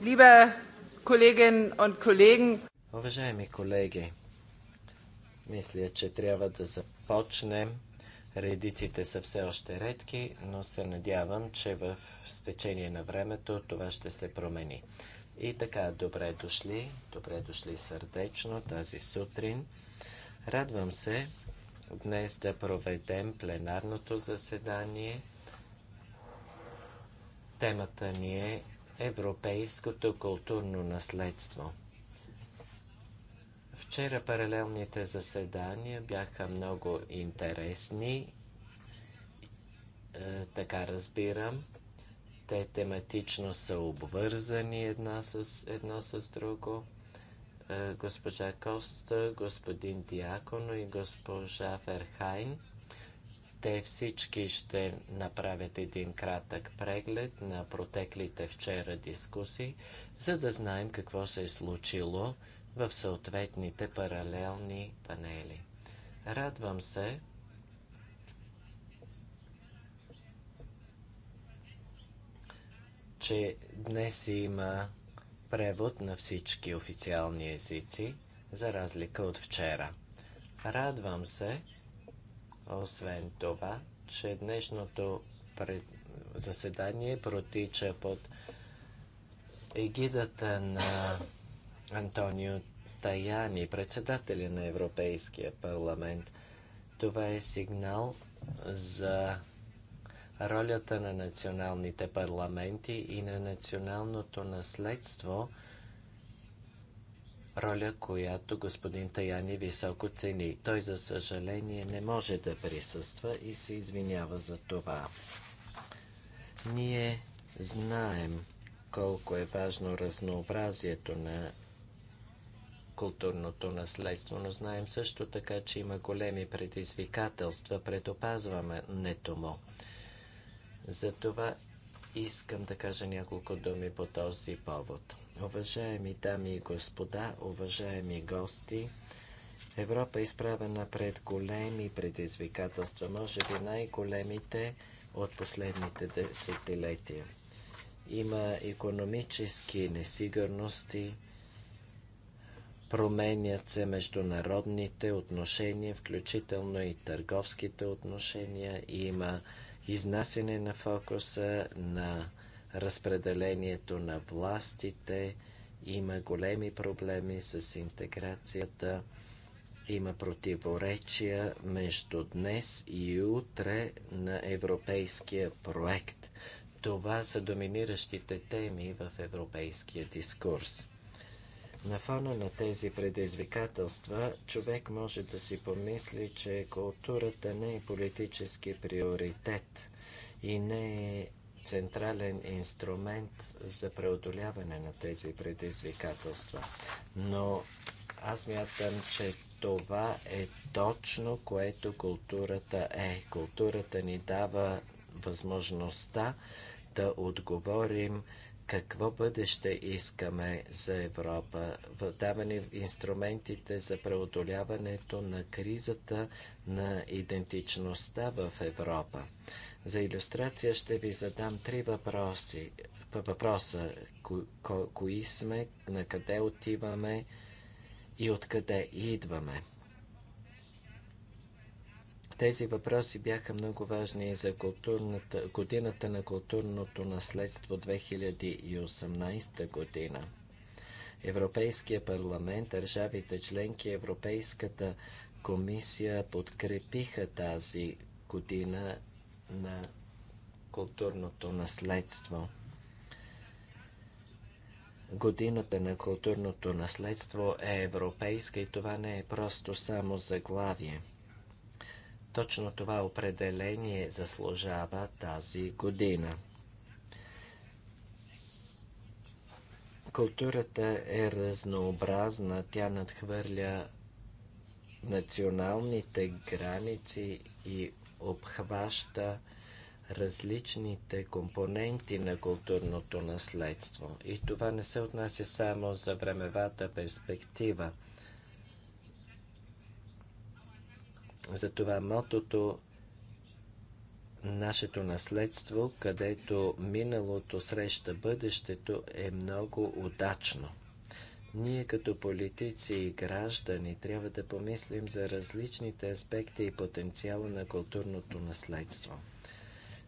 Liebe Kolleginnen und Kollegen. Уважаеми колеги, мисля, че трябва да започнем. Редиците са все още редки, но се надявам, че в стечение на времето това ще се промени. И така, добре дошли, добре дошли сърдечно тази сутрин. Радвам се днес да проведем пленарното заседание. Темата ни е европейското културно наследство. Вчера паралелните заседания бяха много интересни, е, така разбирам. Те тематично са обвързани една с, едно с друго. Е, госпожа Коста, господин Диаконо и госпожа Ферхайн – те всички ще направят един кратък преглед на протеклите вчера дискусии, за да знаем какво се е случило в съответните паралелни панели. Радвам се, че днес има превод на всички официални езици, за разлика от вчера. Радвам се, освен това, че днешното заседание протича под егидата на Антонио Таяни, председателя на Европейския парламент. Това е сигнал за ролята на националните парламенти и на националното наследство – роля, която господин Таяни високо цени. Той, за съжаление, не може да присъства и се извинява за това. Ние знаем колко е важно разнообразието на културното наследство, но знаем също така, че има големи предизвикателства пред опазването му. Затова искам да кажа няколко думи по този повод. Уважаеми дами и господа, уважаеми гости, Европа е изправена пред големи предизвикателства, може би най-големите от последните десетилетия. Има економически несигурности, променят се международните отношения, включително и търговските отношения. Има изнасяне на фокуса на разпределението на властите, има големи проблеми с интеграцията, има противоречия между днес и утре на европейския проект. Това са доминиращите теми в европейския дискурс. На фона на тези предизвикателства, човек може да си помисли, че културата не е политически приоритет и не е централен инструмент за преодоляване на тези предизвикателства. Но аз мятам, че това е точно което културата е. Културата ни дава възможността да отговорим какво бъдеще искаме за Европа. в инструментите за преодоляването на кризата на идентичността в Европа. За иллюстрация ще ви задам три въпроси. Въпроса кои сме, на къде отиваме и откъде идваме. Тези въпроси бяха много важни и за годината на културното наследство 2018 година. Европейския парламент, държавите членки, Европейската комисия подкрепиха тази година на културното наследство. Годината на културното наследство е европейска и това не е просто само заглавие – точно това определение заслужава тази година. Културата е разнообразна, тя надхвърля националните граници и обхваща различните компоненти на културното наследство. И това не се отнася само за времевата перспектива – Затова мотото нашето наследство, където миналото среща бъдещето е много удачно. Ние като политици и граждани трябва да помислим за различните аспекти и потенциала на културното наследство.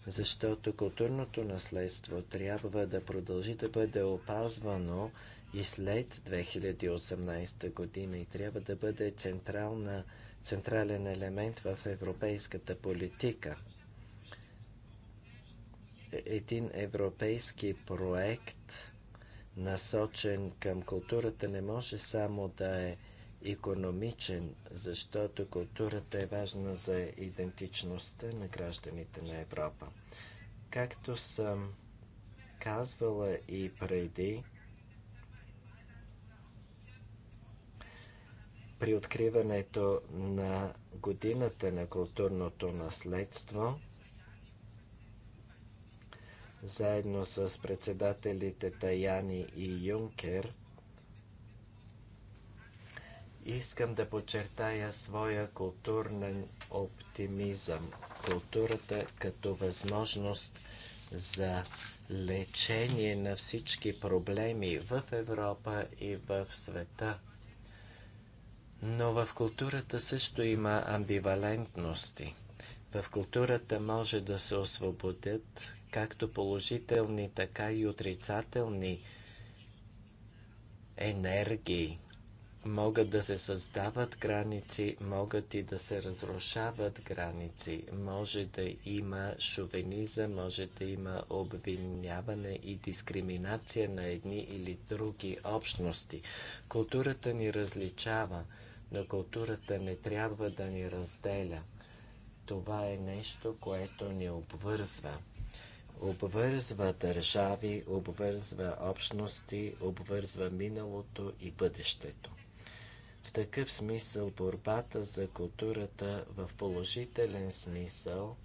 Защото културното наследство трябва да продължи да бъде опазвано и след 2018 година и трябва да бъде централна централен елемент в европейската политика. Един европейски проект, насочен към културата, не може само да е економичен, защото културата е важна за идентичността на гражданите на Европа. Както съм казвала и преди, при откриването на годината на културното наследство, заедно с председателите Таяни и Юнкер, искам да подчертая своя културен оптимизъм. Културата като възможност за лечение на всички проблеми в Европа и в света. Но в културата също има амбивалентности. В културата може да се освободят както положителни, така и отрицателни енергии. Могат да се създават граници, могат и да се разрушават граници. Може да има шовенизъм, може да има обвиняване и дискриминация на едни или други общности. Културата ни различава но културата не трябва да ни разделя. Това е нещо, което ни обвързва. Обвързва държави, обвързва общности, обвързва миналото и бъдещето. В такъв смисъл борбата за културата в положителен смисъл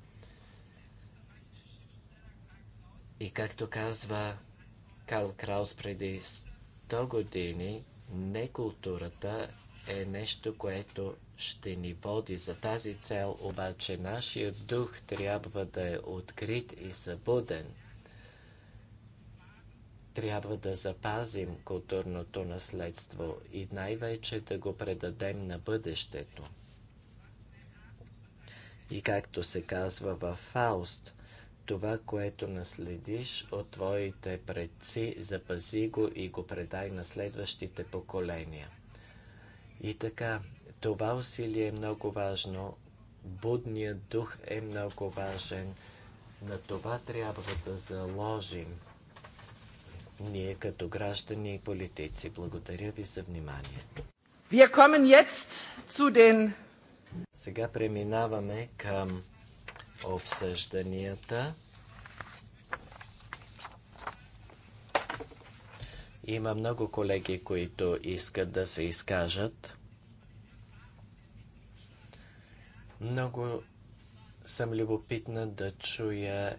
и както казва Карл Краус преди 100 години, не културата е нещо, което ще ни води за тази цел, обаче нашият дух трябва да е открит и събуден. Трябва да запазим културното наследство и най-вече да го предадем на бъдещето. И както се казва във Фауст, това, което наследиш от твоите предци, запази го и го предай на следващите поколения. И така, това усилие е много важно. Будният дух е много важен. На това трябва да заложим ние като граждани и политици. Благодаря ви за вниманието. Wir kommen jetzt zu den... Сега преминаваме към обсъжданията. Има много колеги, които искат да се изкажат. Много съм любопитна да чуя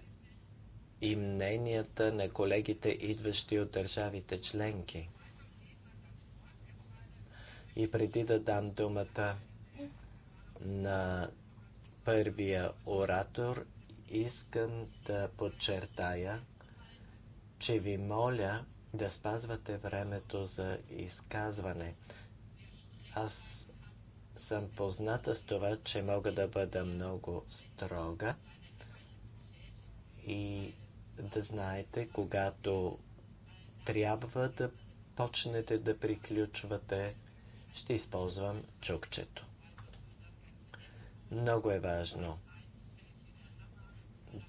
и мненията на колегите, идващи от държавите членки. И преди да дам думата на първия оратор, искам да подчертая, че ви моля да спазвате времето за изказване. Аз съм позната с това, че мога да бъда много строга и да знаете, когато трябва да почнете да приключвате, ще използвам чукчето. Много е важно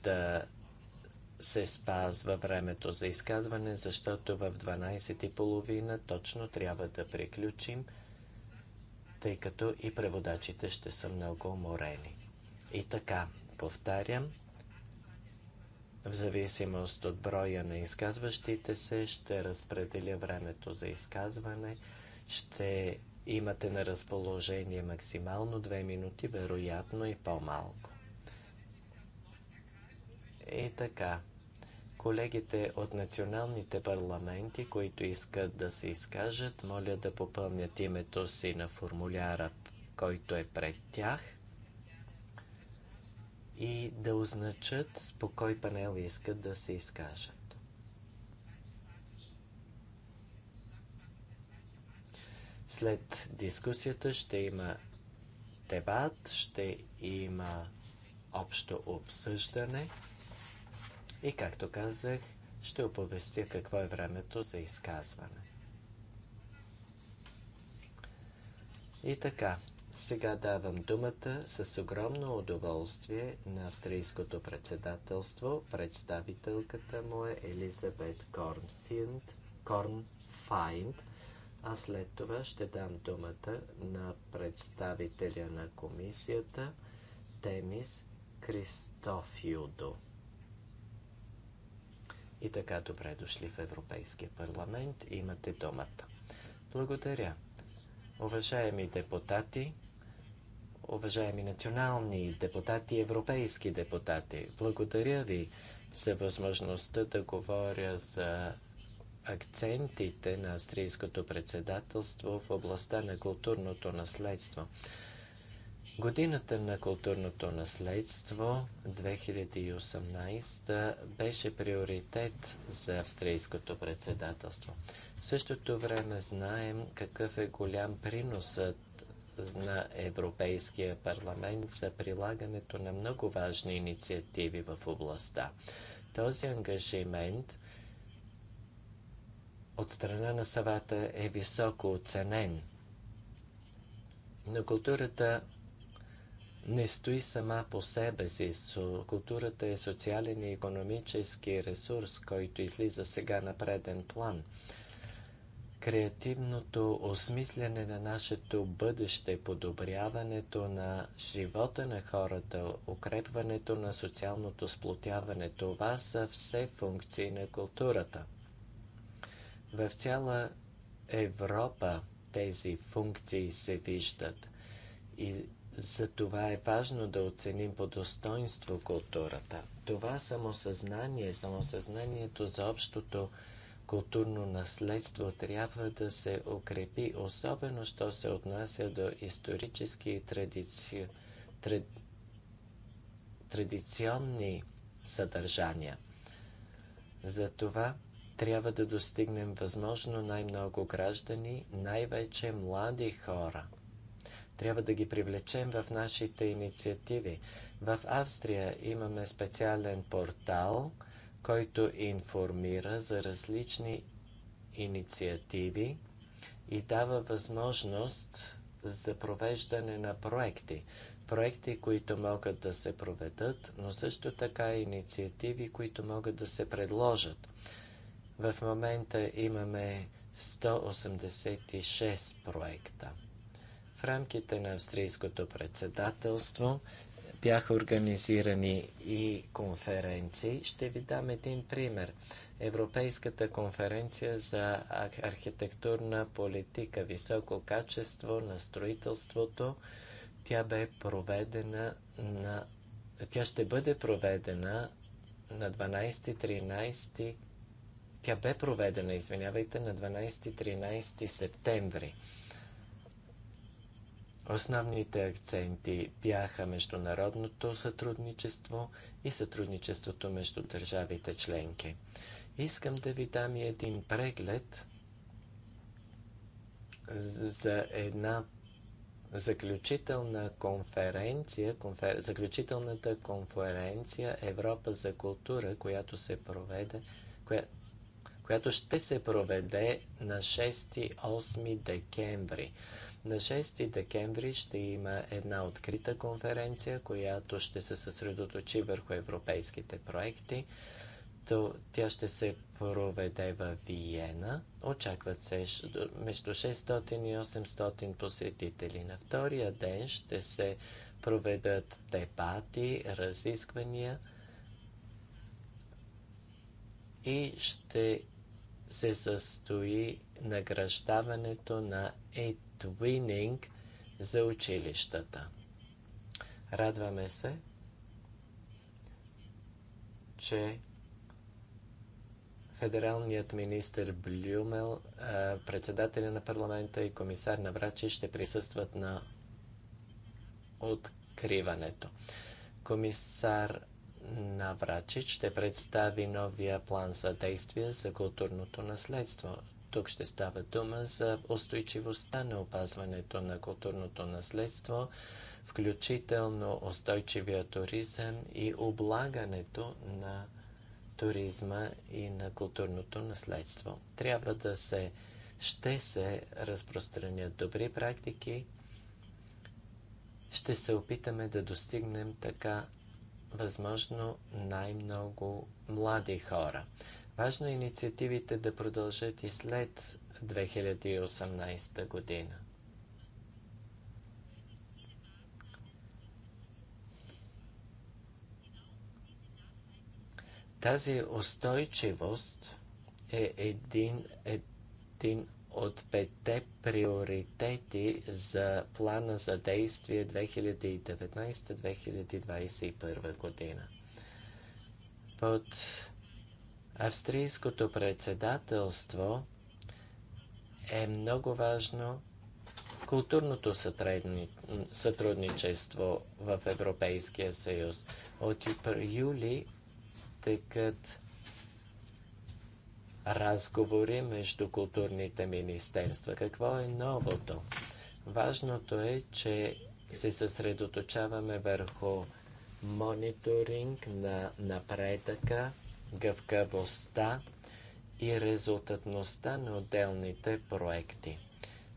да се спазва времето за изказване, защото в 12.30 точно трябва да приключим, тъй като и преводачите ще са много уморени. И така, повтарям, в зависимост от броя на изказващите се, ще разпределя времето за изказване, ще имате на разположение максимално 2 минути, вероятно и по-малко. И така, Колегите от националните парламенти, които искат да се изкажат, моля да попълнят името си на формуляра, който е пред тях и да означат по кой панел искат да се изкажат. След дискусията ще има дебат, ще има общо обсъждане. И както казах, ще оповестя какво е времето за изказване. И така, сега давам думата с огромно удоволствие на австрийското председателство. Представителката му е Елизабет Корнфинд, Корнфайнд, а след това ще дам думата на представителя на комисията Темис Кристофиудо. И така добре дошли в Европейския парламент. Имате думата. Благодаря. Уважаеми депутати, уважаеми национални депутати, европейски депутати, благодаря ви за възможността да говоря за акцентите на австрийското председателство в областта на културното наследство. Годината на културното наследство 2018 беше приоритет за австрийското председателство. В същото време знаем какъв е голям приносът на Европейския парламент за прилагането на много важни инициативи в областта. Този ангажимент от страна на съвата е високо оценен. Но културата не стои сама по себе си. Културата е социален и економически ресурс, който излиза сега на преден план. Креативното осмислене на нашето бъдеще, подобряването на живота на хората, укрепването на социалното сплотяване, това са все функции на културата. В цяла Европа тези функции се виждат и затова е важно да оценим по достоинство културата. Това самосъзнание, самосъзнанието за общото културно наследство трябва да се укрепи, особено що се отнася до исторически и традици... тради... традиционни съдържания. Затова трябва да достигнем възможно най-много граждани, най-вече млади хора – трябва да ги привлечем в нашите инициативи. В Австрия имаме специален портал, който информира за различни инициативи и дава възможност за провеждане на проекти. Проекти, които могат да се проведат, но също така и инициативи, които могат да се предложат. В момента имаме 186 проекта рамките на австрийското председателство бяха организирани и конференции. Ще ви дам един пример. Европейската конференция за архитектурна политика, високо качество на строителството, тя бе проведена на... Тя ще бъде проведена на 12-13... Тя бе проведена, извинявайте, на 12-13 септември. Основните акценти бяха международното сътрудничество и сътрудничеството между държавите членки. Искам да ви дам и един преглед за една заключителна конференция, конфер... заключителната конференция Европа за култура, която се проведе, коя... която ще се проведе на 6-8 декември. На 6 декември ще има една открита конференция, която ще се съсредоточи върху европейските проекти. тя ще се проведе в Виена. Очакват се между 600 и 800 посетители. На втория ден ще се проведат дебати, разисквания и ще се състои награждаването на ет Twinning за училищата. Радваме се, че федералният министр Блюмел, председателя на парламента и комисар Наврачи ще присъстват на откриването. Комисар Наврачич ще представи новия план за действие за културното наследство. Тук ще става дума за устойчивостта на опазването на културното наследство, включително устойчивия туризъм и облагането на туризма и на културното наследство. Трябва да се, ще се разпространят добри практики, ще се опитаме да достигнем така възможно най-много млади хора. Важно е инициативите да продължат и след 2018 година. Тази устойчивост е един, един от пете приоритети за плана за действие 2019-2021 година. Под Австрийското председателство е много важно културното сътрудничество в Европейския съюз. От юли текат разговори между културните министерства. Какво е новото? Важното е, че се съсредоточаваме върху мониторинг на напредъка гъвкавостта и резултатността на отделните проекти.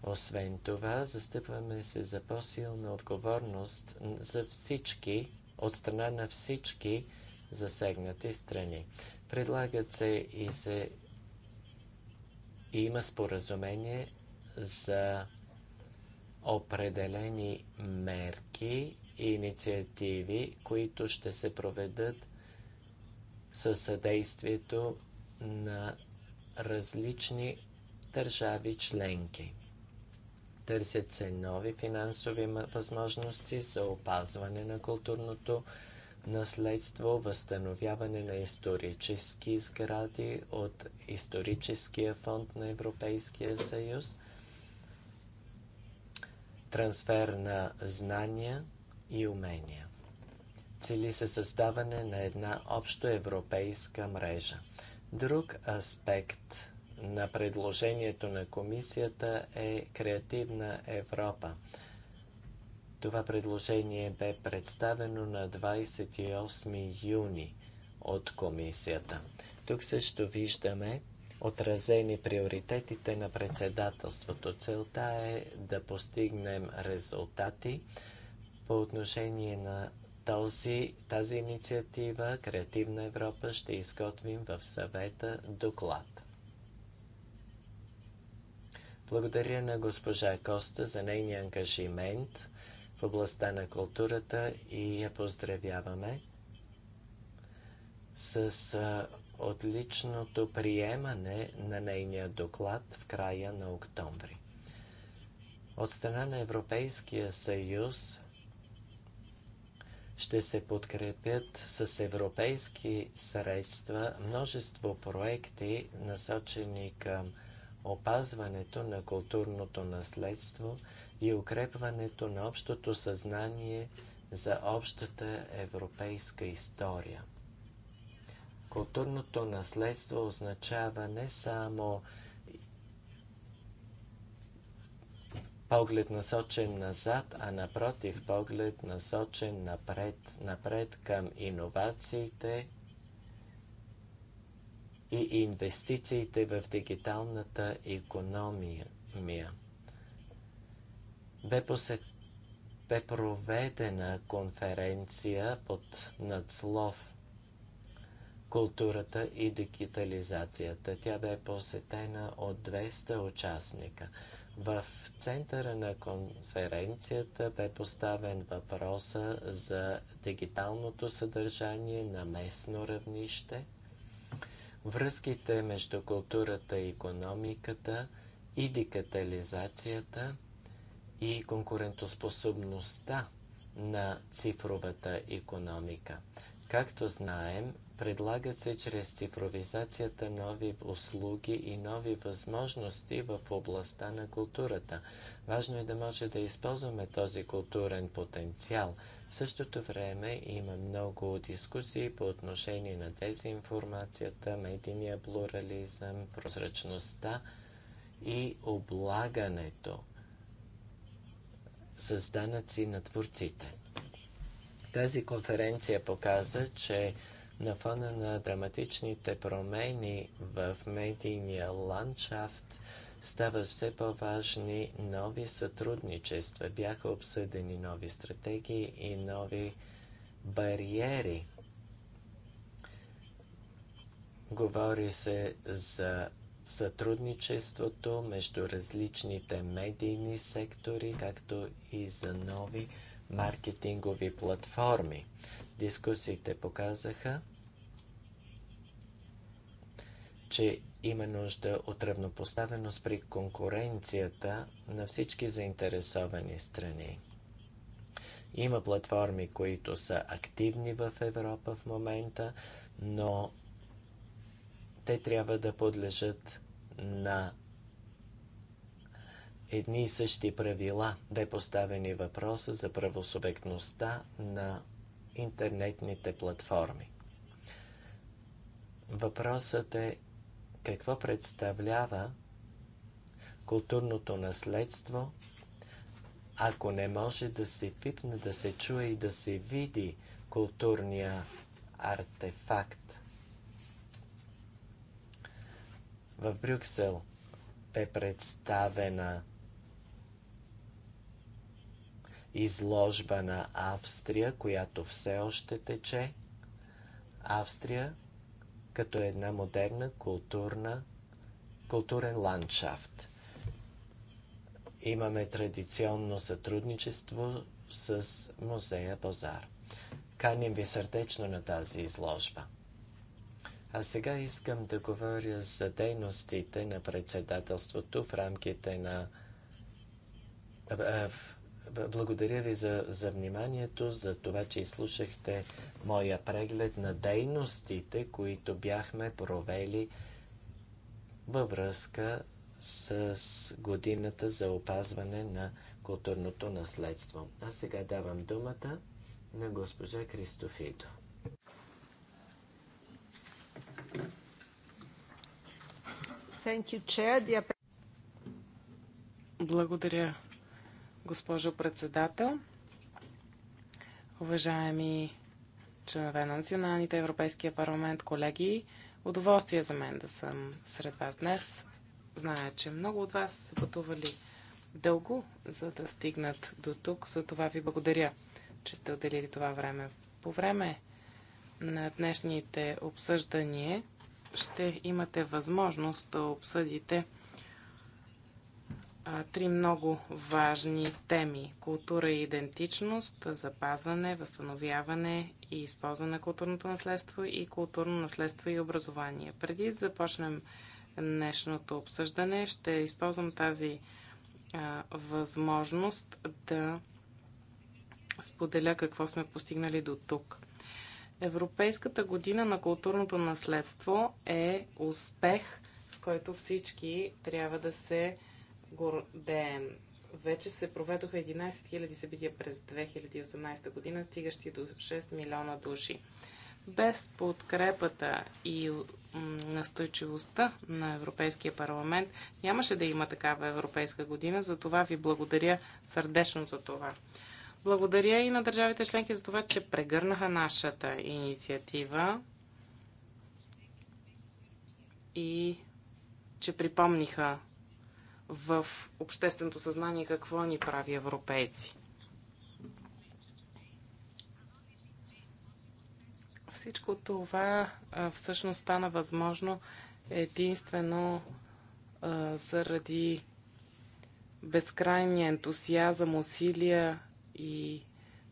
Освен това, застъпваме се за по-силна отговорност за всички, от страна на всички засегнати страни. Предлагат се и се и има споразумение за определени мерки и инициативи, които ще се проведат със съдействието на различни държави членки. Търсят се нови финансови възможности за опазване на културното наследство, възстановяване на исторически сгради от Историческия фонд на Европейския съюз, трансфер на знания и умения. Цели се създаване на една общоевропейска мрежа. Друг аспект на предложението на комисията е Креативна Европа. Това предложение бе представено на 28 юни от комисията. Тук също виждаме отразени приоритетите на председателството. Целта е да постигнем резултати по отношение на този, тази инициатива Креативна Европа ще изготвим в съвета доклад. Благодаря на госпожа Коста за нейния ангажимент в областта на културата и я поздравяваме с отличното приемане на нейния доклад в края на октомври. От страна на Европейския съюз ще се подкрепят с европейски средства множество проекти, насочени към опазването на културното наследство и укрепването на общото съзнание за общата европейска история. Културното наследство означава не само поглед насочен назад, а напротив поглед насочен напред, напред към иновациите и инвестициите в дигиталната економия. Бе, посет... Бе проведена конференция под надслов Културата и дигитализацията. Тя бе посетена от 200 участника – в центъра на конференцията бе поставен въпроса за дигиталното съдържание на местно равнище, връзките между културата и економиката и дигитализацията и конкурентоспособността на цифровата економика. Както знаем, Предлагат се чрез цифровизацията нови услуги и нови възможности в областта на културата. Важно е да може да използваме този културен потенциал. В същото време има много дискусии по отношение на дезинформацията, медийния плурализъм, прозрачността и облагането с данъци на творците. Тази конференция показа, че на фона на драматичните промени в медийния ландшафт стават все по-важни нови сътрудничества. Бяха обсъдени нови стратегии и нови бариери. Говори се за сътрудничеството между различните медийни сектори, както и за нови маркетингови платформи. Дискусиите показаха, че има нужда от равнопоставеност при конкуренцията на всички заинтересовани страни. Има платформи, които са активни в Европа в момента, но те трябва да подлежат на едни и същи правила. да е поставени въпроса за правосубектността на интернетните платформи. Въпросът е какво представлява културното наследство, ако не може да се пипне, да се чуе и да се види културния артефакт. В Брюксел бе представена изложба на Австрия, която все още тече. Австрия като една модерна културна, културен ландшафт. Имаме традиционно сътрудничество с музея Бозар. Каним ви сърдечно на тази изложба. А сега искам да говоря за дейностите на председателството в рамките на в благодаря ви за, за вниманието, за това, че изслушахте моя преглед на дейностите, които бяхме провели във връзка с годината за опазване на културното наследство. А сега давам думата на госпожа Кристофидо. Благодаря, госпожо председател. Уважаеми членове на националните Европейския парламент, колеги, удоволствие за мен да съм сред вас днес. Зная, че много от вас са пътували дълго, за да стигнат до тук. За това ви благодаря, че сте отделили това време. По време на днешните обсъждания ще имате възможност да обсъдите а, три много важни теми. Култура и идентичност, запазване, възстановяване и използване на културното наследство и културно наследство и образование. Преди да започнем днешното обсъждане, ще използвам тази а, възможност да споделя какво сме постигнали до тук. Европейската година на културното наследство е успех, с който всички трябва да се гордеем. Вече се проведоха 11 000 събития през 2018 година, стигащи до 6 милиона души. Без подкрепата и настойчивостта на Европейския парламент нямаше да има такава Европейска година, за това ви благодаря сърдечно за това. Благодаря и на държавите членки за това, че прегърнаха нашата инициатива и че припомниха в общественото съзнание какво ни прави европейци. Всичко това всъщност стана възможно единствено заради безкрайния ентусиазъм, усилия и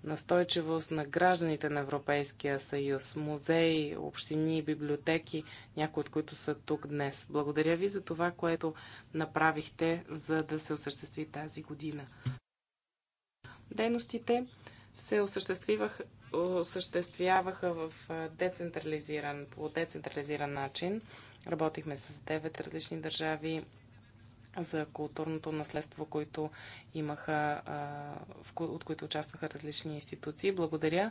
настойчивост на гражданите на Европейския съюз, музеи, общини, библиотеки, някои от които са тук днес. Благодаря ви за това, което направихте, за да се осъществи тази година. Дейностите се осъществиваха осъществяваха в децентрализиран, по децентрализиран начин. Работихме с 9 различни държави за културното наследство, които имаха, от които участваха различни институции. Благодаря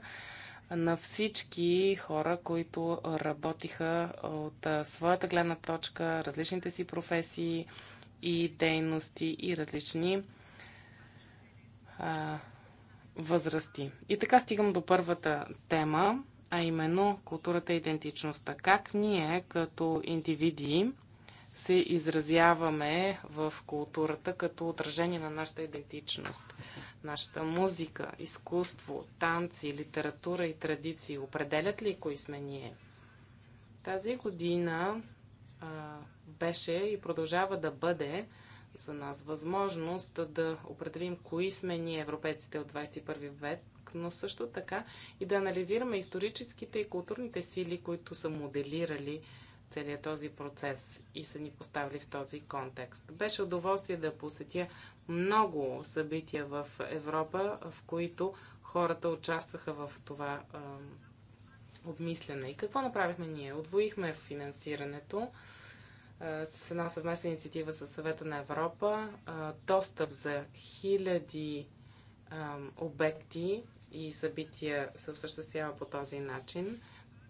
на всички хора, които работиха от своята гледна точка, различните си професии и дейности и различни възрасти. И така стигам до първата тема, а именно културата и идентичността. Как ние като индивиди се изразяваме в културата като отражение на нашата идентичност. Нашата музика, изкуство, танци, литература и традиции определят ли кои сме ние? Тази година а, беше и продължава да бъде за нас възможност да определим кои сме ние, европейците от 21 век, но също така и да анализираме историческите и културните сили, които са моделирали целият този процес и са ни поставили в този контекст. Беше удоволствие да посетя много събития в Европа, в които хората участваха в това а, обмислене. И какво направихме ние? Отвоихме финансирането а, с една съвместна инициатива със съвета на Европа, а, достъп за хиляди а, обекти и събития се осъществява по този начин.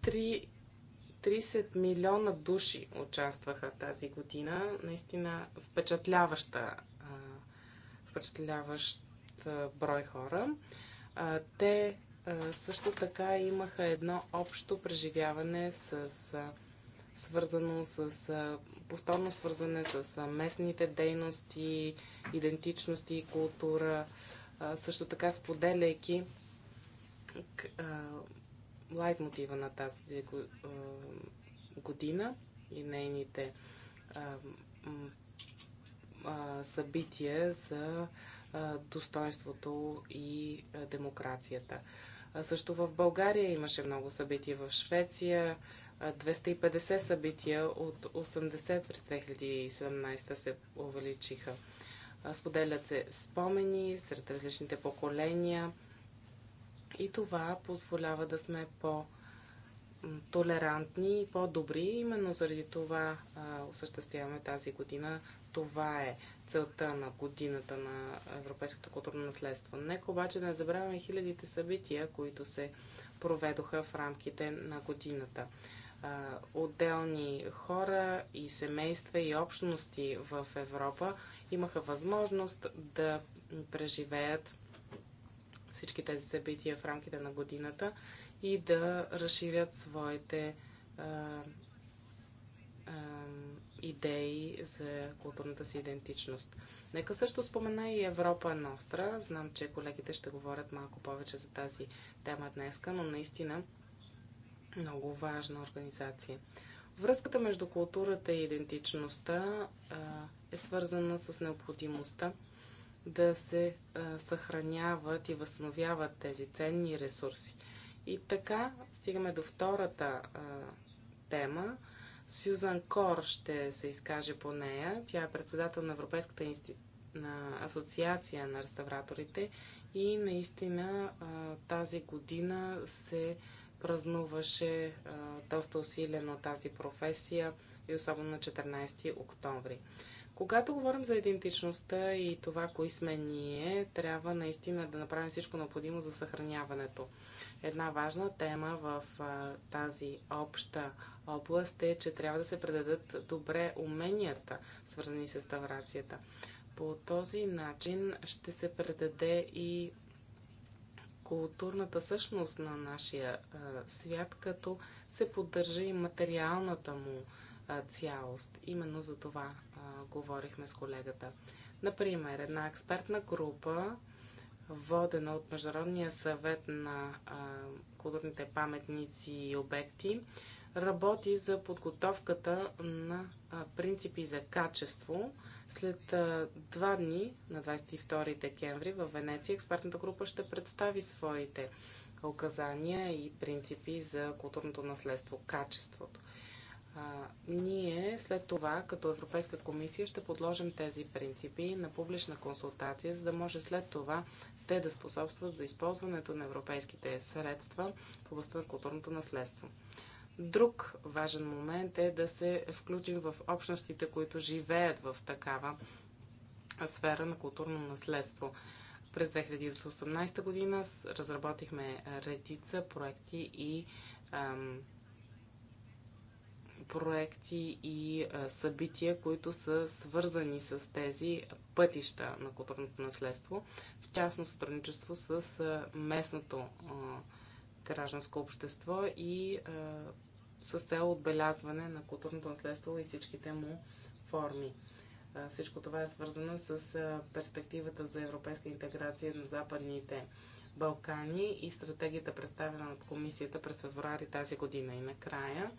Три 30 милиона души участваха тази година. Наистина впечатляваща, впечатляващ брой хора. Те също така имаха едно общо преживяване с свързано с повторно свързане с местните дейности, идентичности и култура, също така споделяйки лайт мотива на тази година и нейните събития за достоинството и демокрацията. Също в България имаше много събития в Швеция. 250 събития от 80 през 2017 се увеличиха. Споделят се спомени сред различните поколения – и това позволява да сме по- толерантни и по-добри. Именно заради това а, осъществяваме тази година. Това е целта на годината на Европейското културно наследство. Нека обаче да не забравяме хилядите събития, които се проведоха в рамките на годината. А, отделни хора и семейства и общности в Европа имаха възможност да преживеят всички тези събития в рамките на годината и да разширят своите а, а, идеи за културната си идентичност. Нека също спомена и Европа Ностра. Знам, че колегите ще говорят малко повече за тази тема днеска, но наистина много важна организация. Връзката между културата и идентичността а, е свързана с необходимостта да се а, съхраняват и възстановяват тези ценни ресурси. И така стигаме до втората а, тема. Сюзан Кор ще се изкаже по нея. Тя е председател на Европейската инсти... на асоциация на реставраторите и наистина а, тази година се празнуваше а, доста усилено тази професия и особено на 14 октомври. Когато говорим за идентичността и това, кои сме ние, трябва наистина да направим всичко необходимо за съхраняването. Една важна тема в а, тази обща област е, че трябва да се предадат добре уменията, свързани с ставрацията. По този начин ще се предаде и културната същност на нашия а, свят, като се поддържа и материалната му а, цялост. Именно за това говорихме с колегата. Например, една експертна група, водена от Международния съвет на а, културните паметници и обекти, работи за подготовката на а, принципи за качество. След а, два дни, на 22 декември, в Венеция, експертната група ще представи своите указания и принципи за културното наследство, качеството ние след това, като Европейска комисия, ще подложим тези принципи на публична консултация, за да може след това те да способстват за използването на европейските средства в областта на културното наследство. Друг важен момент е да се включим в общностите, които живеят в такава сфера на културно наследство. През 2018 година разработихме редица проекти и ам, проекти и събития, които са свързани с тези пътища на културното наследство, в тясно сътрудничество с местното гражданско общество и с цел отбелязване на културното наследство и всичките му форми. Всичко това е свързано с перспективата за европейска интеграция на западните Балкани и стратегията представена от комисията през феврари тази година. И накрая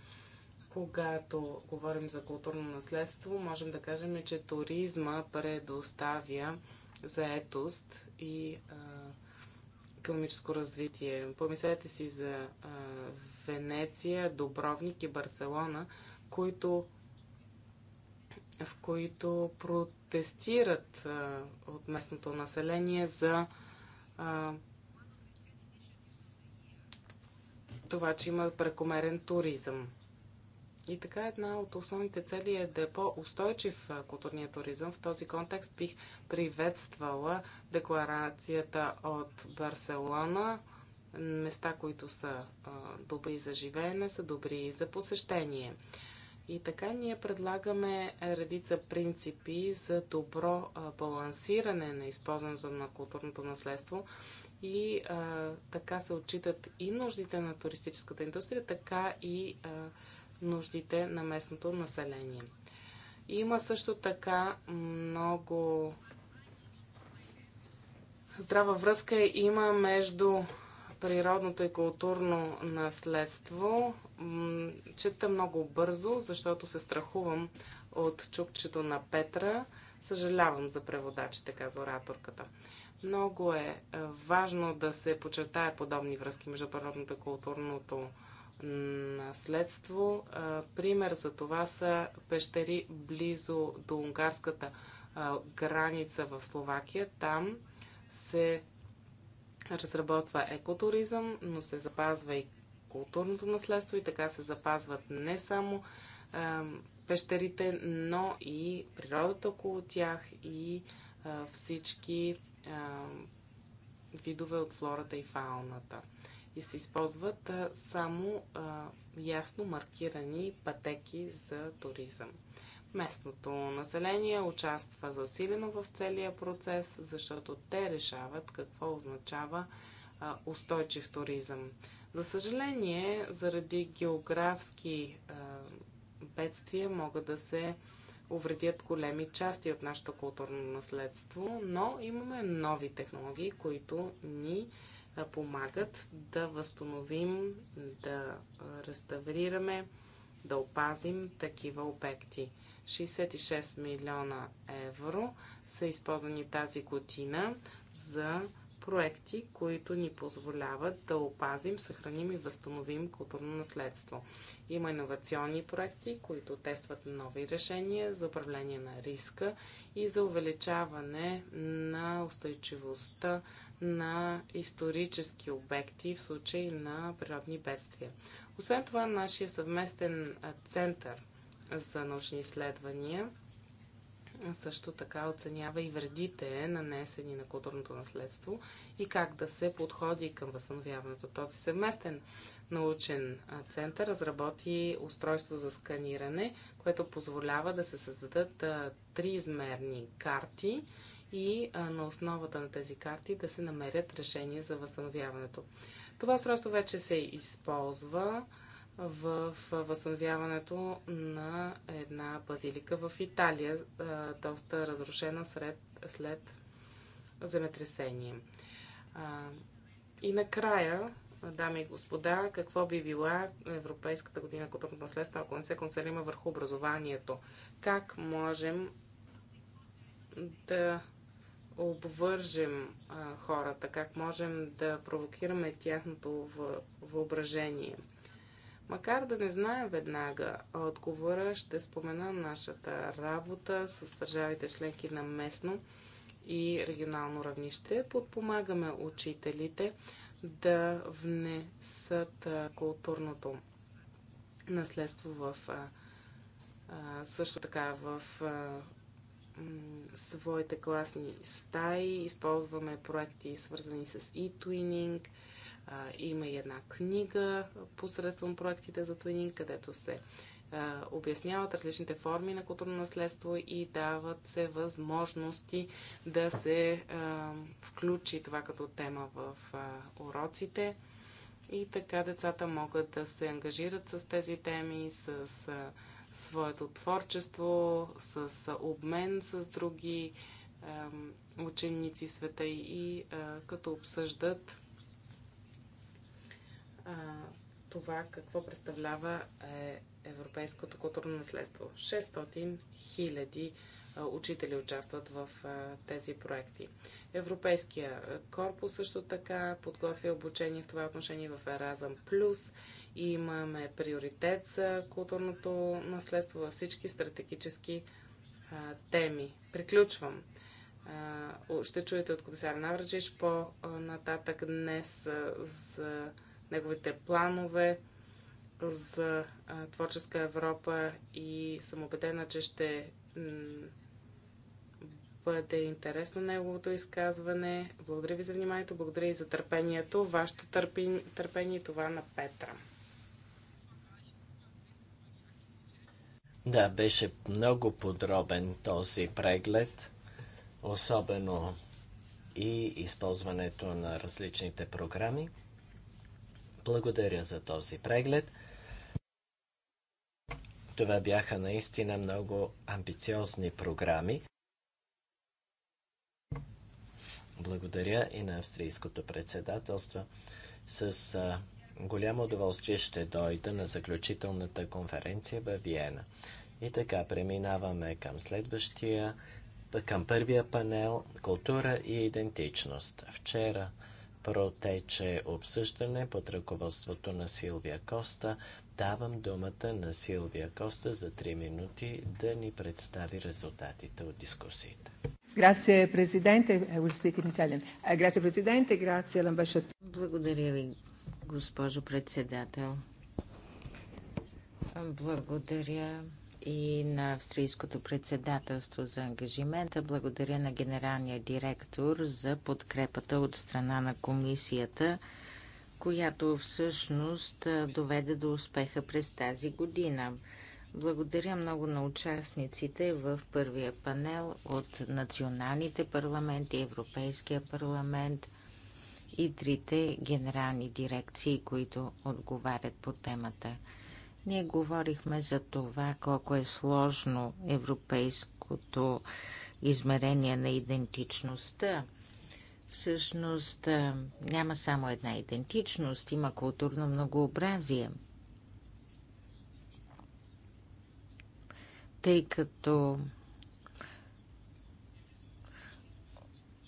когато говорим за културно наследство, можем да кажем, че туризма предоставя заетост и а, економическо развитие. Помислете си за а, Венеция, Добровник и Барселона, които, в които протестират а, от местното население за а, това, че има прекомерен туризъм. И така една от основните цели е да е по-устойчив културния туризъм. В този контекст бих приветствала декларацията от Барселона. Места, които са добри за живеене, са добри и за посещение. И така ние предлагаме редица принципи за добро балансиране на използването на културното наследство и а, така се отчитат и нуждите на туристическата индустрия, така и а, нуждите на местното население. Има също така много здрава връзка има между природното и културно наследство. Чета много бързо, защото се страхувам от чукчето на Петра. Съжалявам за преводачите, казва ораторката. Много е важно да се почертая подобни връзки между природното и културното наследство. Пример за това са пещери близо до унгарската граница в Словакия. Там се разработва екотуризъм, но се запазва и културното наследство и така се запазват не само пещерите, но и природата около тях и всички видове от флората и фауната и се използват само ясно маркирани пътеки за туризъм. Местното население участва засилено в целия процес, защото те решават какво означава устойчив туризъм. За съжаление, заради географски бедствия могат да се увредят големи части от нашето културно наследство, но имаме нови технологии, които ни помагат да възстановим, да реставрираме, да опазим такива обекти. 66 милиона евро са използвани тази година за проекти, които ни позволяват да опазим, съхраним и възстановим културно наследство. Има иновационни проекти, които тестват нови решения за управление на риска и за увеличаване на устойчивостта на исторически обекти в случай на природни бедствия. Освен това, нашия съвместен център за научни изследвания – също така оценява и вредите, нанесени на културното наследство и как да се подходи към възстановяването. Този съвместен научен център разработи устройство за сканиране, което позволява да се създадат триизмерни карти и на основата на тези карти да се намерят решения за възстановяването. Това устройство вече се използва в възстановяването на една базилика в Италия, доста разрушена сред, след земетресение. И накрая, дами и господа, какво би била Европейската година културното наследство, ако не се концентрираме върху образованието? Как можем да обвържем хората, как можем да провокираме тяхното въображение? Макар да не знаем веднага отговора, ще спомена нашата работа с държавите членки на местно и регионално равнище. Подпомагаме учителите да внесат културното наследство в също така в своите класни стаи. Използваме проекти свързани с e-twinning, има и една книга посредством проектите за Туинин, където се а, обясняват различните форми на културно наследство и дават се възможности да се а, включи това като тема в а, уроците. И така децата могат да се ангажират с тези теми, с а, своето творчество, с а, обмен с други а, ученици в света и а, като обсъждат това какво представлява е, европейското културно наследство. 600 хиляди учители участват в тези проекти. Европейския корпус също така подготвя обучение в това отношение в Еразъм Плюс. имаме приоритет за културното наследство във всички стратегически а, теми. Приключвам. А, ще чуете от комисаря Навръчич по-нататък днес за неговите планове за творческа Европа и съм убедена, че ще бъде интересно неговото изказване. Благодаря ви за вниманието, благодаря и за търпението, вашето търпение, търпение и това на Петра. Да, беше много подробен този преглед, особено и използването на различните програми. Благодаря за този преглед. Това бяха наистина много амбициозни програми. Благодаря и на австрийското председателство. С а, голямо удоволствие ще дойда на заключителната конференция в Виена. И така, преминаваме към следващия, към първия панел култура и идентичност. Вчера протече обсъждане под ръководството на Силвия Коста. Давам думата на Силвия Коста за 3 минути да ни представи резултатите от дискусиите. Eh, Благодаря ви, госпожо председател. Благодаря и на австрийското председателство за ангажимента. Благодаря на генералния директор за подкрепата от страна на комисията, която всъщност доведе до успеха през тази година. Благодаря много на участниците в първия панел от националните парламенти, Европейския парламент и трите генерални дирекции, които отговарят по темата. Ние говорихме за това колко е сложно европейското измерение на идентичността. Всъщност няма само една идентичност, има културно многообразие. Тъй като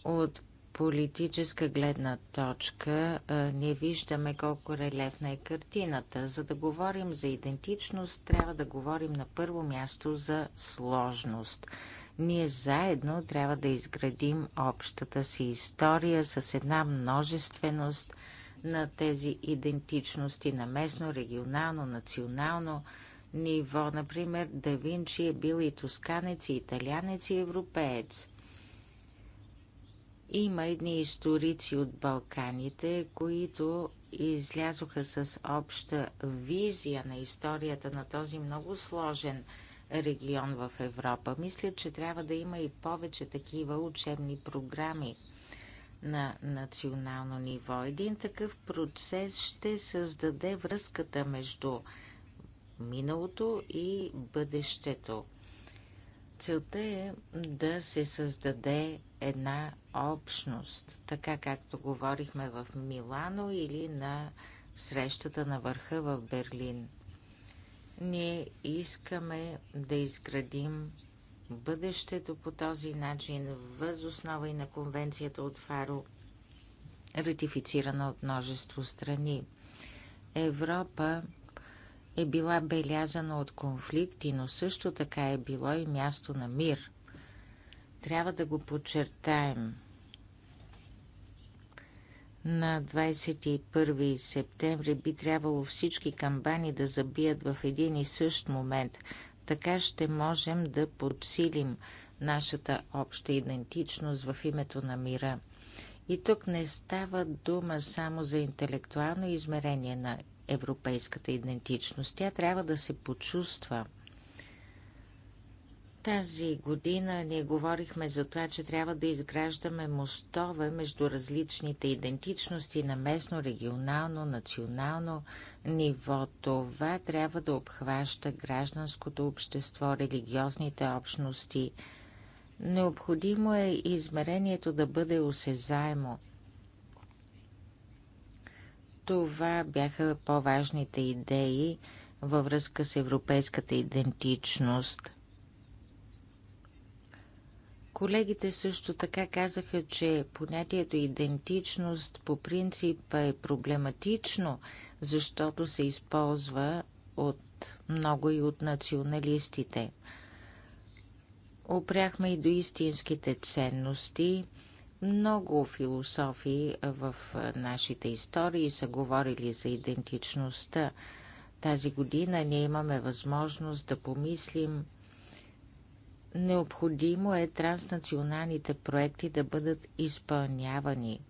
от политическа гледна точка не виждаме колко релефна е картината. За да говорим за идентичност, трябва да говорим на първо място за сложност. Ние заедно трябва да изградим общата си история с една множественост на тези идентичности на местно, регионално, национално ниво. Например, Да Винчи е бил и тосканец, и италянец, и европеец – има едни историци от Балканите, които излязоха с обща визия на историята на този много сложен регион в Европа. Мисля, че трябва да има и повече такива учебни програми на национално ниво. Един такъв процес ще създаде връзката между миналото и бъдещето. Целта е да се създаде една общност, така както говорихме в Милано или на срещата на върха в Берлин. Ние искаме да изградим бъдещето по този начин, въз основа и на конвенцията от Фаро, ратифицирана от множество страни. Европа е била белязана от конфликти, но също така е било и място на мир. Трябва да го подчертаем. На 21 септември би трябвало всички камбани да забият в един и същ момент. Така ще можем да подсилим нашата обща идентичност в името на мира. И тук не става дума само за интелектуално измерение на европейската идентичност. Тя трябва да се почувства. Тази година ние говорихме за това, че трябва да изграждаме мостове между различните идентичности на местно, регионално, национално ниво. Това трябва да обхваща гражданското общество, религиозните общности. Необходимо е измерението да бъде осезаемо – това бяха по-важните идеи във връзка с европейската идентичност. Колегите също така казаха, че понятието идентичност по принцип е проблематично, защото се използва от много и от националистите. Опряхме и до истинските ценности – много философи в нашите истории са говорили за идентичността. Тази година ние имаме възможност да помислим Необходимо е транснационалните проекти да бъдат изпълнявани.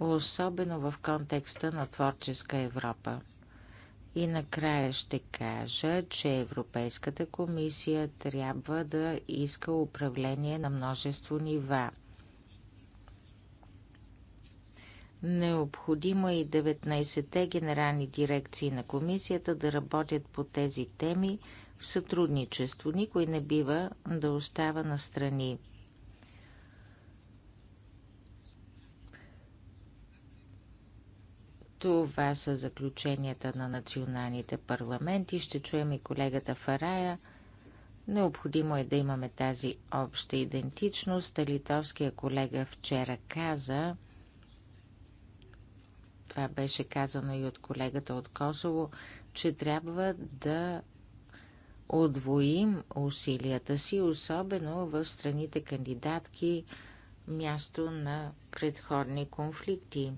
Особено в контекста на творческа Европа. И накрая ще кажа, че Европейската комисия трябва да иска управление на множество нива. Необходимо е и 19-те генерални дирекции на комисията да работят по тези теми в сътрудничество. Никой не бива да остава настрани. страни. Това са заключенията на националните парламенти. Ще чуем и колегата Фарая. Необходимо е да имаме тази обща идентичност. Литовския колега вчера каза, това беше казано и от колегата от Косово, че трябва да отвоим усилията си, особено в страните кандидатки, място на предходни конфликти.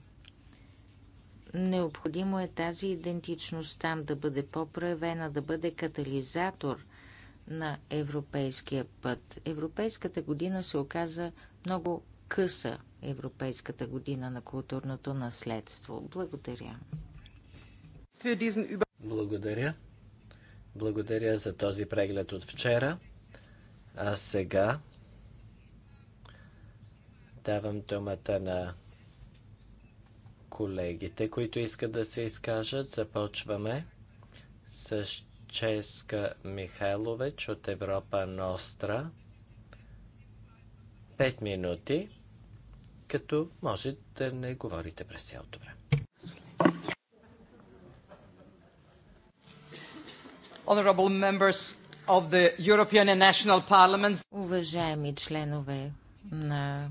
Необходимо е тази идентичност там да бъде по-проявена, да бъде катализатор на европейския път. Европейската година се оказа много къса Европейската година на културното наследство. Благодаря. Благодаря. Благодаря за този преглед от вчера. А сега давам думата на колегите, които искат да се изкажат. Започваме с Ческа Михайлович от Европа Ностра. Пет минути, като може да не говорите през цялото време. Honorable members of the European and National Parliaments. Уважаеми членове на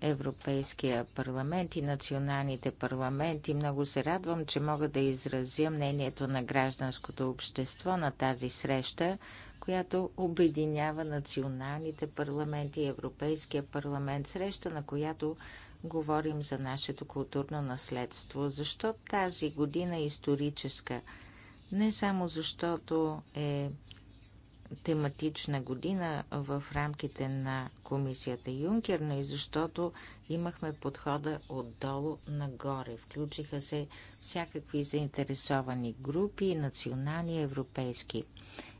Европейския парламент и националните парламенти. Много се радвам, че мога да изразя мнението на гражданското общество на тази среща, която обединява националните парламенти и Европейския парламент, среща на която говорим за нашето културно наследство. Защо тази година е историческа? Не само защото е тематична година в рамките на комисията Юнкер, но и защото имахме подхода отдолу нагоре. Включиха се всякакви заинтересовани групи, национални и европейски.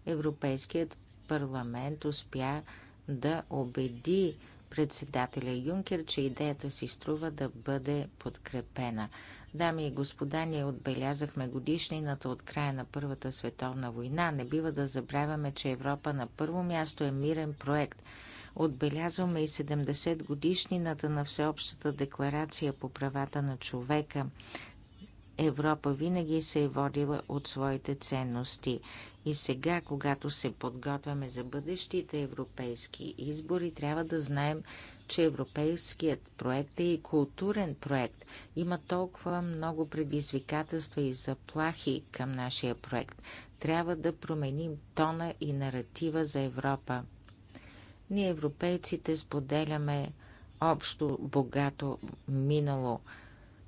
Европейският парламент успя да убеди председателя Юнкер, че идеята си струва да бъде подкрепена. Дами и господа, ние отбелязахме годишнината от края на Първата световна война. Не бива да забравяме, че Европа на първо място е мирен проект. Отбелязваме и 70 годишнината на Всеобщата декларация по правата на човека. Европа винаги се е водила от своите ценности. И сега, когато се подготвяме за бъдещите европейски избори, трябва да знаем, че европейският проект е и културен проект. Има толкова много предизвикателства и заплахи към нашия проект. Трябва да променим тона и наратива за Европа. Ние, европейците, споделяме общо богато минало.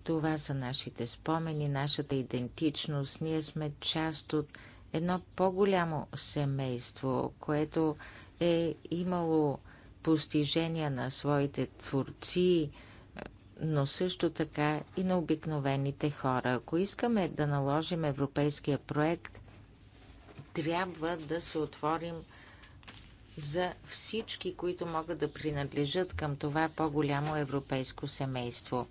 Това са нашите спомени, нашата идентичност. Ние сме част от едно по-голямо семейство, което е имало постижения на своите творци, но също така и на обикновените хора. Ако искаме да наложим европейския проект, трябва да се отворим за всички, които могат да принадлежат към това по-голямо европейско семейство.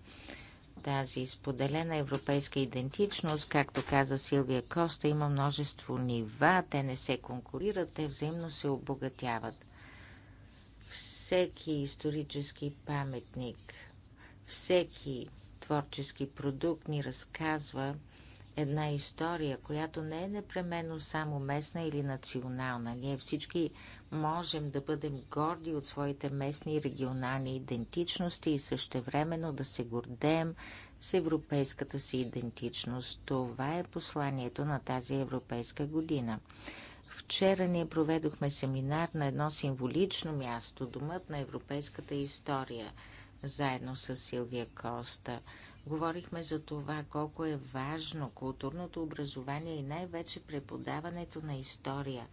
Тази споделена европейска идентичност, както каза Силвия Коста, има множество нива, те не се конкурират, те взаимно се обогатяват всеки исторически паметник, всеки творчески продукт ни разказва една история, която не е непременно само местна или национална. Ние всички можем да бъдем горди от своите местни и регионални идентичности и същевременно да се гордеем с европейската си идентичност. Това е посланието на тази европейска година. Вчера ние проведохме семинар на едно символично място, Домът на европейската история, заедно с Силвия Коста. Говорихме за това колко е важно културното образование и най-вече преподаването на история.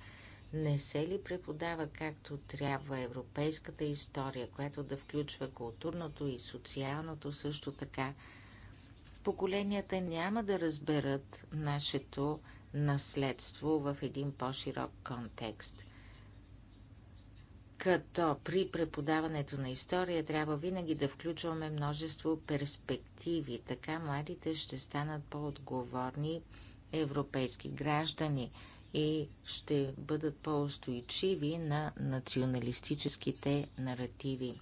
Не се ли преподава както трябва европейската история, която да включва културното и социалното също така? Поколенията няма да разберат нашето наследство в един по-широк контекст. Като при преподаването на история трябва винаги да включваме множество перспективи, така младите ще станат по-отговорни европейски граждани и ще бъдат по-устойчиви на националистическите наративи.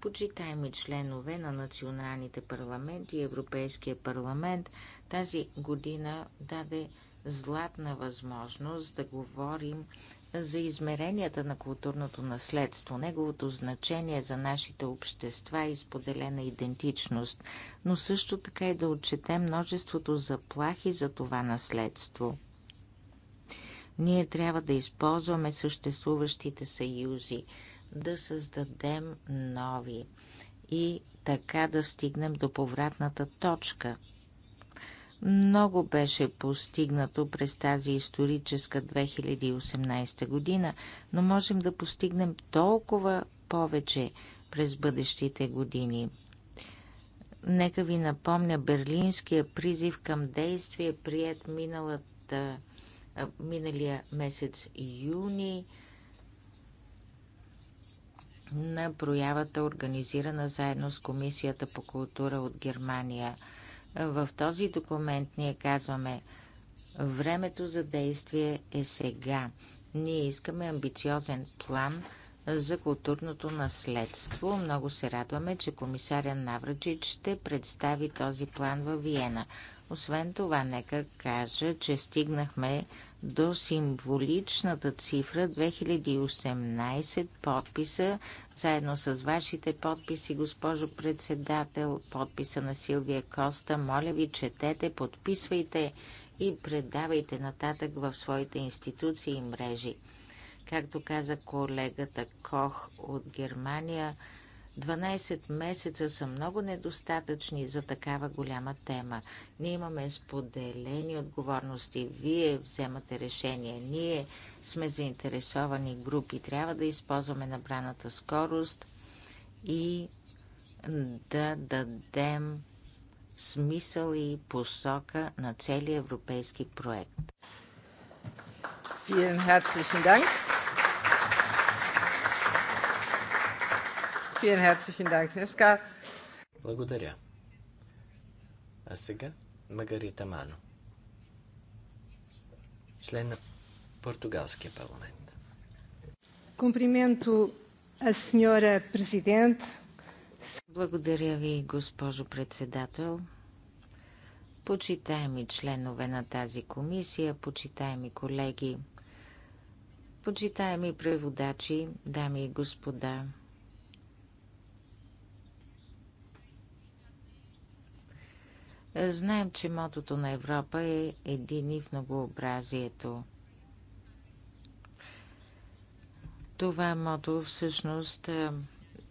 Почитаеми членове на националните парламенти и Европейския парламент тази година даде златна възможност да говорим за измеренията на културното наследство, неговото значение за нашите общества и споделена идентичност, но също така и да отчетем множеството заплахи за това наследство. Ние трябва да използваме съществуващите съюзи, да създадем нови и така да стигнем до повратната точка – много беше постигнато през тази историческа 2018 година, но можем да постигнем толкова повече през бъдещите години. Нека ви напомня берлинския призив към действие, прият миналата, миналия месец юни на проявата, организирана заедно с Комисията по култура от Германия – в този документ ние казваме, времето за действие е сега. Ние искаме амбициозен план за културното наследство. Много се радваме, че комисаря Навръчич ще представи този план във Виена. Освен това, нека кажа, че стигнахме до символичната цифра 2018 подписа, заедно с вашите подписи, госпожо председател, подписа на Силвия Коста. Моля ви, четете, подписвайте и предавайте нататък в своите институции и мрежи. Както каза колегата Кох от Германия, 12 месеца са много недостатъчни за такава голяма тема. Ние имаме споделени отговорности. Вие вземате решение. Ние сме заинтересовани групи. Трябва да използваме набраната скорост и да дадем смисъл и посока на целия европейски проект. Vielen herzlichen Dank. Благодаря. А сега Магарита Мано, член на Португалския парламент. Комплименто а сеньора президент. Благодаря ви, госпожо председател. Почитаеми членове на тази комисия, почитаеми колеги, почитаеми преводачи, дами и господа, Знаем, че мотото на Европа е едини в многообразието. Това мото всъщност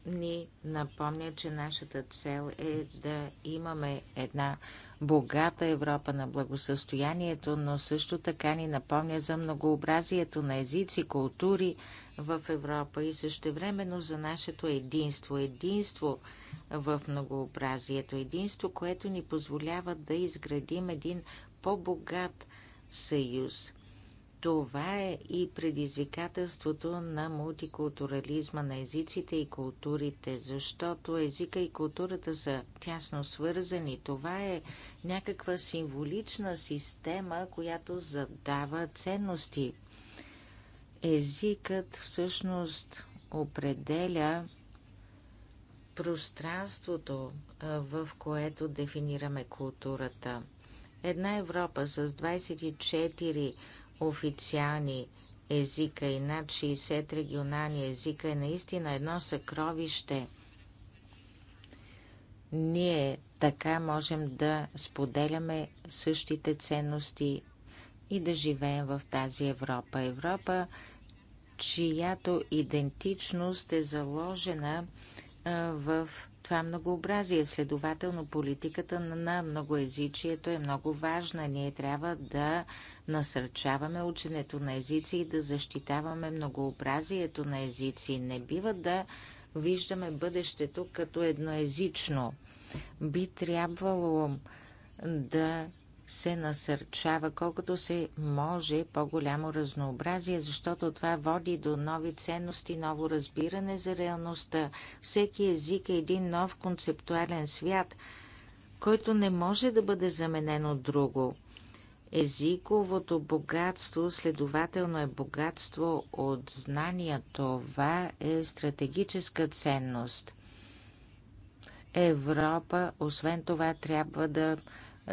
ни напомня, че нашата цел е да имаме една богата Европа на благосъстоянието, но също така ни напомня за многообразието на езици, култури в Европа и същевременно за нашето единство. Единство в многообразието. Единство, което ни позволява да изградим един по-богат съюз. Това е и предизвикателството на мултикултурализма на езиците и културите, защото езика и културата са тясно свързани. Това е някаква символична система, която задава ценности. Езикът всъщност определя пространството, в което дефинираме културата. Една Европа с 24 официални езика и над 60 регионални езика е наистина едно съкровище. Ние така можем да споделяме същите ценности и да живеем в тази Европа. Европа, чиято идентичност е заложена в това многообразие. Следователно, политиката на многоезичието е много важна. Ние трябва да насърчаваме ученето на езици и да защитаваме многообразието на езици. Не бива да виждаме бъдещето като едноезично. Би трябвало да се насърчава колкото се може по-голямо разнообразие, защото това води до нови ценности, ново разбиране за реалността. Всеки език е един нов концептуален свят, който не може да бъде заменен от друго. Езиковото богатство следователно е богатство от знания. Това е стратегическа ценност. Европа, освен това, трябва да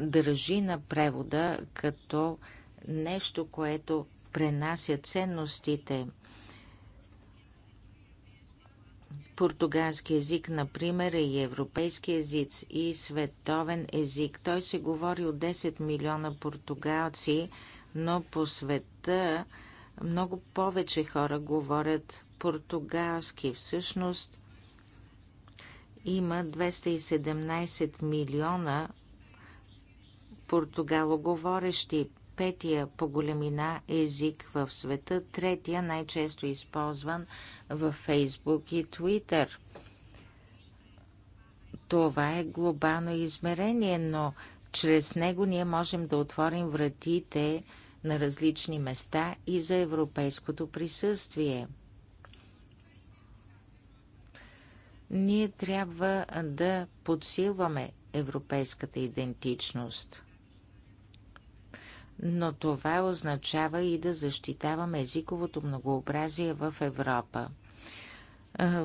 държи на превода като нещо, което пренася ценностите. Португалски език, например, е и европейски език, и световен език. Той се говори от 10 милиона португалци, но по света много повече хора говорят португалски. Всъщност има 217 милиона португалоговорещи, петия по големина език в света, третия най-често използван във Фейсбук и Твитър. Това е глобално измерение, но чрез него ние можем да отворим вратите на различни места и за европейското присъствие. Ние трябва да подсилваме европейската идентичност но това означава и да защитаваме езиковото многообразие в Европа.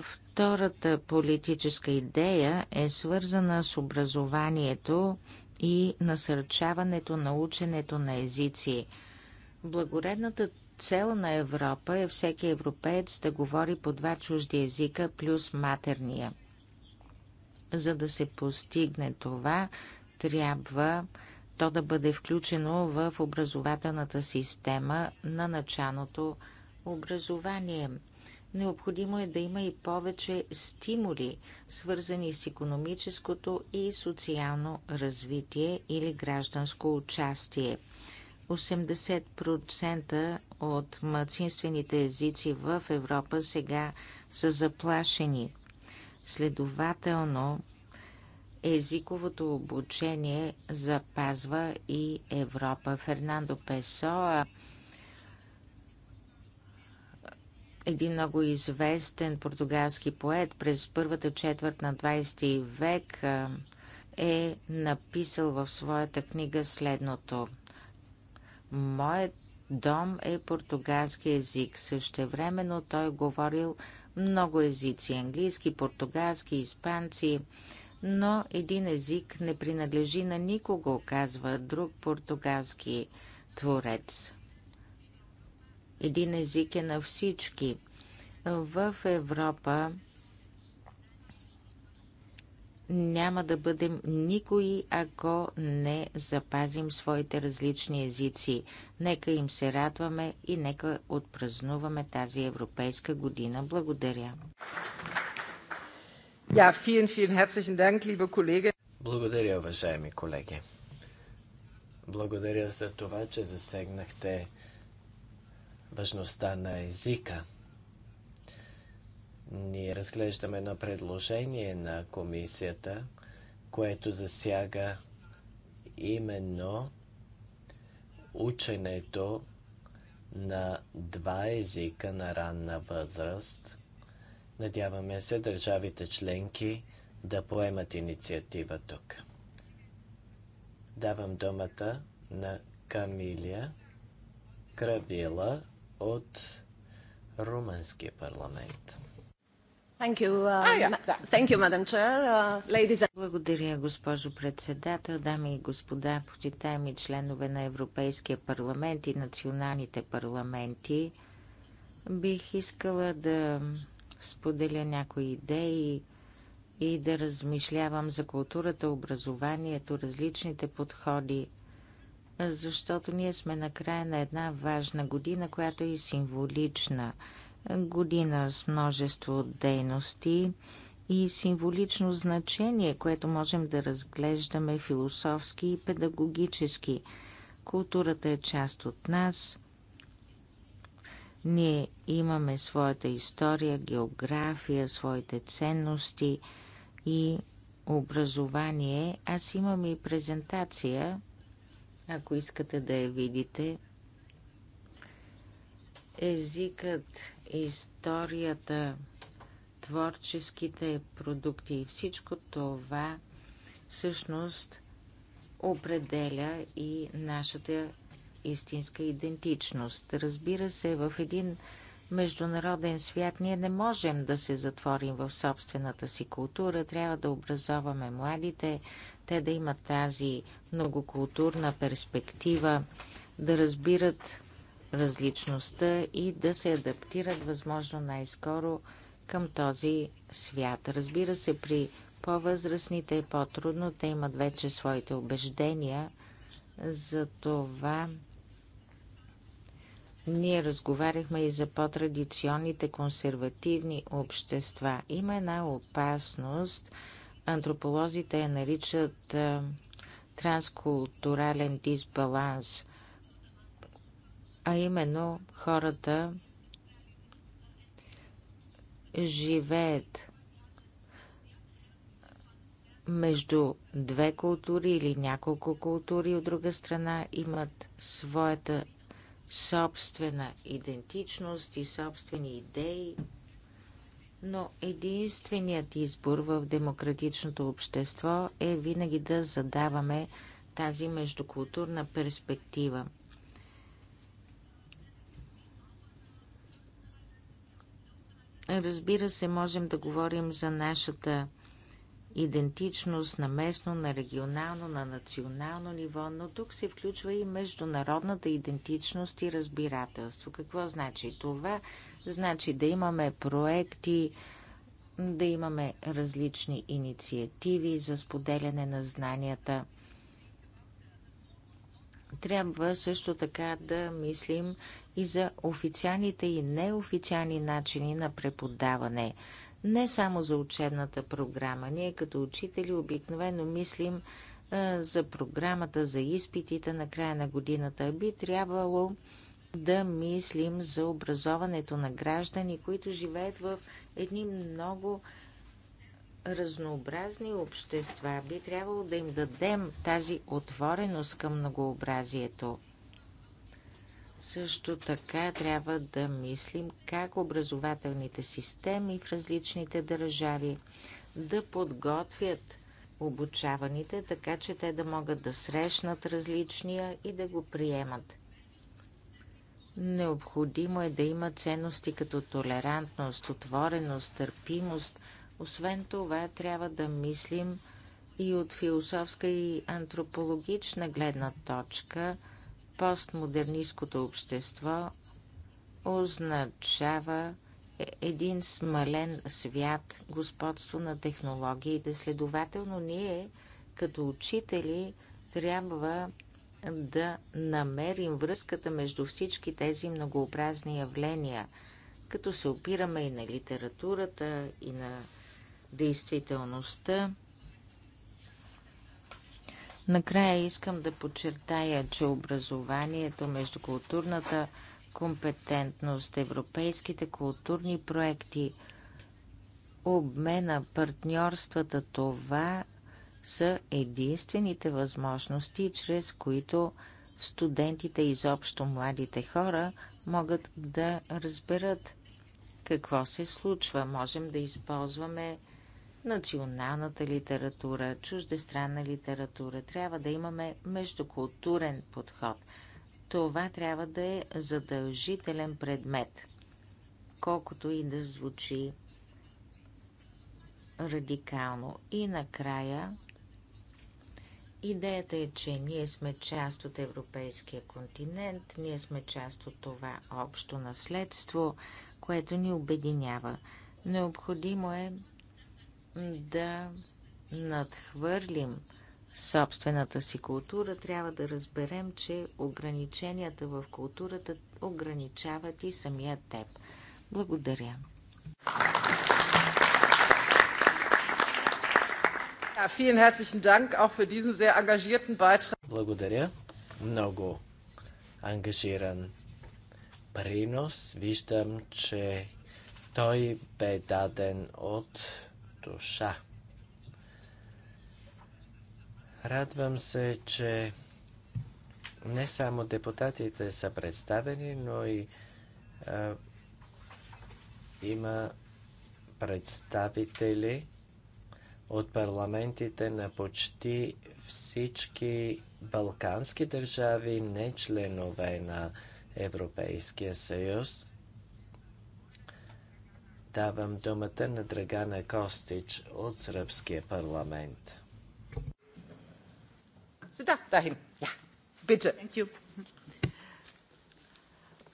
Втората политическа идея е свързана с образованието и насърчаването на ученето на езици. Благоредната цел на Европа е всеки европеец да говори по два чужди езика плюс матерния. За да се постигне това, трябва то да бъде включено в образователната система на началното образование. Необходимо е да има и повече стимули, свързани с економическото и социално развитие или гражданско участие. 80% от младсинствените езици в Европа сега са заплашени. Следователно, езиковото обучение запазва и Европа. Фернандо Песоа, един много известен португалски поет през първата четвърт на 20 век е написал в своята книга следното. Моят дом е португалски език. Същевременно той говорил много езици. Английски, португалски, испанци, но един език не принадлежи на никого, казва друг португалски творец. Един език е на всички. В Европа няма да бъдем никои, ако не запазим своите различни езици. Нека им се радваме и нека отпразнуваме тази европейска година. Благодаря. Ja, vielen, vielen herzlichen Dank, liebe Kollegin. Благодаря, уважаеми колеги. Благодаря за това, че засегнахте важността на езика. Ние разглеждаме едно предложение на комисията, което засяга именно ученето на два езика на ранна възраст – Надяваме се държавите членки да поемат инициатива тук. Давам думата на Камилия Кравила от Румънския парламент. Благодаря, госпожо председател, дами и господа, почитаеми членове на Европейския парламент и националните парламенти. Бих искала да споделя някои идеи и да размишлявам за културата, образованието, различните подходи, защото ние сме на края на една важна година, която е символична. Година с множество дейности и символично значение, което можем да разглеждаме философски и педагогически. Културата е част от нас – ние имаме своята история, география, своите ценности и образование. Аз имам и презентация, ако искате да я видите. Езикът, историята, творческите продукти и всичко това всъщност определя и нашата истинска идентичност. Разбира се, в един международен свят ние не можем да се затворим в собствената си култура. Трябва да образоваме младите, те да имат тази многокултурна перспектива, да разбират различността и да се адаптират възможно най-скоро към този свят. Разбира се, при по-възрастните е по-трудно, те имат вече своите убеждения, за това ние разговаряхме и за по-традиционните консервативни общества. Има една опасност. Антрополозите я наричат а, транскултурален дисбаланс, а именно хората живеят между две култури или няколко култури, от друга страна имат своята собствена идентичност и собствени идеи, но единственият избор в демократичното общество е винаги да задаваме тази междукултурна перспектива. Разбира се, можем да говорим за нашата идентичност на местно, на регионално, на национално ниво, но тук се включва и международната идентичност и разбирателство. Какво значи това? Значи да имаме проекти, да имаме различни инициативи за споделяне на знанията. Трябва също така да мислим и за официалните и неофициални начини на преподаване не само за учебната програма. Ние като учители обикновено мислим е, за програмата, за изпитите на края на годината. Би трябвало да мислим за образоването на граждани, които живеят в едни много разнообразни общества. Би трябвало да им дадем тази отвореност към многообразието. Също така трябва да мислим как образователните системи в различните държави да подготвят обучаваните, така че те да могат да срещнат различния и да го приемат. Необходимо е да има ценности като толерантност, отвореност, търпимост. Освен това, трябва да мислим и от философска и антропологична гледна точка – постмодернистското общество означава е, един смален свят, господство на технологиите. Следователно, ние като учители трябва да намерим връзката между всички тези многообразни явления, като се опираме и на литературата, и на действителността. Накрая искам да подчертая, че образованието, междукултурната компетентност, европейските културни проекти, обмена, партньорствата, това са единствените възможности, чрез които студентите, изобщо младите хора, могат да разберат какво се случва. Можем да използваме националната литература, чуждестранна литература. Трябва да имаме междукултурен подход. Това трябва да е задължителен предмет, колкото и да звучи радикално. И накрая Идеята е, че ние сме част от европейския континент, ние сме част от това общо наследство, което ни обединява. Необходимо е да надхвърлим собствената си култура, трябва да разберем, че ограниченията в културата ограничават и самия теб. Благодаря. Благодаря. Много ангажиран принос. Виждам, че той бе даден от душа. Радвам се, че не само депутатите са представени, но и а, има представители от парламентите на почти всички балкански държави, не членове на Европейския съюз. Давам думата на Драгана Костич от Сръбския парламент. Сюда, членове Я. Биджа.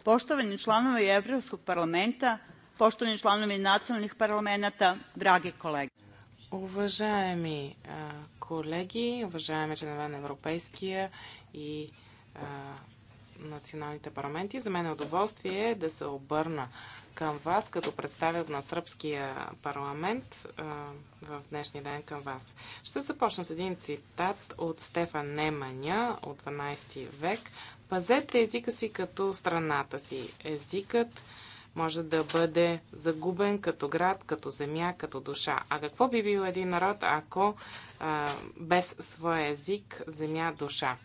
Поштовани членове Evropskog парламента, poštovani članovi Уважаеми колеги, уважаеми членове на Европейския и националните парламенти. За мен е удоволствие да се обърна към вас, като представят на сръбския парламент в днешния ден към вас. Ще започна с един цитат от Стефан Неманя от 12 век. Пазете езика си като страната си. Езикът може да бъде загубен като град, като земя, като душа. А какво би бил един народ, ако а, без своя език, земя, душа?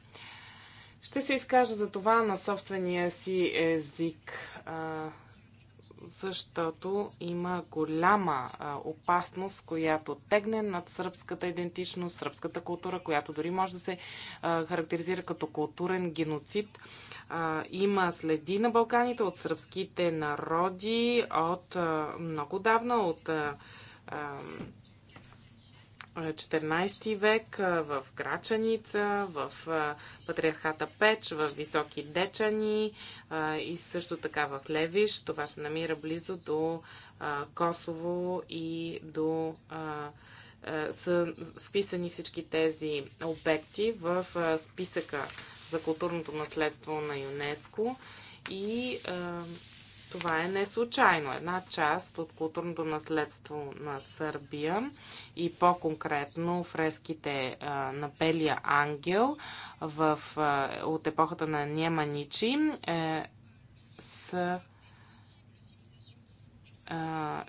Ще се изкажа за това на собствения си език. А, защото има голяма опасност, която тегне над сръбската идентичност, сръбската култура, която дори може да се характеризира като културен геноцид. има следи на Балканите от сръбските народи от много давна, от 14 век в Грачаница, в Патриархата Печ, в Високи Дечани и също така в Левиш. Това се намира близо до Косово и до са вписани всички тези обекти в списъка за културното наследство на ЮНЕСКО и това е не случайно. Една част от културното наследство на Сърбия и по-конкретно фреските на Белия ангел в, от епохата на Неманичи е, са е,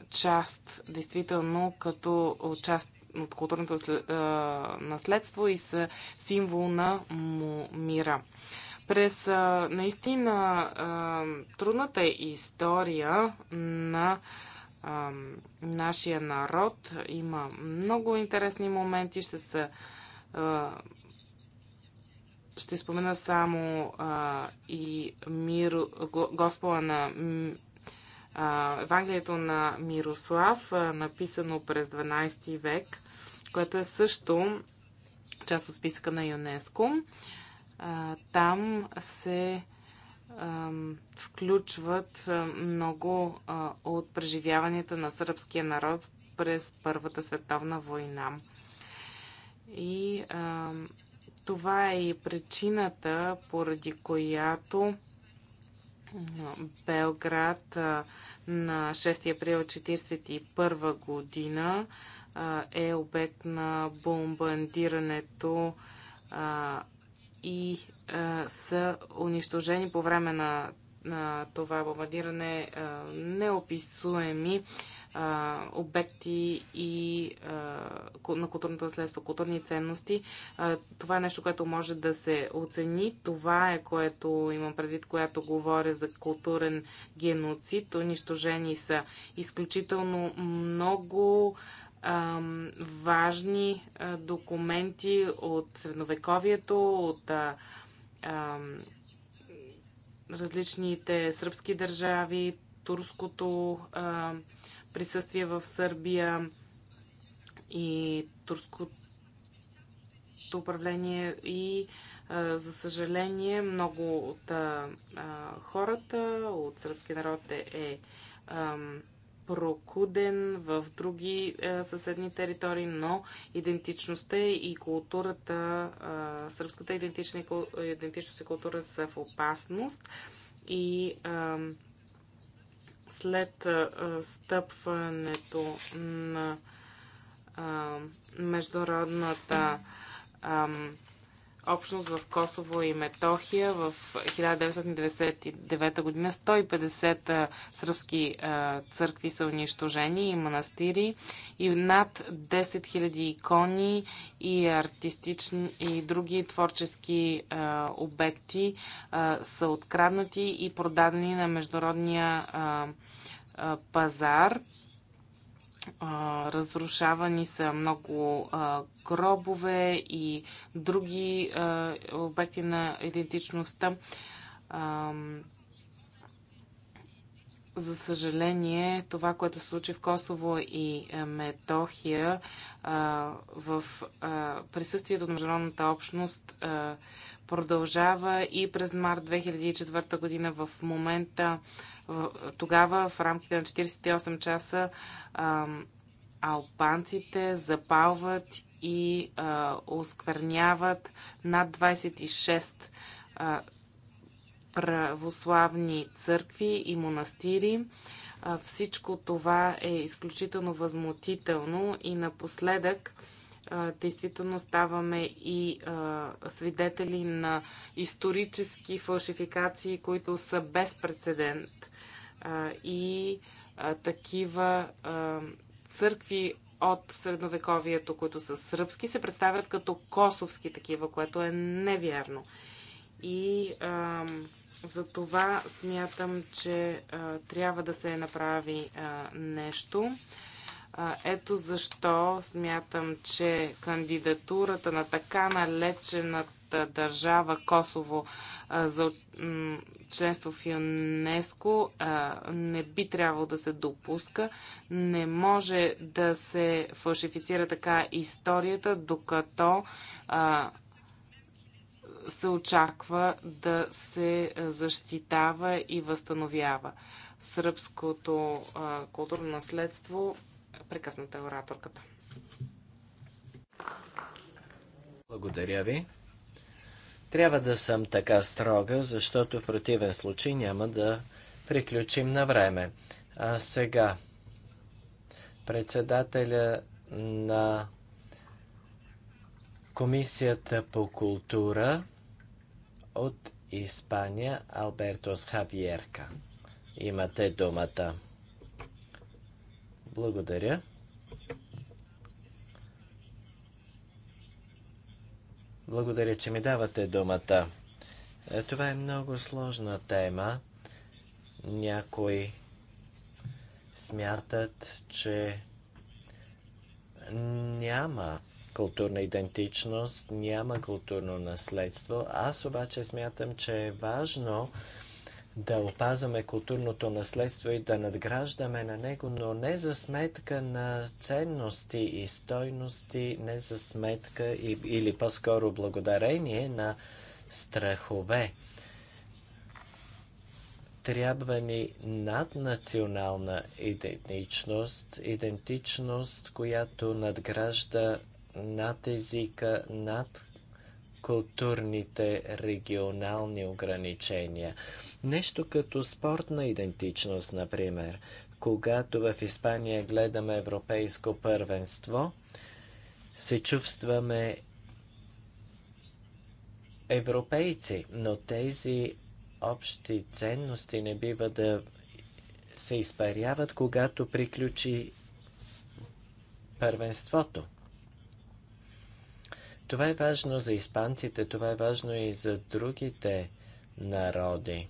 част, действително, като част от културното наследство и са символ на мира. През наистина трудната история на нашия народ има много интересни моменти. Ще се ще спомена само а, и мир, Господа на а, Евангелието на Мирослав, а, написано през 12 век, което е също част от списъка на ЮНЕСКО. А, там се включват много от преживяванията на сръбския народ през Първата световна война. И това е и причината, поради която Белград на 6 април 1941 година е обект на бомбандирането и а, са унищожени по време на, на това бомбардиране а, неописуеми а, обекти и а, на културното наследство, културни ценности. А, това е нещо, което може да се оцени. Това е което имам предвид, която говоря за културен геноцид. Унищожени са изключително много важни документи от средновековието, от различните сръбски държави, турското присъствие в Сърбия и турското управление и за съжаление много от хората от сръбски народ е, е прокуден в други е, съседни територии, но идентичността и културата, е, сръбската идентична, идентичност и култура са в опасност и е, след стъпването на международната общност в Косово и Метохия в 1999 година. 150 сръбски църкви са унищожени и манастири и над 10 000 икони и артистични и други творчески обекти са откраднати и продадени на международния пазар разрушавани са много а, гробове и други а, обекти на идентичността. А, за съжаление, това, което се случи в Косово и е, Метохия е, в е, присъствието на международната общност продължава и през март 2004 година. В момента, тогава, в рамките на 48 часа, албанците запалват и оскверняват над 26 православни църкви и монастири. Всичко това е изключително възмутително и напоследък действително ставаме и свидетели на исторически фалшификации, които са без прецедент. И такива църкви от средновековието, които са сръбски, се представят като косовски такива, което е невярно. И ам, затова смятам, че а, трябва да се направи а, нещо. А, ето защо смятам, че кандидатурата на така налечената държава Косово а, за членство в ЮНЕСКо а, не би трябвало да се допуска. Не може да се фалшифицира така историята, докато а, се очаква да се е, защитава и възстановява. Сръбското е, културно наследство, прекъсната е ораторката. Благодаря ви. Трябва да съм така строга, защото в противен случай няма да приключим на време. А сега, председателя на Комисията по култура от Испания Албертос Хавиерка. Имате думата. Благодаря. Благодаря, че ми давате думата. Е, това е много сложна тема. Някои смятат, че няма културна идентичност, няма културно наследство. Аз обаче смятам, че е важно да опазваме културното наследство и да надграждаме на него, но не за сметка на ценности и стойности, не за сметка и, или по-скоро благодарение на страхове. Трябва ни наднационална идентичност, идентичност, която надгражда над езика, над културните регионални ограничения. Нещо като спортна идентичност, например. Когато в Испания гледаме европейско първенство, се чувстваме европейци, но тези общи ценности не бива да се изпаряват, когато приключи първенството. Това е важно за испанците, това е важно и за другите народи.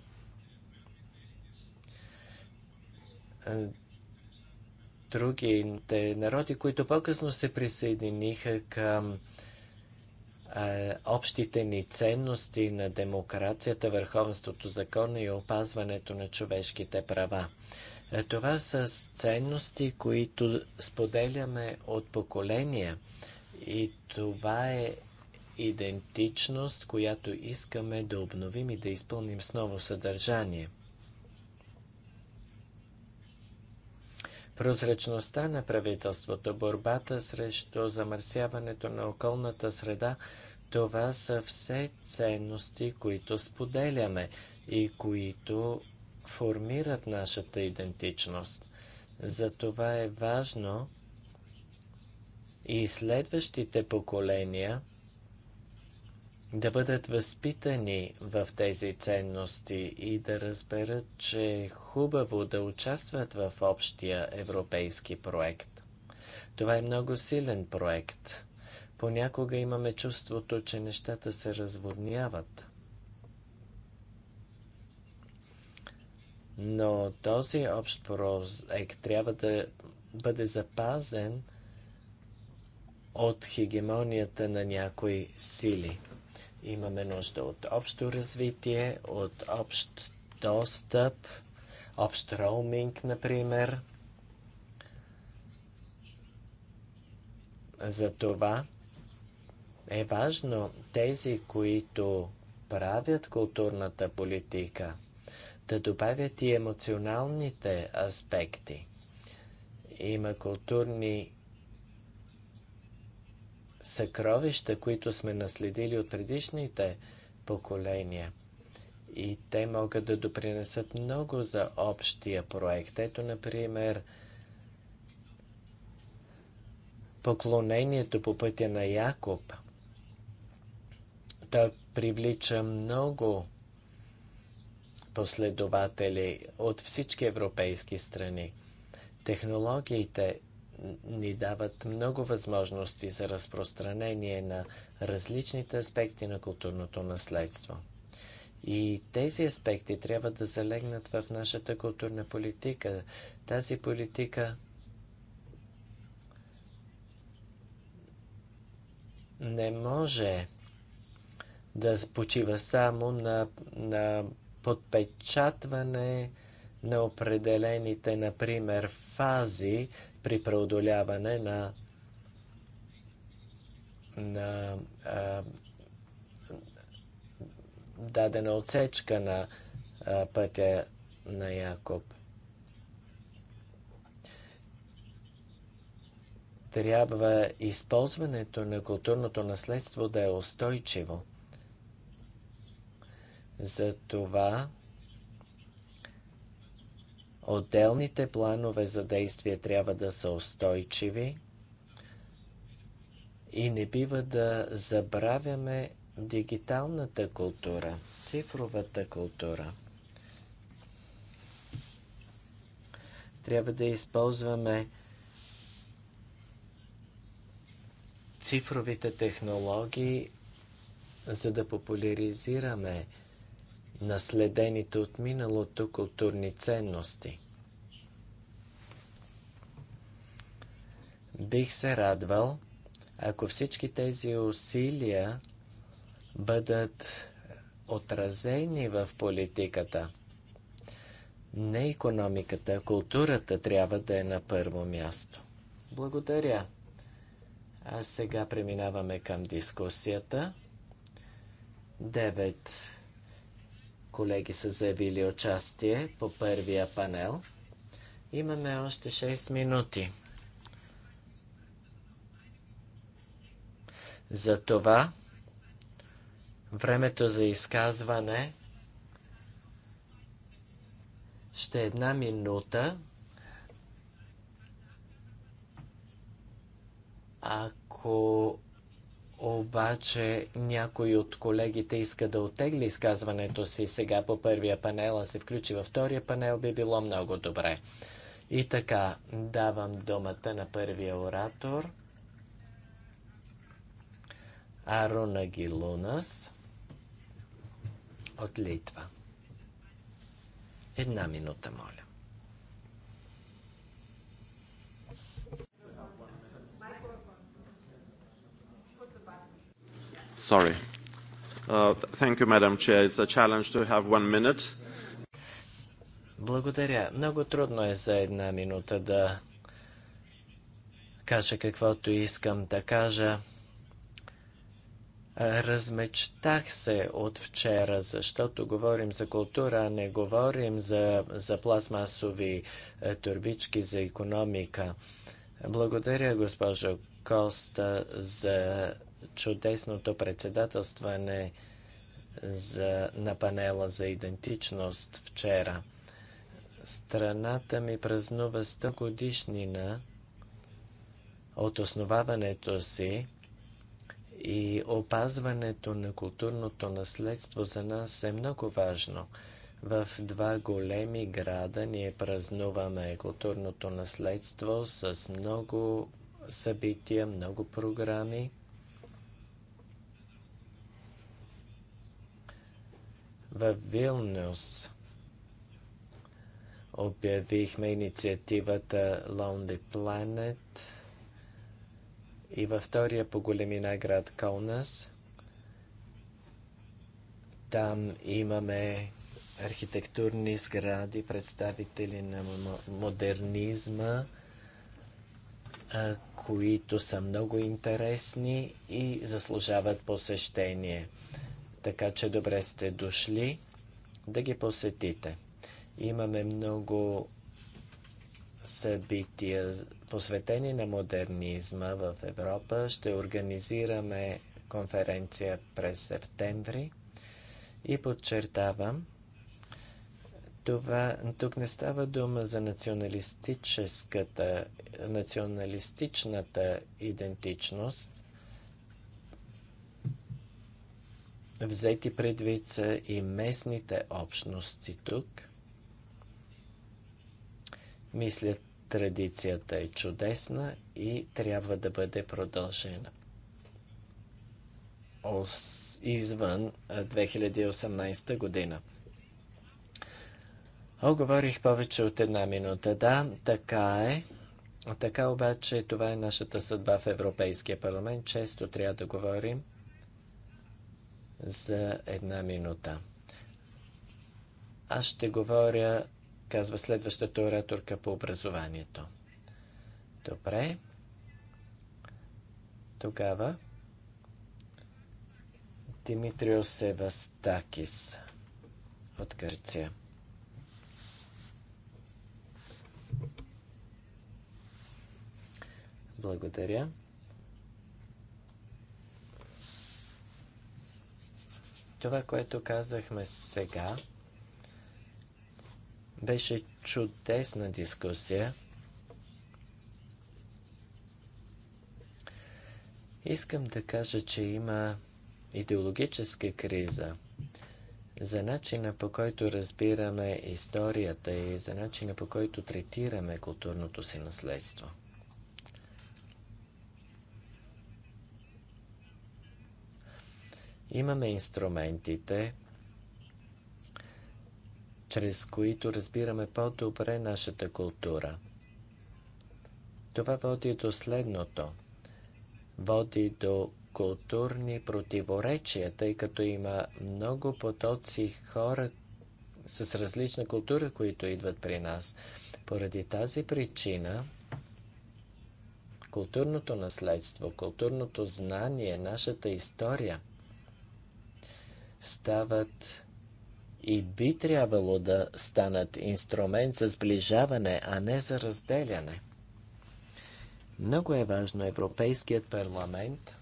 Другите народи, които по-късно се присъединиха към а, общите ни ценности на демокрацията, върховенството закона и опазването на човешките права. Това са ценности, които споделяме от поколения – и това е идентичност, която искаме да обновим и да изпълним с ново съдържание. Прозрачността на правителството, борбата срещу замърсяването на околната среда, това са все ценности, които споделяме и които формират нашата идентичност. Затова е важно и следващите поколения да бъдат възпитани в тези ценности и да разберат, че е хубаво да участват в общия европейски проект. Това е много силен проект. Понякога имаме чувството, че нещата се разводняват. Но този общ проект трябва да бъде запазен от хегемонията на някои сили. Имаме нужда от общо развитие, от общ достъп, общ роуминг, например. За това е важно тези, които правят културната политика, да добавят и емоционалните аспекти. Има културни съкровища, които сме наследили от предишните поколения. И те могат да допринесат много за общия проект. Ето, например, поклонението по пътя на Якоб. Той привлича много последователи от всички европейски страни. Технологиите ни дават много възможности за разпространение на различните аспекти на културното наследство. И тези аспекти трябва да залегнат в нашата културна политика. Тази политика не може да почива само на, на подпечатване на определените, например, фази при преодоляване на, на а, дадена отсечка на а, пътя на Якоб. Трябва използването на културното наследство да е устойчиво. Затова това Отделните планове за действие трябва да са устойчиви и не бива да забравяме дигиталната култура, цифровата култура. Трябва да използваме цифровите технологии, за да популяризираме наследените от миналото културни ценности. Бих се радвал, ако всички тези усилия бъдат отразени в политиката. Не економиката, а културата трябва да е на първо място. Благодаря. А сега преминаваме към дискусията. Девет колеги са заявили участие по първия панел. Имаме още 6 минути. Затова времето за изказване ще е една минута. Ако обаче някой от колегите иска да отегли изказването си сега по първия панел, а се включи във втория панел, би било много добре. И така, давам думата на първия оратор. Аруна Гилунас от Литва. Една минута, моля. Sorry. Uh, thank you, Madam Chair. It's a challenge to have one minute. Благодаря. Много трудно е за една минута да кажа каквото искам да кажа. Размечтах се от вчера, защото говорим за култура, а не говорим за, за пластмасови е, турбички за економика. Благодаря, госпожо Коста, за чудесното председателстване за, на панела за идентичност вчера. Страната ми празнува 100 годишнина от основаването си и опазването на културното наследство за нас е много важно. В два големи града ние празнуваме културното наследство с много събития, много програми. В Вилнюс обявихме инициативата Lonely Planet и във втория по големина град Каунас. Там имаме архитектурни сгради, представители на модернизма, които са много интересни и заслужават посещение. Така че добре сте дошли да ги посетите. Имаме много събития, посветени на модернизма в Европа. Ще организираме конференция през септември. И подчертавам, това, тук не става дума за националистическата, националистичната идентичност, Взети предвид са и местните общности тук. Мисля, традицията е чудесна и трябва да бъде продължена. Ос... Извън 2018 година. О, говорих повече от една минута. Да, така е. Така обаче това е нашата съдба в Европейския парламент. Често трябва да говорим за една минута. Аз ще говоря, казва следващата ораторка по образованието. Добре. Тогава Димитрио Севастакис от Гърция. Благодаря. Това, което казахме сега, беше чудесна дискусия. Искам да кажа, че има идеологическа криза за начина по който разбираме историята и за начина по който третираме културното си наследство. Имаме инструментите, чрез които разбираме по-добре нашата култура. Това води до следното. Води до културни противоречия, тъй като има много потоци хора с различна култура, които идват при нас. Поради тази причина, културното наследство, културното знание, нашата история – стават и би трябвало да станат инструмент за сближаване, а не за разделяне. Много е важно Европейският парламент,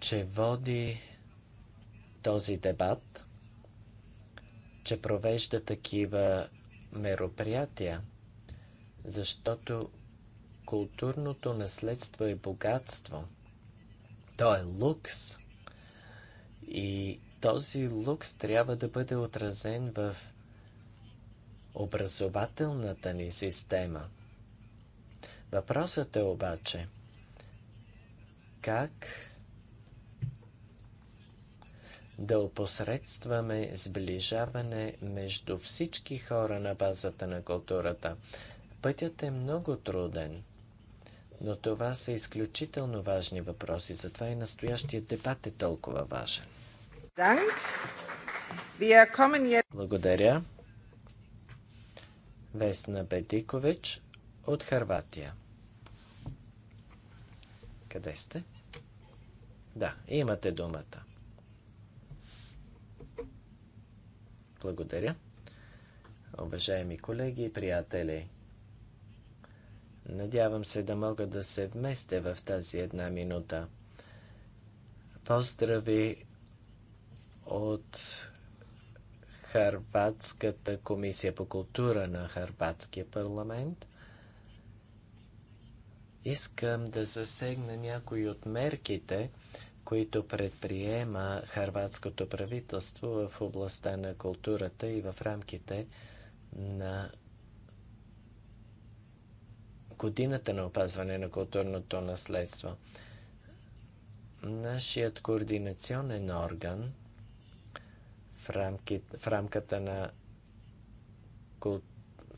че води този дебат, че провежда такива мероприятия, защото културното наследство е богатство. То е лукс и този лукс трябва да бъде отразен в образователната ни система. Въпросът е обаче как да опосредстваме сближаване между всички хора на базата на културата. Пътят е много труден, но това са изключително важни въпроси, затова и настоящия дебат е толкова важен. Благодаря. Весна Бедикович от Харватия. Къде сте? Да, имате думата. Благодаря. Уважаеми колеги и приятели, надявам се да мога да се вместя в тази една минута. Поздрави от Харватската комисия по култура на Харватския парламент. Искам да засегна някои от мерките, които предприема харватското правителство в областта на културата и в рамките на годината на опазване на културното наследство. Нашият координационен орган в, рамки, в рамката на,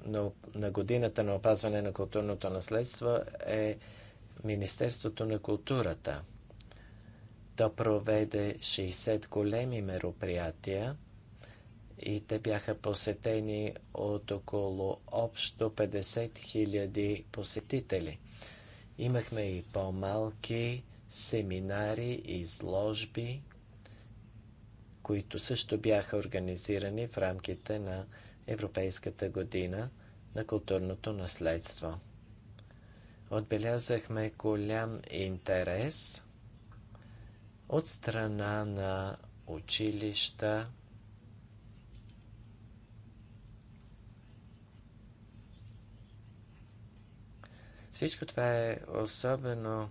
на, на годината на опазване на културното наследство е Министерството на културата. То проведе 60 големи мероприятия и те бяха посетени от около общо 50 000 посетители. Имахме и по-малки семинари, изложби които също бяха организирани в рамките на Европейската година на културното наследство. Отбелязахме голям интерес от страна на училища, Всичко това е особено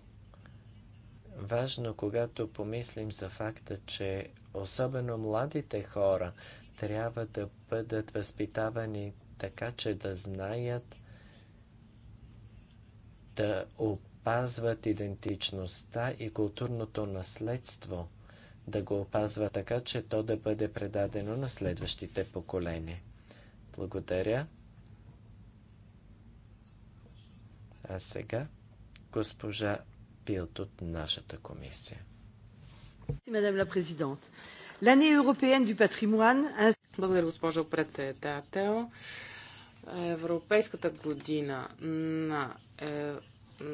важно, когато помислим за факта, че особено младите хора трябва да бъдат възпитавани така, че да знаят да опазват идентичността и културното наследство, да го опазват така, че то да бъде предадено на следващите поколения. Благодаря. А сега госпожа пилот от нашата комисия. Благодаря, госпожо председател. Европейската година на е,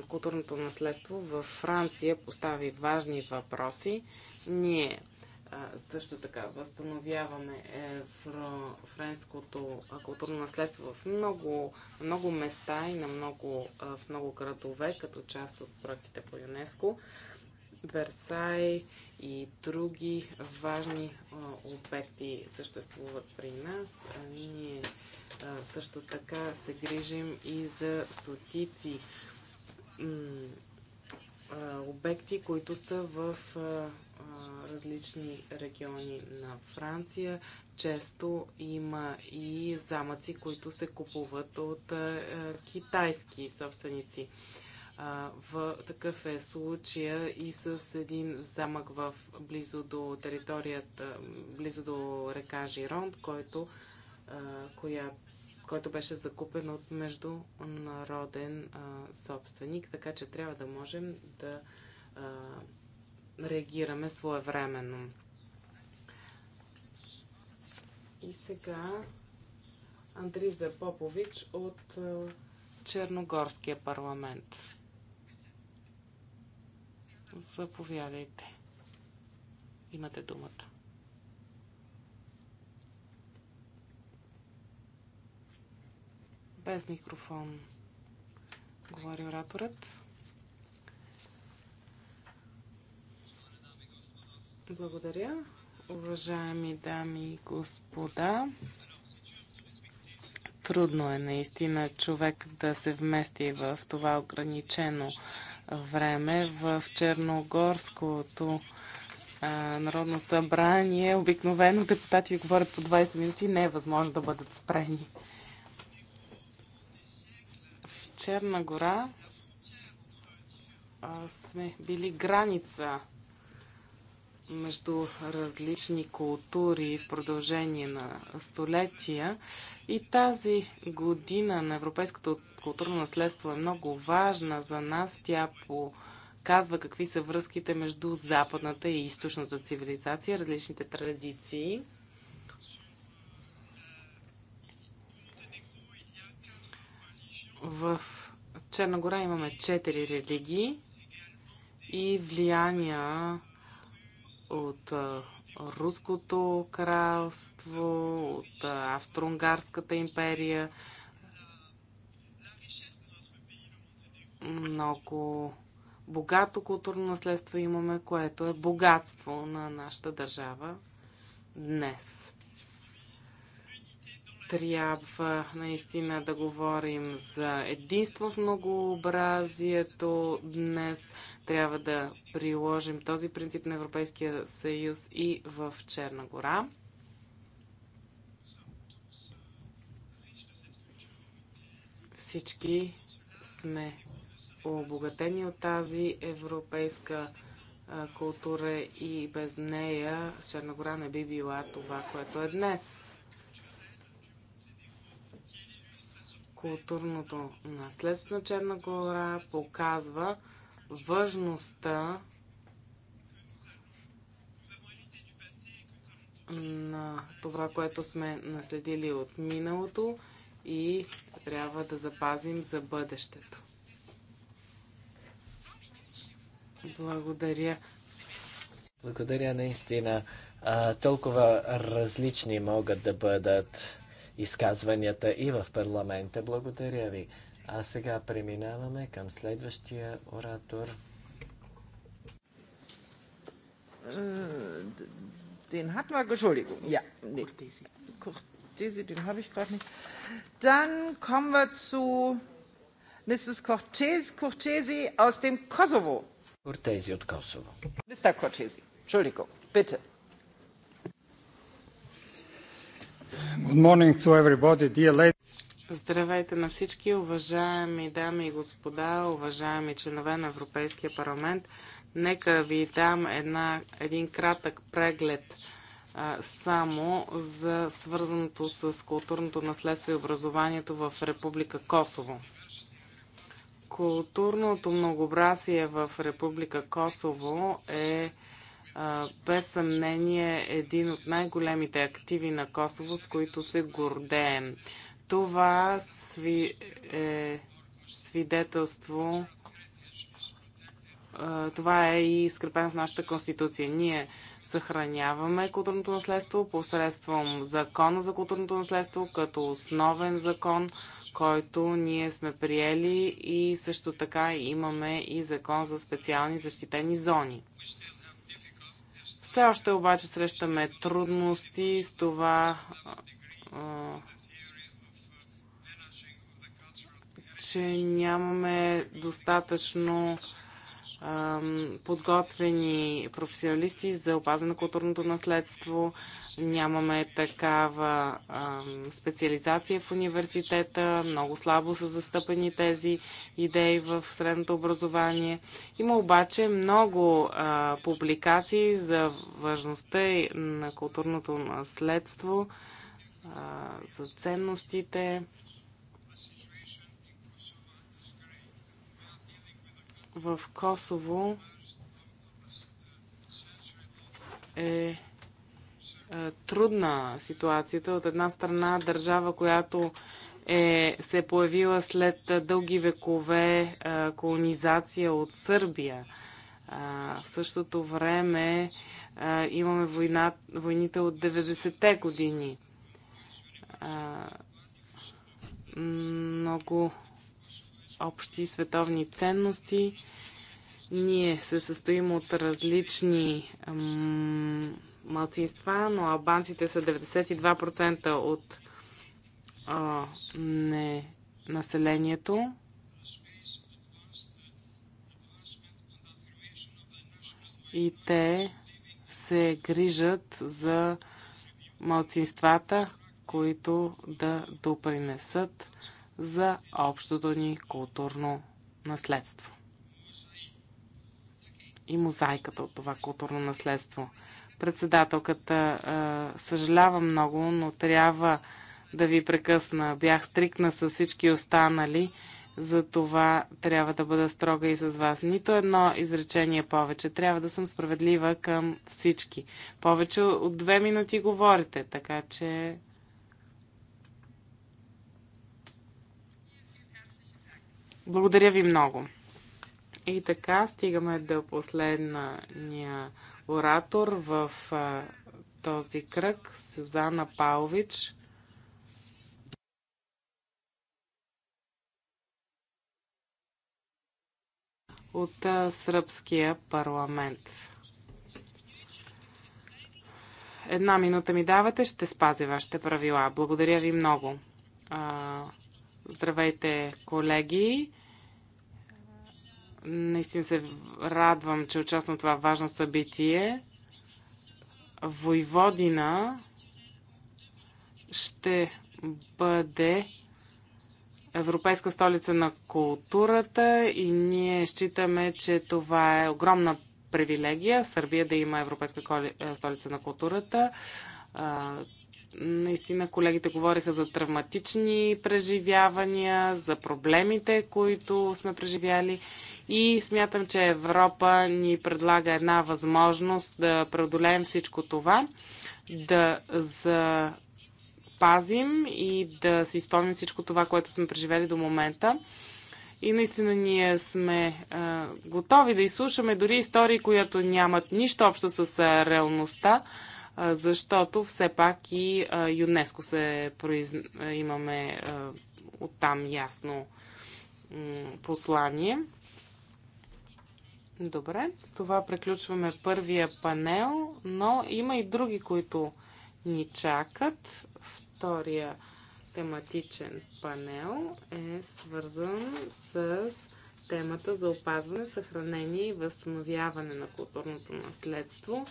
културното наследство във Франция постави важни въпроси. Ние също така възстановяваме френското културно наследство в много, много места и на много, в много градове, като част от проектите по ЮНЕСКО. Версай и други важни обекти съществуват при нас. Ние също така се грижим и за стотици обекти, които са в различни региони на Франция. Често има и замъци, които се купуват от китайски собственици. В такъв е случая и с един замък в близо до територията, близо до река Жиронд, който, коя, който беше закупен от международен собственик, така че трябва да можем да реагираме своевременно. И сега Андриза Попович от е, Черногорския парламент. Заповядайте. Имате думата. Без микрофон говори ораторът. Благодаря. Уважаеми дами и господа, трудно е наистина човек да се вмести в това ограничено време. В Черногорското а, Народно събрание обикновено депутати говорят по 20 минути, не е възможно да бъдат спрени. В Черна гора а, сме били граница между различни култури в продължение на столетия. И тази година на европейското културно наследство е много важна за нас. Тя по казва какви са връзките между западната и източната цивилизация, различните традиции. В Черна гора имаме четири религии и влияния от Руското кралство, от Австро-Унгарската империя. Много богато културно наследство имаме, което е богатство на нашата държава днес трябва наистина да говорим за единство в многообразието днес. Трябва да приложим този принцип на Европейския съюз и в Черна гора. Всички сме обогатени от тази европейска култура и без нея Черна гора не би била това, което е днес. културното наследство на Черна гора показва важността на това, което сме наследили от миналото и трябва да запазим за бъдещето. Благодаря. Благодаря наистина. А, толкова различни могат да бъдат изказванията и в парламента. Благодаря ви. А сега преминаваме към следващия оратор. Den hatten wir, Entschuldigung, ja. Nee. Cortesi, den habe ich gerade nicht. Dann kommen wir zu Mrs. Cortesi, Cortesi aus dem Kosovo. Cortesi aus Kosovo. Mr. Cortesi, Entschuldigung, bitte. Здравейте на всички, уважаеми дами и господа, уважаеми членове на Европейския парламент. Нека ви дам една, един кратък преглед а, само за свързаното с културното наследство и образованието в Република Косово. Културното многообразие в Република Косово е без съмнение един от най-големите активи на Косово, с които се гордеем. Това сви, е свидетелство. Това е и скрепено в нашата конституция. Ние съхраняваме културното наследство посредством закона за културното наследство като основен закон, който ние сме приели и също така имаме и закон за специални защитени зони. Все още обаче срещаме трудности с това, че нямаме достатъчно подготвени професионалисти за опазване на културното наследство. Нямаме такава специализация в университета. Много слабо са застъпени тези идеи в средното образование. Има обаче много публикации за важността на културното наследство, за ценностите. в Косово е, е трудна ситуацията. От една страна държава, която е се появила след дълги векове е, колонизация от Сърбия. Е, в същото време имаме война, войните от 90-те години. Много общи световни ценности. Ние се състоим от различни малцинства, но албанците са 92% от а, не, населението. И те се грижат за малцинствата, които да допринесат за общото ни културно наследство. И мозайката от това културно наследство. Председателката, съжалява много, но трябва да ви прекъсна. Бях стрикна с всички останали, за това трябва да бъда строга и с вас. Нито едно изречение повече. Трябва да съм справедлива към всички. Повече от две минути говорите, така че Благодаря ви много. И така стигаме до последния оратор в а, този кръг Сюзана Павлович. от а, Сръбския парламент. Една минута ми давате, ще спазя вашите правила. Благодаря ви много. А, Здравейте, колеги! Наистина се радвам, че участвам в това важно събитие. Войводина ще бъде Европейска столица на културата и ние считаме, че това е огромна привилегия Сърбия да има Европейска е, столица на културата наистина колегите говориха за травматични преживявания, за проблемите, които сме преживяли и смятам, че Европа ни предлага една възможност да преодолеем всичко това, да запазим и да си изпълним всичко това, което сме преживели до момента. И наистина ние сме а, готови да изслушаме дори истории, които нямат нищо общо с а, реалността, защото все пак и ЮНЕСКО се произ... имаме оттам ясно послание. Добре, с това приключваме първия панел, но има и други, които ни чакат. Втория тематичен панел е свързан с темата за опазване, съхранение и възстановяване на културното наследство.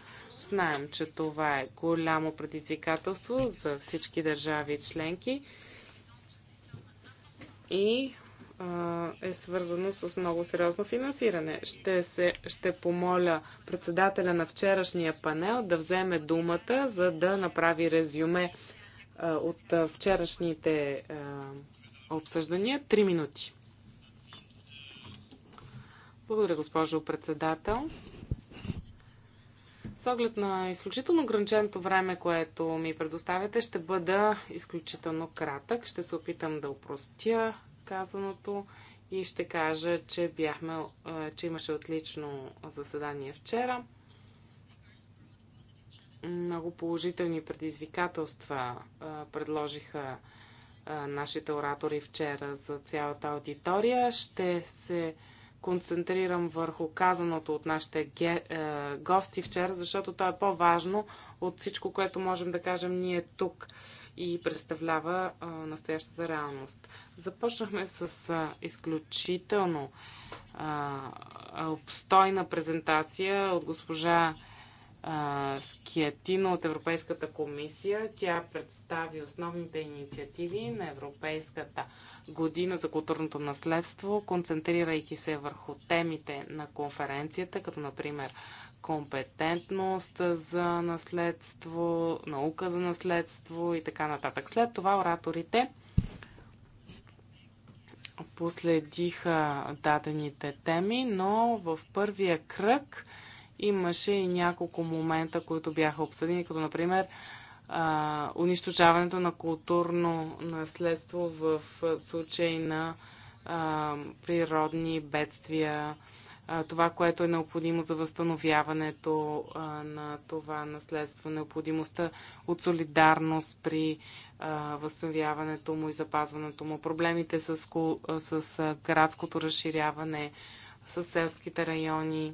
Знаем, че това е голямо предизвикателство за всички държави и членки и а, е свързано с много сериозно финансиране. Ще, се, ще помоля председателя на вчерашния панел да вземе думата, за да направи резюме а, от вчерашните а, обсъждания. Три минути. Благодаря, госпожо председател. С оглед на изключително ограниченото време, което ми предоставяте, ще бъда изключително кратък. Ще се опитам да упростя казаното и ще кажа, че, бяхме, че имаше отлично заседание вчера. Много положителни предизвикателства предложиха нашите оратори вчера за цялата аудитория. Ще се концентрирам върху казаното от нашите ге, е, гости вчера, защото то е по-важно от всичко, което можем да кажем ние тук и представлява е, настоящата реалност. Започнахме с е, изключително е, обстойна презентация от госпожа Скиятина от Европейската комисия. Тя представи основните инициативи на Европейската година за културното наследство, концентрирайки се върху темите на конференцията, като например компетентност за наследство, наука за наследство и така нататък. След това ораторите последиха дадените теми, но в първия кръг Имаше и няколко момента, които бяха обсъдени, като например а, унищожаването на културно наследство в случай на а, природни бедствия, а, това, което е необходимо за възстановяването а, на това наследство, необходимостта от солидарност при възстановяването му и запазването му, проблемите с, с градското разширяване, с селските райони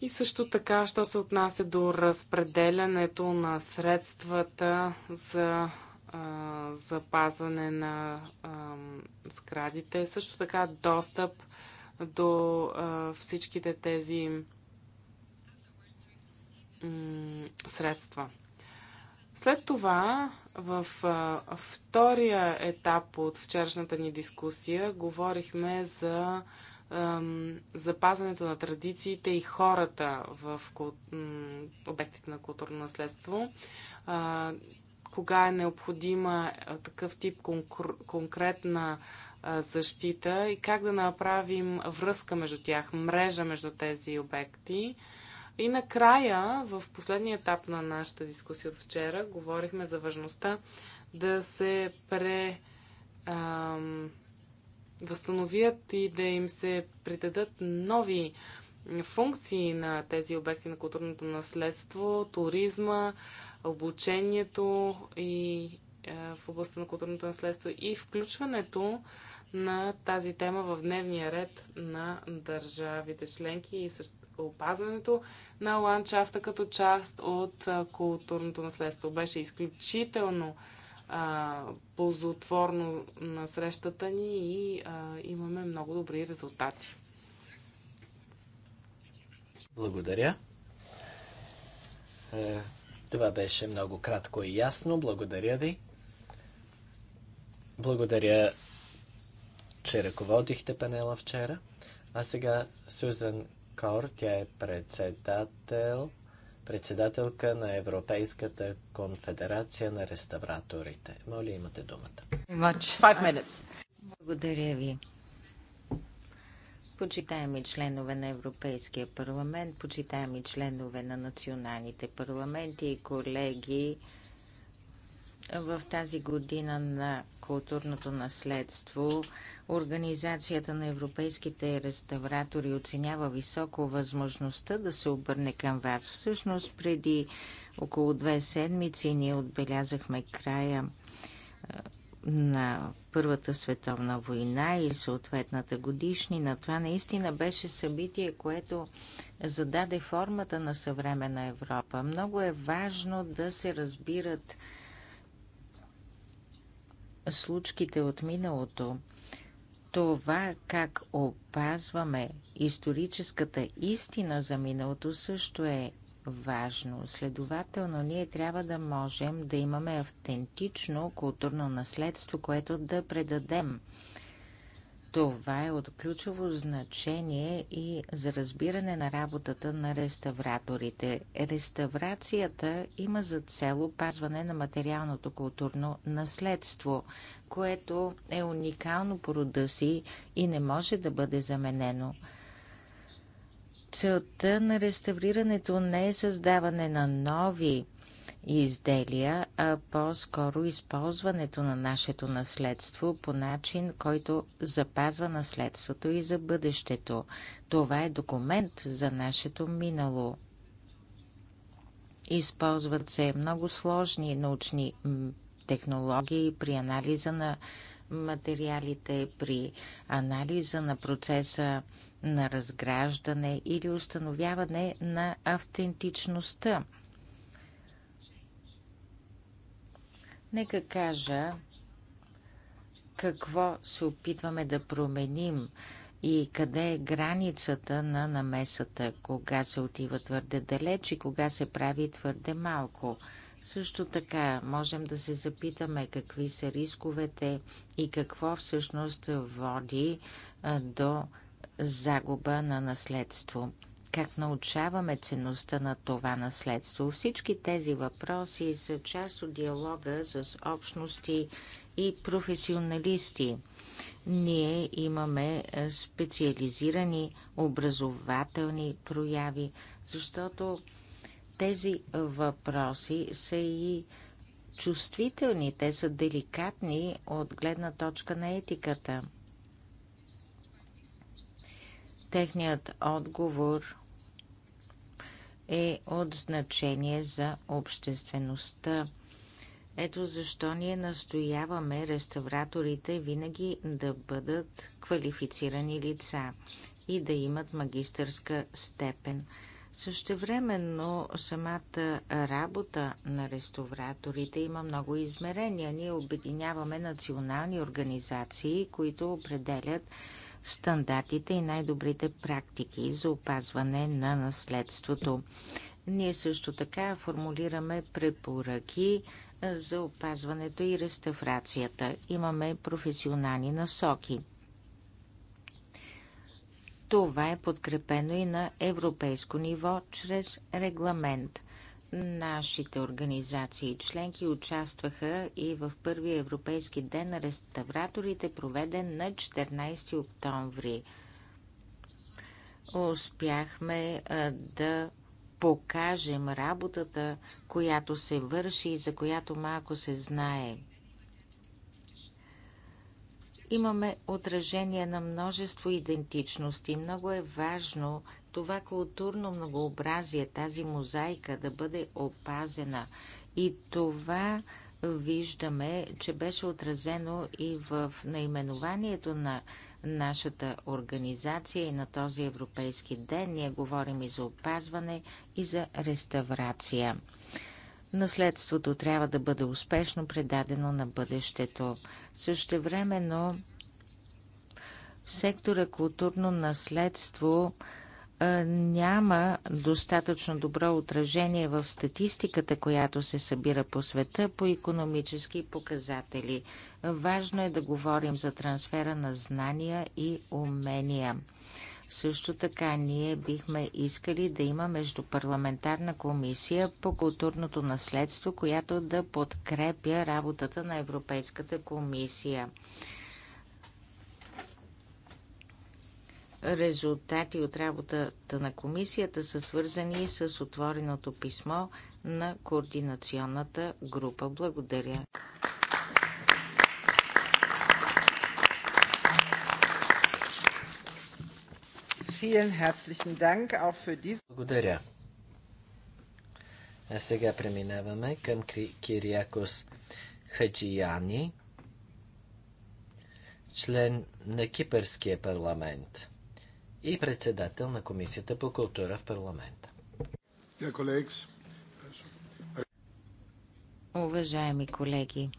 и също така, що се отнася до разпределянето на средствата за а, запазване на а, сградите, също така достъп до а, всичките тези средства. След това, в а, втория етап от вчерашната ни дискусия, говорихме за запазването на традициите и хората в обектите на културно наследство. кога е необходима такъв тип конкретна защита и как да направим връзка между тях, мрежа между тези обекти. И накрая, в последния етап на нашата дискусия от вчера, говорихме за важността да се пре възстановят и да им се придадат нови функции на тези обекти на културното наследство, туризма, обучението и е, в областта на културното наследство и включването на тази тема в дневния ред на държавите членки и също опазването на ландшафта като част от е, културното наследство. Беше изключително а, ползотворно на срещата ни и а, имаме много добри резултати. Благодаря. Е, това беше много кратко и ясно. Благодаря ви. Благодаря, че ръководихте панела вчера. А сега Сюзан Кор, тя е председател председателка на Европейската конфедерация на реставраторите. Моля, имате думата. Благодаря ви. Почитаеми членове на Европейския парламент, почитаеми членове на националните парламенти и колеги, в тази година на културното наследство Организацията на европейските реставратори оценява високо възможността да се обърне към вас. Всъщност, преди около две седмици ние отбелязахме края на Първата световна война и съответната годишнина. Това наистина беше събитие, което зададе формата на съвременна Европа. Много е важно да се разбират случките от миналото, това как опазваме историческата истина за миналото също е важно. Следователно, ние трябва да можем да имаме автентично културно наследство, което да предадем това е от ключово значение и за разбиране на работата на реставраторите. Реставрацията има за цел опазване на материалното културно наследство, което е уникално по рода си и не може да бъде заменено. Целта на реставрирането не е създаване на нови и изделия, а по-скоро използването на нашето наследство по начин, който запазва наследството и за бъдещето. Това е документ за нашето минало. Използват се много сложни научни технологии при анализа на материалите, при анализа на процеса на разграждане или установяване на автентичността Нека кажа какво се опитваме да променим и къде е границата на намесата, кога се отива твърде далеч и кога се прави твърде малко. Също така можем да се запитаме какви са рисковете и какво всъщност води до загуба на наследство как научаваме ценността на това наследство. Всички тези въпроси са част от диалога с общности и професионалисти. Ние имаме е, специализирани образователни прояви, защото тези въпроси са и чувствителни, те са деликатни от гледна точка на етиката. Техният отговор е от значение за обществеността. Ето защо ние настояваме реставраторите винаги да бъдат квалифицирани лица и да имат магистърска степен. Същевременно самата работа на реставраторите има много измерения. Ние обединяваме национални организации, които определят стандартите и най-добрите практики за опазване на наследството. Ние също така формулираме препоръки за опазването и реставрацията. Имаме професионални насоки. Това е подкрепено и на европейско ниво чрез регламент. Нашите организации и членки участваха и в първия Европейски ден на реставраторите, проведен на 14 октомври. Успяхме да покажем работата, която се върши и за която малко се знае. Имаме отражение на множество идентичности. Много е важно това културно многообразие, тази мозайка да бъде опазена. И това виждаме, че беше отразено и в наименованието на нашата организация и на този Европейски ден. Ние говорим и за опазване, и за реставрация. Наследството трябва да бъде успешно предадено на бъдещето. Същевременно сектора културно наследство – няма достатъчно добро отражение в статистиката, която се събира по света по економически показатели. Важно е да говорим за трансфера на знания и умения. Също така ние бихме искали да има междупарламентарна комисия по културното наследство, която да подкрепя работата на Европейската комисия. резултати от работата на комисията са свързани с отвореното писмо на координационната група. Благодаря. Благодаря. А сега преминаваме към Кириакос Хаджияни, член на Кипърския парламент и председател на Комисията по култура в парламента. Уважаеми колеги,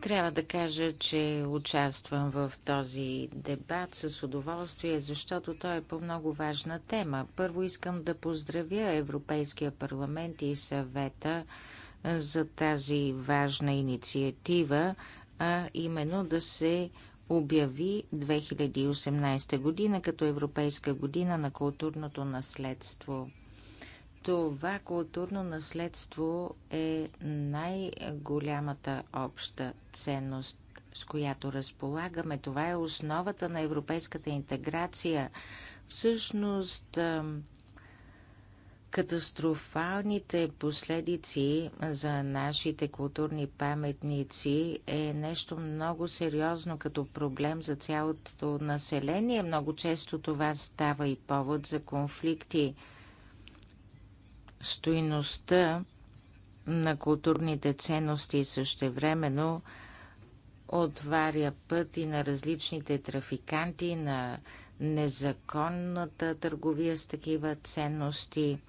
трябва да кажа, че участвам в този дебат с удоволствие, защото той е по много важна тема. Първо искам да поздравя Европейския парламент и съвета за тази важна инициатива, а именно да се обяви 2018 година като Европейска година на културното наследство. Това културно наследство е най-голямата обща ценност, с която разполагаме. Това е основата на европейската интеграция. Всъщност, Катастрофалните последици за нашите културни паметници е нещо много сериозно като проблем за цялото население. Много често това става и повод за конфликти. Стойността на културните ценности същевременно отваря път и на различните трафиканти, на незаконната търговия с такива ценности –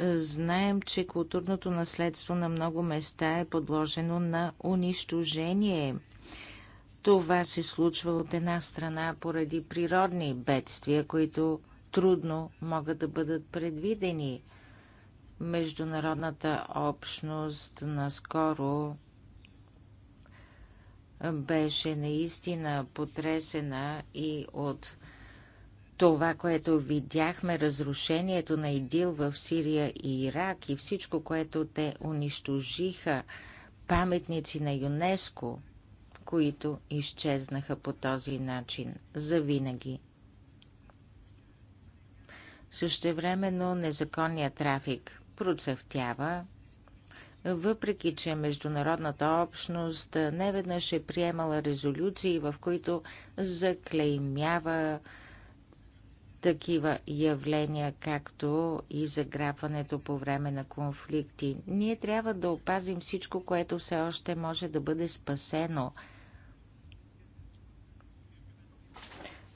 Знаем, че културното наследство на много места е подложено на унищожение. Това се случва от една страна поради природни бедствия, които трудно могат да бъдат предвидени. Международната общност наскоро беше наистина потресена и от това, което видяхме, разрушението на Идил в Сирия и Ирак и всичко, което те унищожиха, паметници на ЮНЕСКО, които изчезнаха по този начин завинаги. Същевременно незаконният трафик процъфтява, въпреки че международната общност неведнъж е приемала резолюции, в които заклеймява такива явления, както и заграбването по време на конфликти. Ние трябва да опазим всичко, което все още може да бъде спасено.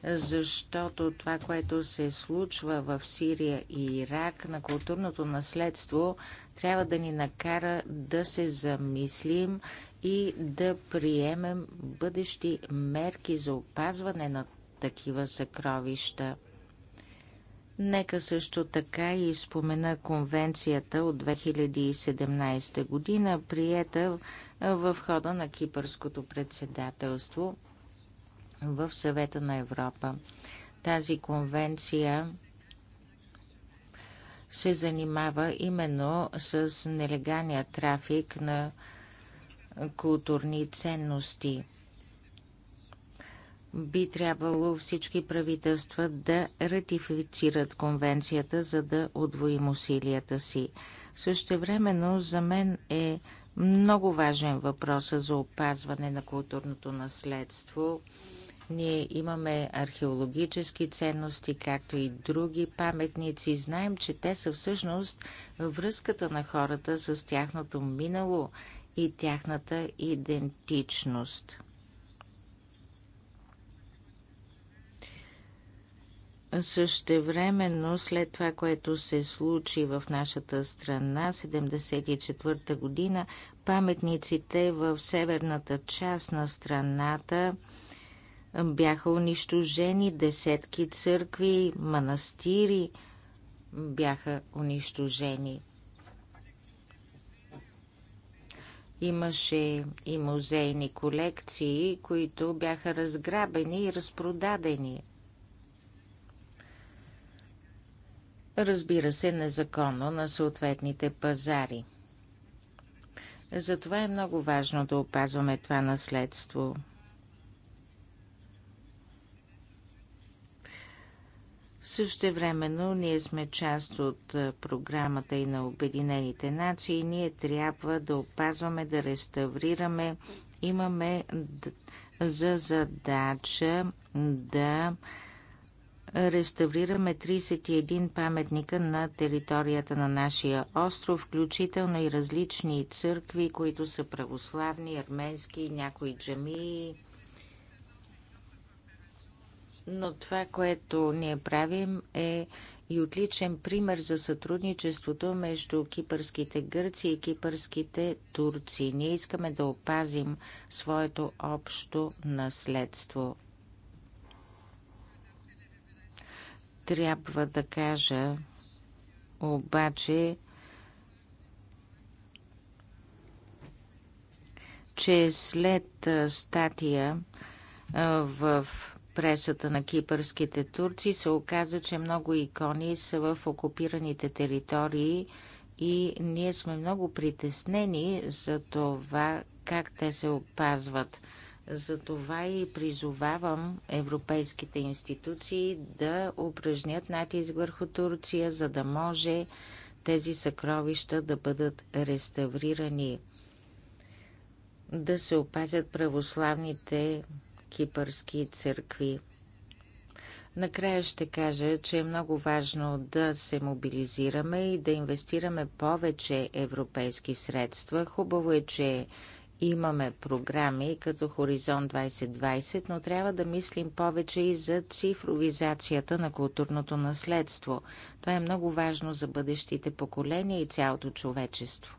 Защото това, което се случва в Сирия и Ирак на културното наследство, трябва да ни накара да се замислим и да приемем бъдещи мерки за опазване на такива съкровища. Нека също така и спомена конвенцията от 2017 година, приета в хода на кипърското председателство в съвета на Европа. Тази конвенция се занимава именно с нелегалния трафик на културни ценности – би трябвало всички правителства да ратифицират конвенцията, за да отвоим усилията си. Същевременно за мен е много важен въпрос за опазване на културното наследство. Ние имаме археологически ценности, както и други паметници. Знаем, че те са всъщност връзката на хората с тяхното минало и тяхната идентичност. Същевременно, след това, което се случи в нашата страна, 74-та година, паметниците в северната част на страната бяха унищожени, десетки църкви, манастири бяха унищожени. Имаше и музейни колекции, които бяха разграбени и разпродадени – разбира се, незаконно на съответните пазари. Затова е много важно да опазваме това наследство. Същевременно ние сме част от програмата и на Обединените нации. Ние трябва да опазваме, да реставрираме. Имаме за задача да реставрираме 31 паметника на територията на нашия остров, включително и различни църкви, които са православни, арменски, някои джамии. Но това, което ние правим е и отличен пример за сътрудничеството между кипърските гърци и кипърските турци. Ние искаме да опазим своето общо наследство. Трябва да кажа обаче, че след статия в пресата на кипърските турци се оказа, че много икони са в окупираните територии и ние сме много притеснени за това как те се опазват. Затова и призовавам европейските институции да упражнят натиск върху Турция, за да може тези съкровища да бъдат реставрирани, да се опазят православните кипърски църкви. Накрая ще кажа, че е много важно да се мобилизираме и да инвестираме повече европейски средства. Хубаво е, че Имаме програми като Хоризонт 2020, но трябва да мислим повече и за цифровизацията на културното наследство. Това е много важно за бъдещите поколения и цялото човечество.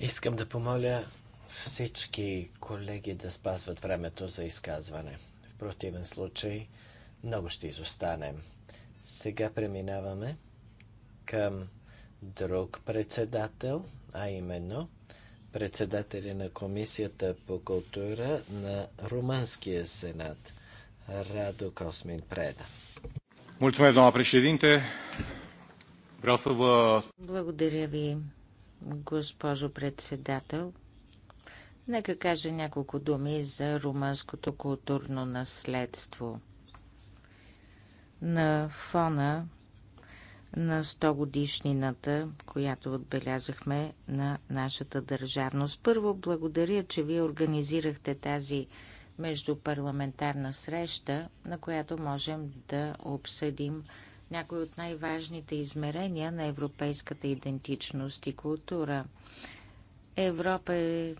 Искам да помоля всички колеги да спазват времето за изказване. В противен случай много ще изостанем. Сега преминаваме към друг председател, а именно председателя на Комисията по култура на Румънския сенат Радо Космин Преда. Благодаря ви, госпожо председател. Нека кажа няколко думи за румънското културно наследство. На фона на 100 годишнината, която отбелязахме на нашата държавност. Първо, благодаря, че вие организирахте тази междупарламентарна среща, на която можем да обсъдим някои от най-важните измерения на европейската идентичност и култура. Европа е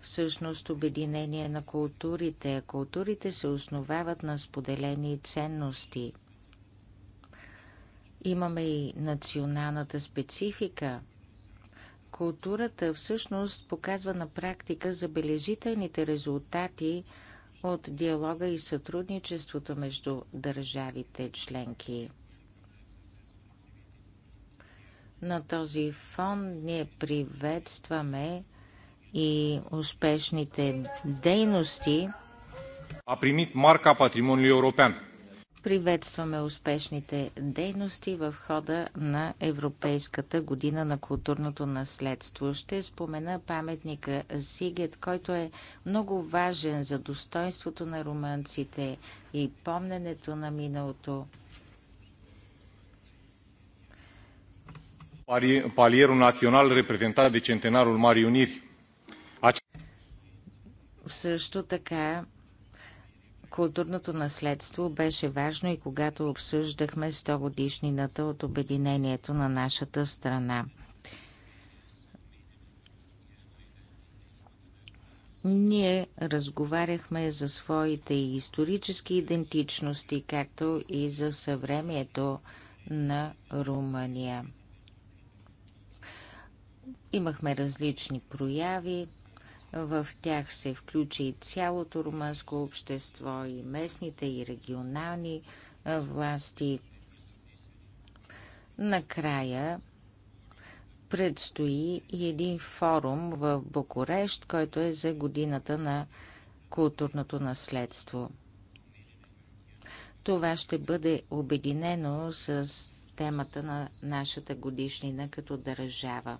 всъщност обединение на културите. Културите се основават на споделени ценности – Имаме и националната специфика. Културата всъщност показва на практика забележителните резултати от диалога и сътрудничеството между държавите членки. На този фон ние приветстваме и успешните дейности. а примит марка patrimoniului Европен. Приветстваме успешните дейности в хода на Европейската година на културното наследство. Ще спомена паметника Сигет, който е много важен за достоинството на румънците и помненето на миналото. Palierul național reprezentat de centenarul Marii Uniri. Също така Културното наследство беше важно и когато обсъждахме 100 годишнината от обединението на нашата страна. Ние разговаряхме за своите исторически идентичности, както и за съвремието на Румъния. Имахме различни прояви, в тях се включи и цялото румънско общество, и местните, и регионални власти. Накрая предстои и един форум в Букурещ, който е за годината на културното наследство. Това ще бъде обединено с темата на нашата годишнина като държава.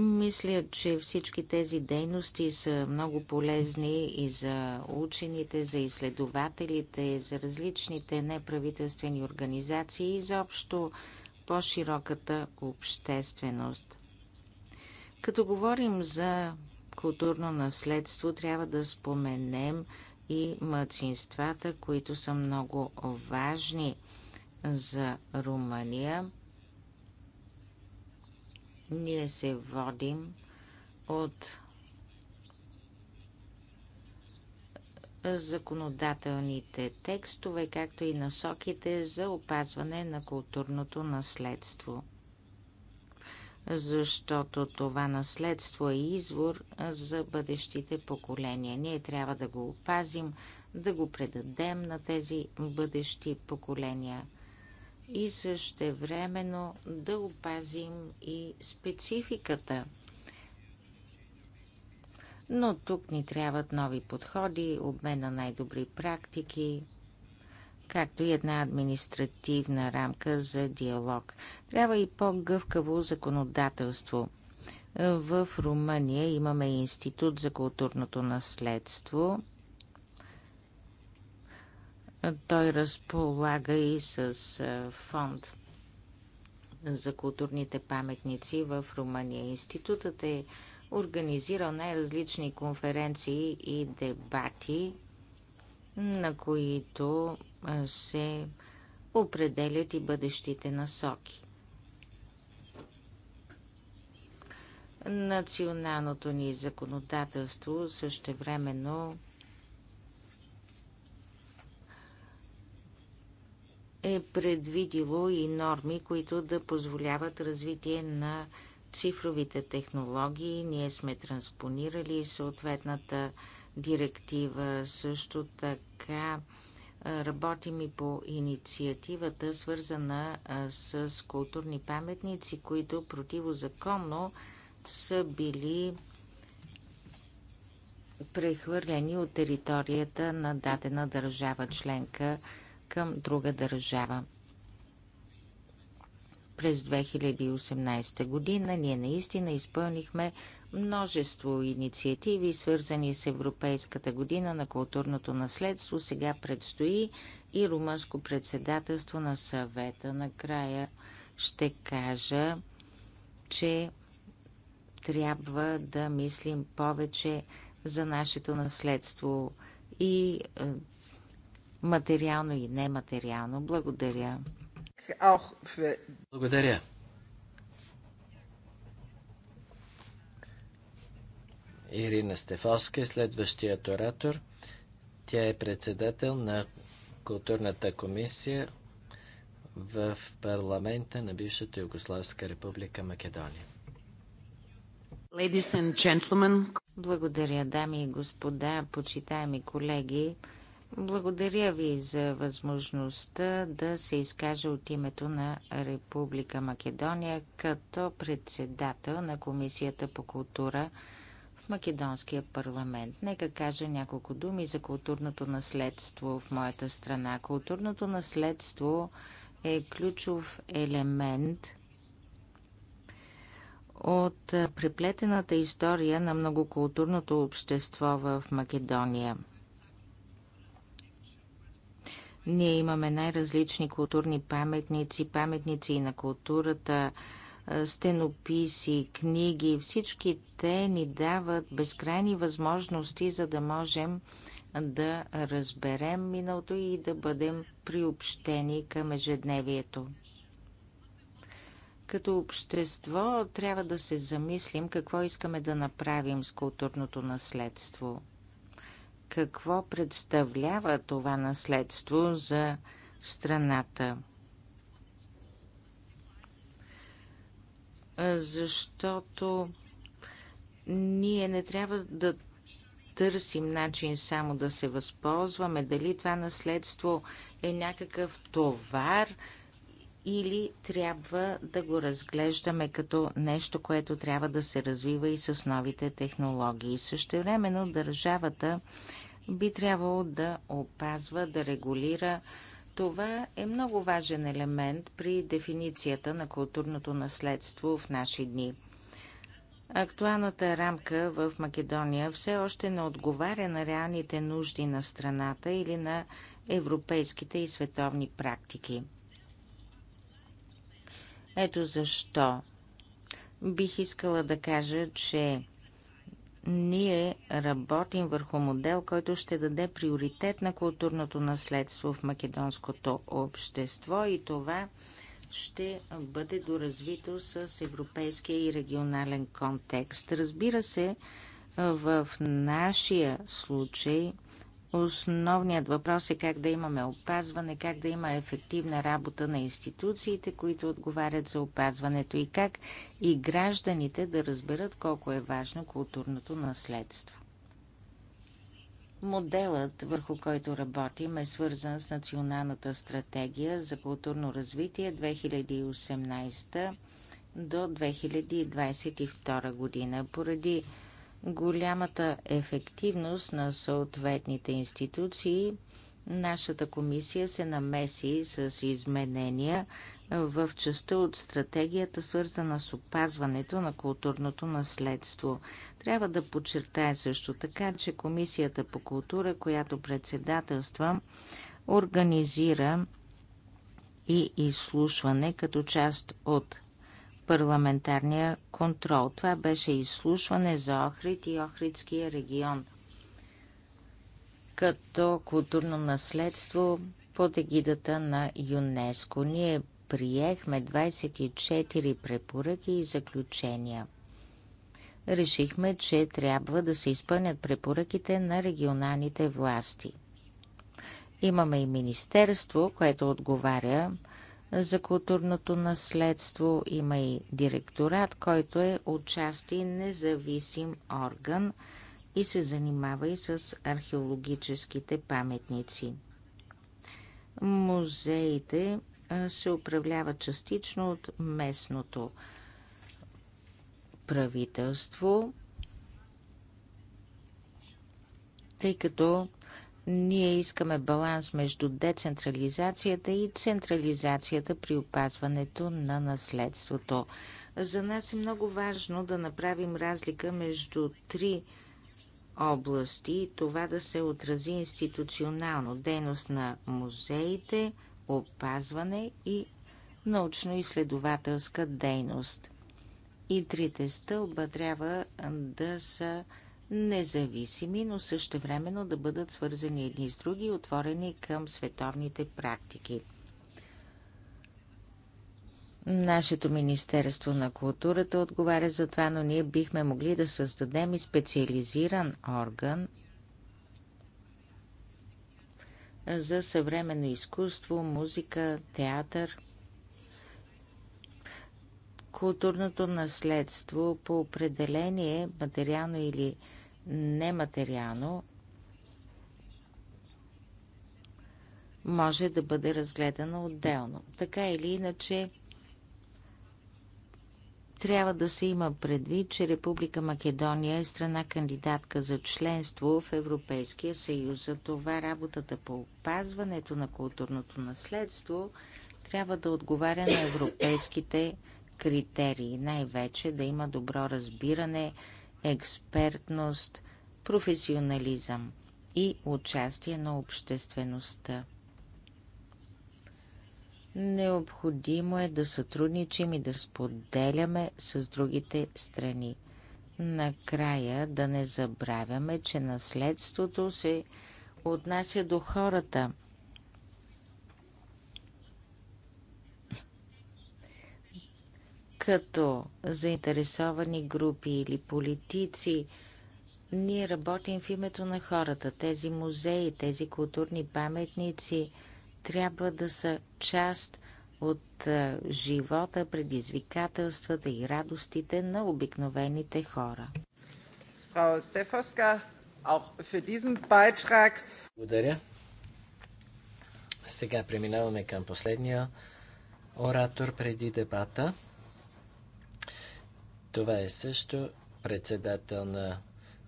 Мисля, че всички тези дейности са много полезни и за учените, за изследователите, за различните неправителствени организации и общо по-широката общественост. Като говорим за културно наследство, трябва да споменем и мъцинствата, които са много важни за Румъния. Ние се водим от законодателните текстове, както и насоките за опазване на културното наследство. Защото това наследство е извор за бъдещите поколения. Ние трябва да го опазим, да го предадем на тези бъдещи поколения – и също времено да опазим и спецификата. Но тук ни трябват нови подходи, обмен на най-добри практики, както и една административна рамка за диалог. Трябва и по-гъвкаво законодателство. В Румъния имаме Институт за културното наследство – той разполага и с фонд за културните паметници в Румъния. Институтът е организирал най-различни конференции и дебати, на които се определят и бъдещите насоки. Националното ни законодателство същевременно времено е предвидило и норми, които да позволяват развитие на цифровите технологии. Ние сме транспонирали съответната директива. Също така работим и по инициативата, свързана с културни паметници, които противозаконно са били прехвърлени от територията на дадена държава членка към друга държава. През 2018 година ние наистина изпълнихме множество инициативи, свързани с Европейската година на културното наследство. Сега предстои и румънско председателство на съвета. Накрая ще кажа, че трябва да мислим повече за нашето наследство и е, материално и нематериално. Благодаря. Благодаря. Ирина Стефовска е следващият оратор. Тя е председател на културната комисия в парламента на бившата Югославска република Македония. Благодаря, дами и господа, почитаеми колеги. Благодаря ви за възможността да се изкажа от името на Република Македония като председател на Комисията по култура в Македонския парламент. Нека кажа няколко думи за културното наследство в моята страна. Културното наследство е ключов елемент от преплетената история на многокултурното общество в Македония – ние имаме най-различни културни паметници, паметници на културата, стенописи, книги. Всички те ни дават безкрайни възможности, за да можем да разберем миналото и да бъдем приобщени към ежедневието. Като общество трябва да се замислим какво искаме да направим с културното наследство какво представлява това наследство за страната. Защото ние не трябва да търсим начин само да се възползваме, дали това наследство е някакъв товар или трябва да го разглеждаме като нещо, което трябва да се развива и с новите технологии. времено държавата би трябвало да опазва, да регулира. Това е много важен елемент при дефиницията на културното наследство в наши дни. Актуалната рамка в Македония все още не отговаря на реалните нужди на страната или на европейските и световни практики. Ето защо бих искала да кажа, че ние работим върху модел, който ще даде приоритет на културното наследство в македонското общество и това ще бъде доразвито с европейския и регионален контекст. Разбира се, в нашия случай – Основният въпрос е как да имаме опазване, как да има ефективна работа на институциите, които отговарят за опазването и как и гражданите да разберат колко е важно културното наследство. Моделът, върху който работим, е свързан с Националната стратегия за културно развитие 2018 до 2022 година. Поради голямата ефективност на съответните институции, нашата комисия се намеси с изменения в частта от стратегията, свързана с опазването на културното наследство. Трябва да подчертая също така, че Комисията по култура, която председателства, организира и изслушване като част от парламентарния контрол. Това беше изслушване за Охрид и Охридския регион като културно наследство под егидата на ЮНЕСКО. Ние приехме 24 препоръки и заключения. Решихме, че трябва да се изпълнят препоръките на регионалните власти. Имаме и министерство, което отговаря за културното наследство. Има и директорат, който е отчасти независим орган и се занимава и с археологическите паметници. Музеите се управляват частично от местното правителство, тъй като ние искаме баланс между децентрализацията и централизацията при опазването на наследството. За нас е много важно да направим разлика между три области и това да се отрази институционално. Дейност на музеите, опазване и научно-изследователска дейност. И трите стълба трябва да са независими, но също времено да бъдат свързани едни с други и отворени към световните практики. Нашето Министерство на културата отговаря за това, но ние бихме могли да създадем и специализиран орган за съвременно изкуство, музика, театър. Културното наследство по определение, материално или нематериално може да бъде разгледана отделно. Така или иначе, трябва да се има предвид, че Република Македония е страна кандидатка за членство в Европейския съюз. За това работата по опазването на културното наследство трябва да отговаря на европейските критерии. Най-вече да има добро разбиране експертност, професионализъм и участие на обществеността. Необходимо е да сътрудничим и да споделяме с другите страни. Накрая да не забравяме, че наследството се отнася до хората – като заинтересовани групи или политици, ние работим в името на хората. Тези музеи, тези културни паметници трябва да са част от живота, предизвикателствата и радостите на обикновените хора. Благодаря. Сега преминаваме към последния оратор преди дебата. Това е също председател на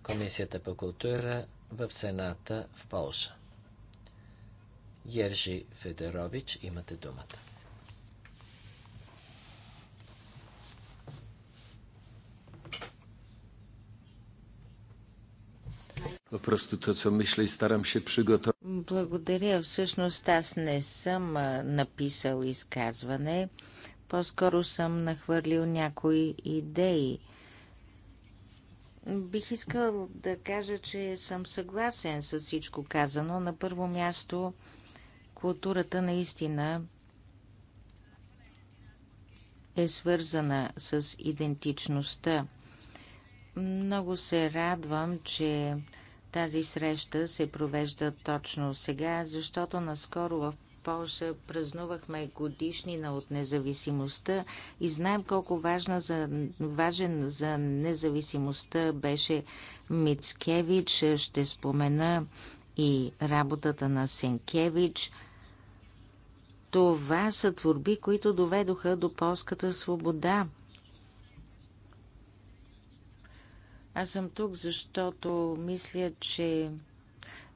Комисията по култура в Сената в Полша. Ержи Федорович, имате думата. Благодаря. Всъщност аз не съм написал изказване. По-скоро съм нахвърлил някои идеи. Бих искал да кажа, че съм съгласен с всичко казано. На първо място, културата наистина е свързана с идентичността. Много се радвам, че тази среща се провежда точно сега, защото наскоро в Полша празнувахме годишнина от независимостта и знаем колко важна за, важен за независимостта беше Мицкевич. Ще спомена и работата на Сенкевич. Това са творби, които доведоха до полската свобода. Аз съм тук, защото мисля, че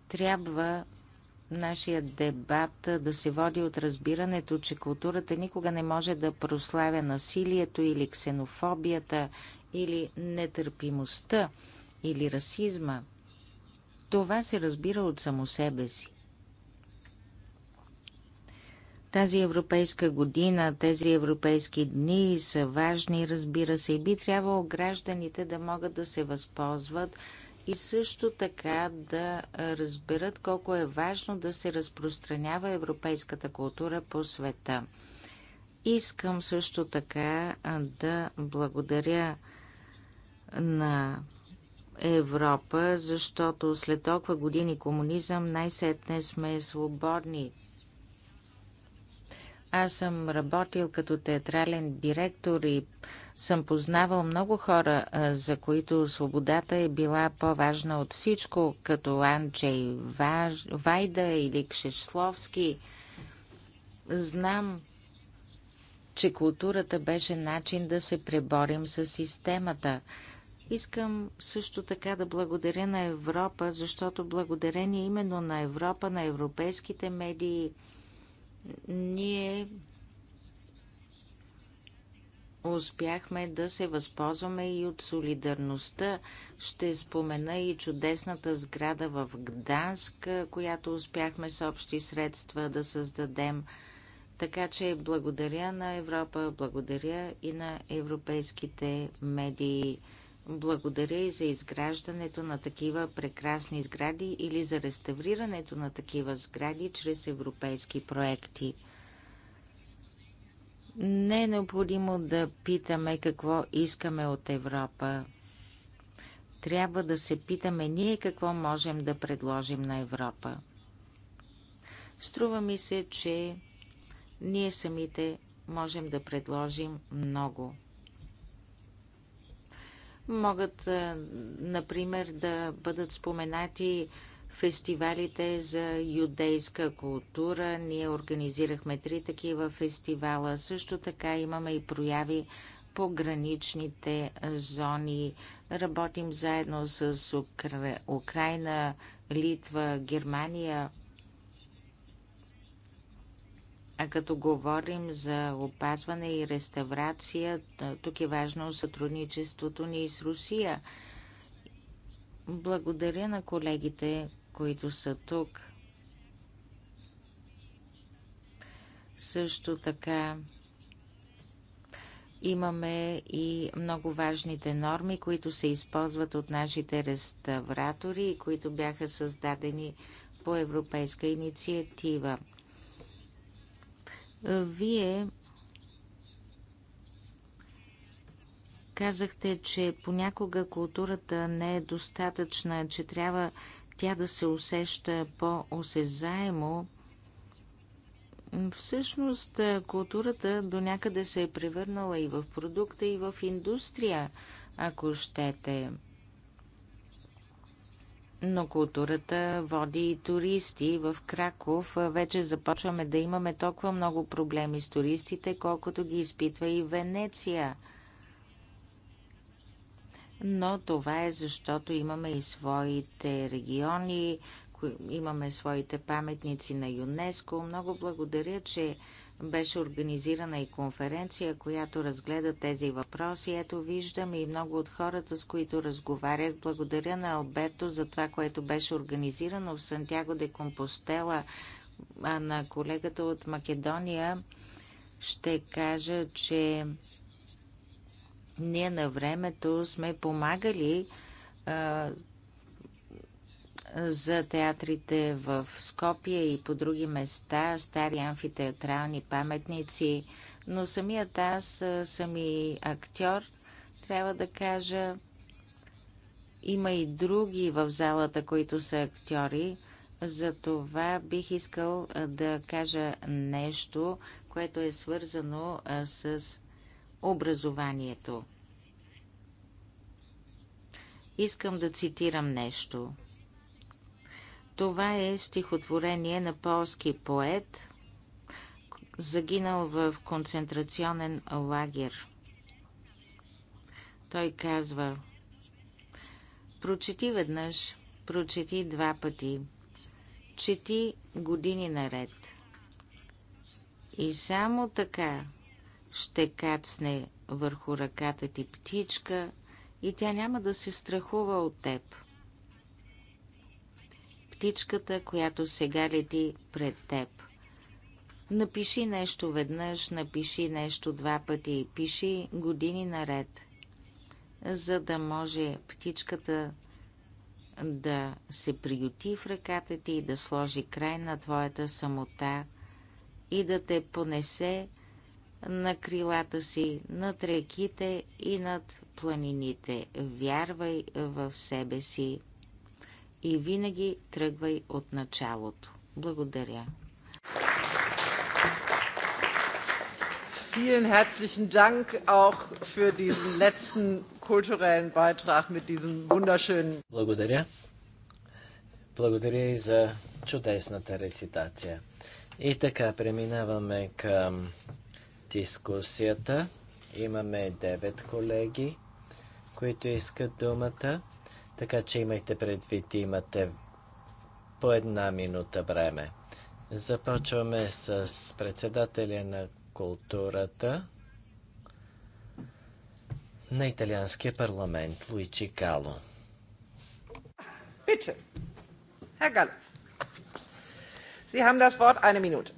трябва нашия дебат да се води от разбирането, че културата никога не може да прославя насилието или ксенофобията или нетърпимостта или расизма. Това се разбира от само себе си. Тази европейска година, тези европейски дни са важни, разбира се, и би трябвало гражданите да могат да се възползват и също така да разберат колко е важно да се разпространява европейската култура по света. Искам също така да благодаря на Европа, защото след толкова години комунизъм най-сетне сме свободни. Аз съм работил като театрален директор и съм познавал много хора, за които свободата е била по-важна от всичко, като Анджей Вайда или Кшешловски. Знам, че културата беше начин да се преборим с системата. Искам също така да благодаря на Европа, защото благодарение именно на Европа, на европейските медии, ние успяхме да се възползваме и от солидарността. Ще спомена и чудесната сграда в Гданск, която успяхме с общи средства да създадем. Така че благодаря на Европа, благодаря и на европейските медии. Благодаря и за изграждането на такива прекрасни сгради или за реставрирането на такива сгради чрез европейски проекти. Не е необходимо да питаме какво искаме от Европа. Трябва да се питаме ние какво можем да предложим на Европа. Струва ми се, че ние самите можем да предложим много. Могат, например, да бъдат споменати фестивалите за юдейска култура. Ние организирахме три такива фестивала. Също така имаме и прояви по граничните зони. Работим заедно с Укра... Украина, Литва, Германия. А като говорим за опазване и реставрация, тук е важно сътрудничеството ни с Русия – благодаря на колегите, които са тук. Също така имаме и много важните норми, които се използват от нашите реставратори и които бяха създадени по европейска инициатива. Вие Казахте, че понякога културата не е достатъчна, че трябва тя да се усеща по-осезаемо. Всъщност културата до някъде се е превърнала и в продукта, и в индустрия, ако щете. Но културата води и туристи. В Краков вече започваме да имаме толкова много проблеми с туристите, колкото ги изпитва и Венеция – но това е защото имаме и своите региони, имаме своите паметници на ЮНЕСКО. Много благодаря, че беше организирана и конференция, която разгледа тези въпроси. Ето виждам и много от хората, с които разговарях. Благодаря на Алберто за това, което беше организирано в Сантяго де Компостела, а на колегата от Македония ще кажа, че ние на времето сме помагали а, за театрите в Скопия и по други места, стари амфитеатрални паметници, но самият аз съм и актьор, трябва да кажа. Има и други в залата, които са актьори. За това бих искал да кажа нещо, което е свързано с образованието. Искам да цитирам нещо. Това е стихотворение на полски поет, загинал в концентрационен лагер. Той казва Прочети веднъж, прочети два пъти, чети години наред. И само така ще кацне върху ръката ти птичка и тя няма да се страхува от теб. Птичката, която сега лети пред теб. Напиши нещо веднъж, напиши нещо два пъти, пиши години наред, за да може птичката да се приюти в ръката ти и да сложи край на твоята самота и да те понесе на крилата си, над реките и над планините. Вярвай в себе си и винаги тръгвай от началото. Благодаря. Vielen herzlichen Dank auch für diesen letzten kulturellen Beitrag mit diesem wunderschönen. Благодаря. Благодаря и за чудесната рецитация. И така преминаваме към дискусията. Имаме 9 колеги, които искат думата, така че имайте предвид, имате по една минута време. Започваме с председателя на културата на италианския парламент Луичи Кало. Пиче, Herr Galler. Sie haben das Wort eine Minute.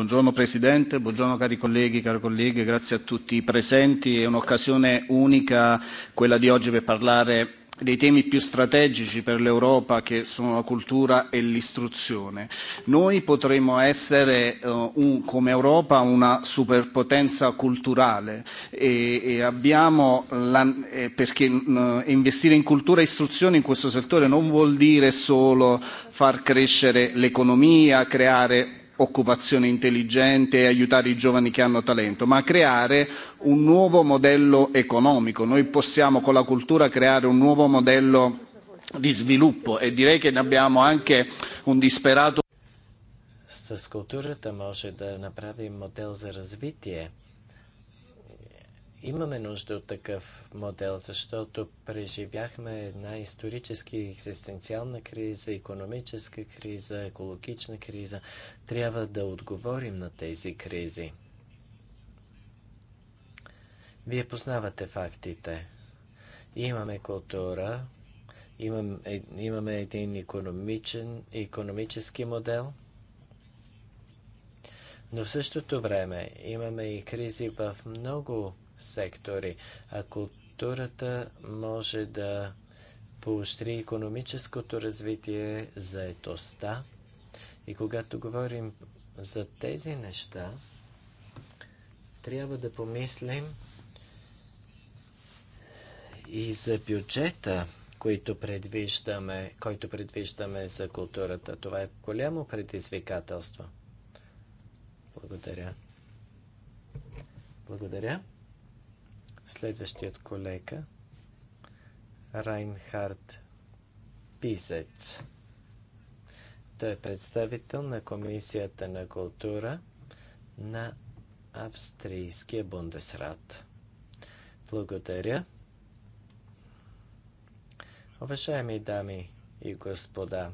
Buongiorno Presidente, buongiorno cari colleghi, cari colleghe, grazie a tutti i presenti. È un'occasione unica quella di oggi per parlare dei temi più strategici per l'Europa che sono la cultura e l'istruzione. Noi potremmo essere uh, un, come Europa una superpotenza culturale e, e abbiamo la, eh, perché mh, investire in cultura e istruzione in questo settore non vuol dire solo far crescere l'economia, creare occupazione intelligente e aiutare i giovani che hanno talento, ma creare un nuovo modello economico. Noi possiamo con la cultura creare un nuovo modello di sviluppo e direi che ne abbiamo anche un disperato. С културата може да направим модел за развитие. Имаме нужда от такъв модел, защото преживяхме една исторически екзистенциална криза, економическа криза, екологична криза. Трябва да отговорим на тези кризи. Вие познавате фактите. Имаме култура, имам, е, имаме един економичен, економически модел, но в същото време имаме и кризи в много сектори. А културата може да поощри економическото развитие, заетостта. И когато говорим за тези неща, трябва да помислим и за бюджета, който предвиждаме, който предвиждаме за културата. Това е голямо предизвикателство. Благодаря. Благодаря. Следващият колега Райнхард Пизец. Той е представител на Комисията на култура на Австрийския Бундесрат. Благодаря. Уважаеми дами и господа,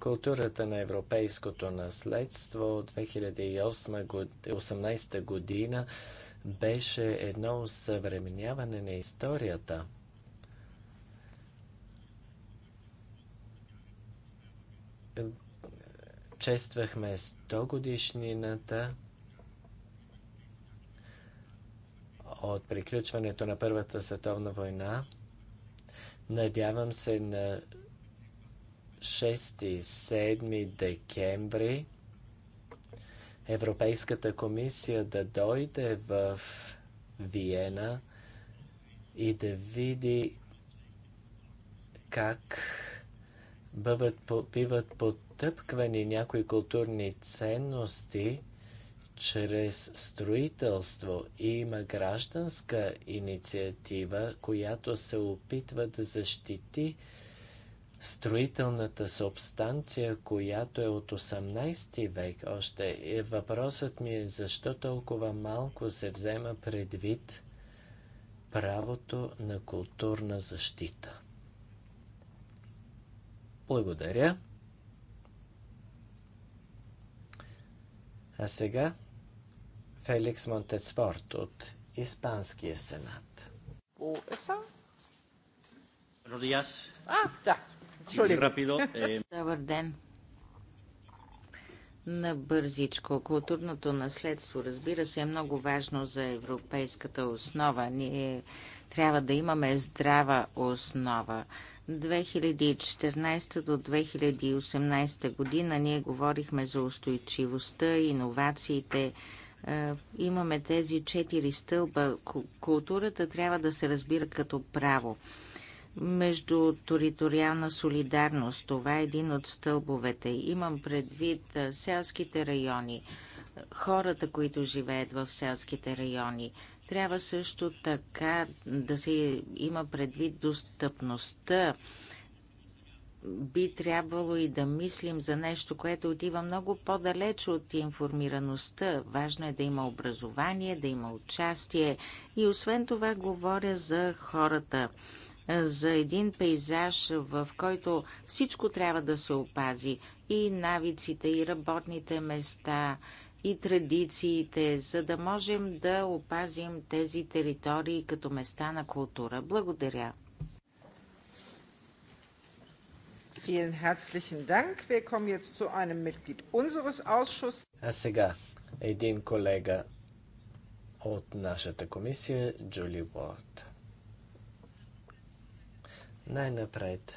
културата на европейското наследство от 2018 година беше едно усъвременяване на историята. Чествахме 100 годишнината от приключването на Първата световна война. Надявам се на 6-7 декември Европейската комисия да дойде в Виена и да види как биват, биват потъпквани някои културни ценности чрез строителство и има гражданска инициатива, която се опитва да защити строителната субстанция, която е от 18 век още. И е въпросът ми е защо толкова малко се взема предвид правото на културна защита. Благодаря. А сега Феликс Монтецфорт от Испанския сенат. Ah, да. Е. Добър ден. Набързичко. Културното наследство, разбира се, е много важно за европейската основа. Ние трябва да имаме здрава основа. 2014 до 2018 година ние говорихме за устойчивостта, иновациите. Е, имаме тези четири стълба. Културата трябва да се разбира като право между териториална солидарност. Това е един от стълбовете. Имам предвид селските райони, хората, които живеят в селските райони. Трябва също така да се има предвид достъпността. Би трябвало и да мислим за нещо, което отива много по-далеч от информираността. Важно е да има образование, да има участие. И освен това говоря за хората – за един пейзаж, в който всичко трябва да се опази. И навиците, и работните места, и традициите, за да можем да опазим тези територии като места на култура. Благодаря. А сега един колега от нашата комисия, Джули Уорд. Най-напред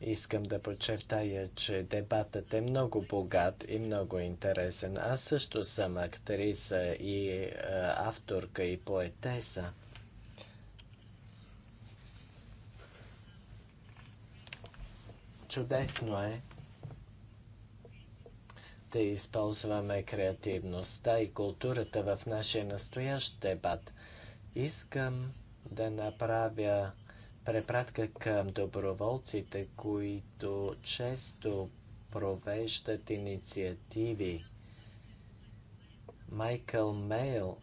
искам да подчертая, че дебатът е много богат и много интересен. Аз също съм актриса и е, авторка и поетеса. Чудесно е да използваме креативността и културата в нашия настоящ дебат. Искам да направя препратка към доброволците, които често провеждат инициативи. Майкъл Мейл,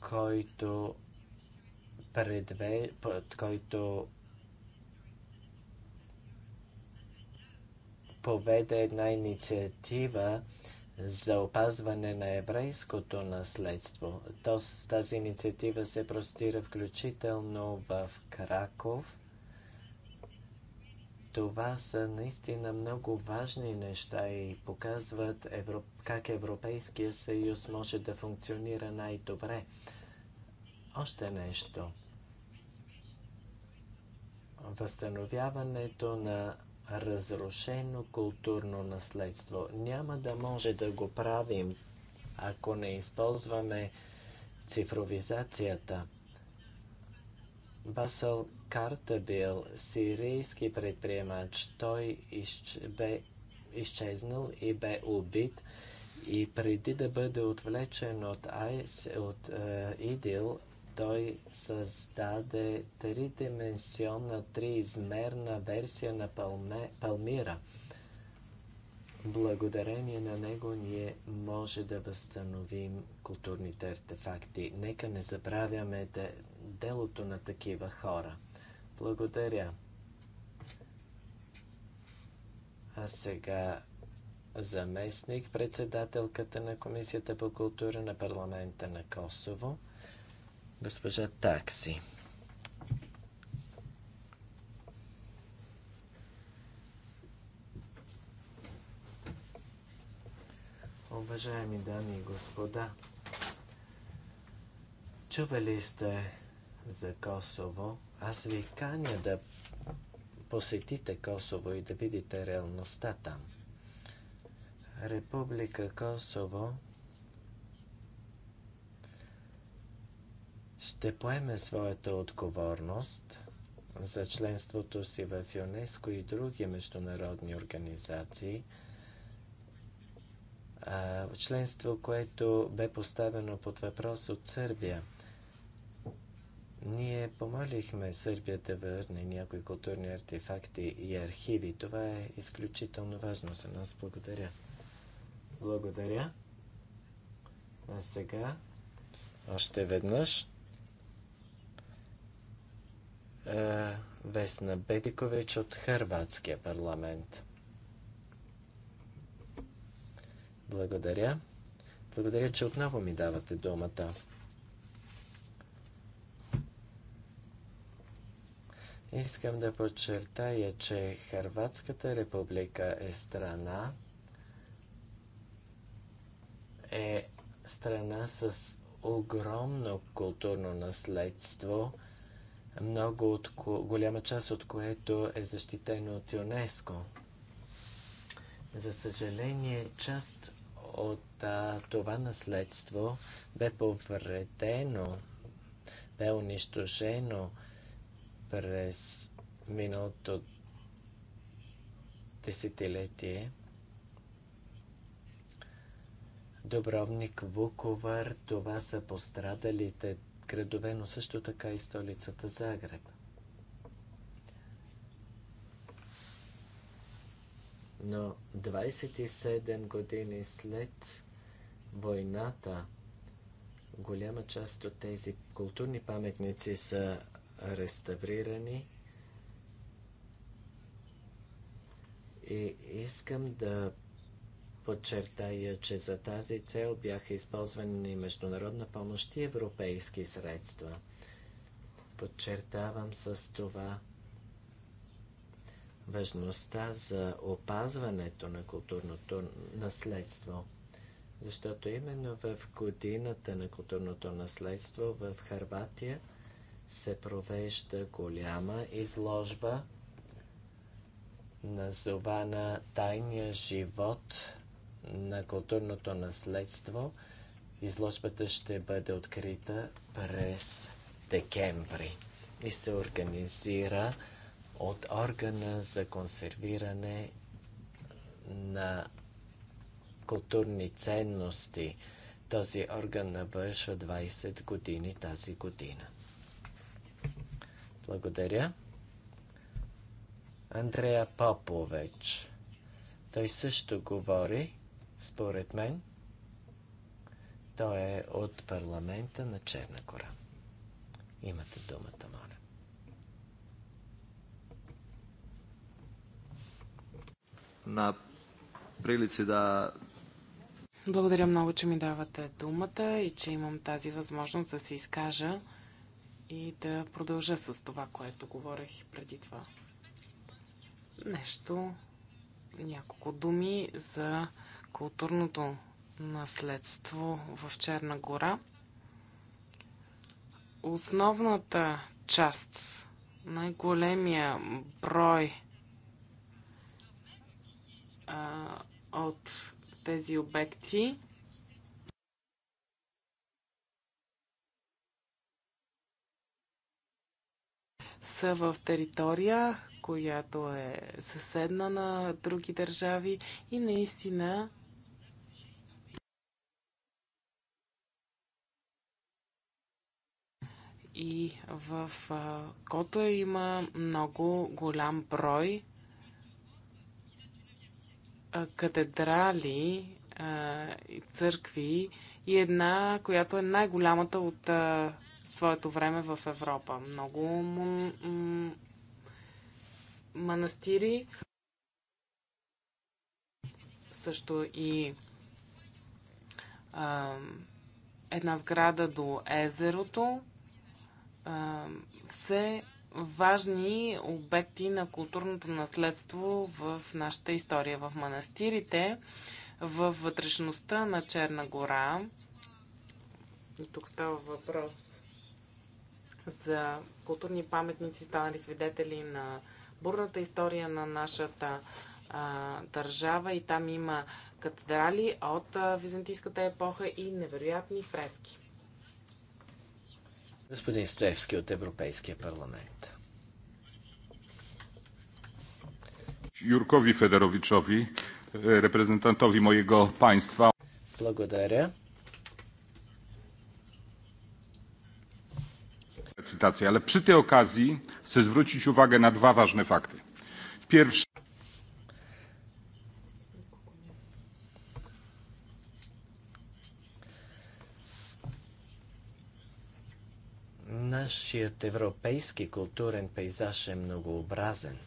който, предве, който поведе една инициатива за опазване на еврейското наследство. тази инициатива се простира включително в Краков. Това са наистина много важни неща и показват Европ... как Европейския съюз може да функционира най-добре. Още нещо. Възстановяването на разрушено културно наследство. Няма да може да го правим, ако не използваме цифровизацията. Басъл Картабил, сирийски предприемач, той бе изчезнал и бе убит. И преди да бъде отвлечен от, Айс, от е, Идил, той създаде тридименсионна, триизмерна версия на Палме, Палмира. Благодарение на него ние може да възстановим културните артефакти. Нека не забравяме де, делото на такива хора. Благодаря. А сега заместник председателката на Комисията по култура на парламента на Косово. Госпожа Такси. Уважаеми дами и господа, чували сте за Косово. Аз ви каня да посетите Косово и да видите реалността там. Република Косово ще поеме своята отговорност за членството си в ЮНЕСКО и други международни организации. Членство, което бе поставено под въпрос от Сърбия. Ние помолихме Сърбия да върне някои културни артефакти и архиви. Това е изключително важно за нас. Благодаря. Благодаря. А сега още веднъж е, Весна Бедикович от Харватския парламент. Благодаря. Благодаря, че отново ми давате думата. Искам да подчертая, че Харватската република е страна, е страна с огромно културно наследство – много от, голяма част от което е защитено от ЮНЕСКО. За съжаление, част от а, това наследство бе повредено, бе унищожено през миналото десетилетие. Добровник Вуковър, това са пострадалите градове, но също така и столицата Загреб. Но 27 години след войната, голяма част от тези културни паметници са реставрирани. И искам да подчертая, че за тази цел бяха използвани международна помощ и европейски средства. Подчертавам с това важността за опазването на културното наследство. Защото именно в годината на културното наследство в Харватия се провежда голяма изложба, назована Тайния живот на културното наследство. Изложбата ще бъде открита през декември и се организира от органа за консервиране на културни ценности. Този орган навършва 20 години тази година. Благодаря. Андрея Попович. Той също говори според мен, той е от парламента на Черна гора. Имате думата, моля. На прилици да благодаря много, че ми давате думата и че имам тази възможност да се изкажа и да продължа с това, което говорех преди това. Нещо, няколко думи за културното наследство в Черна гора. Основната част, най-големия брой а, от тези обекти са в територия, която е съседна на други държави и наистина И в Кота има много голям брой катедрали и църкви и една, която е най-голямата от своето време в Европа. Много манастири, също и една сграда до езерото, все важни обекти на културното наследство в нашата история. В манастирите, в вътрешността на Черна гора, и тук става въпрос за културни паметници, станали свидетели на бурната история на нашата а, държава и там има катедрали от а, византийската епоха и невероятни фрески. Господин Стоевски от Европейския парламент. Юркови Федоровичови, reprezentantowi mojego państwa. Благодаря. Cytację, ale przy tej okazji chcę zwrócić uwagę na dwa ważne fakty. Pierwszy. Нашият европейски културен пейзаж е многообразен.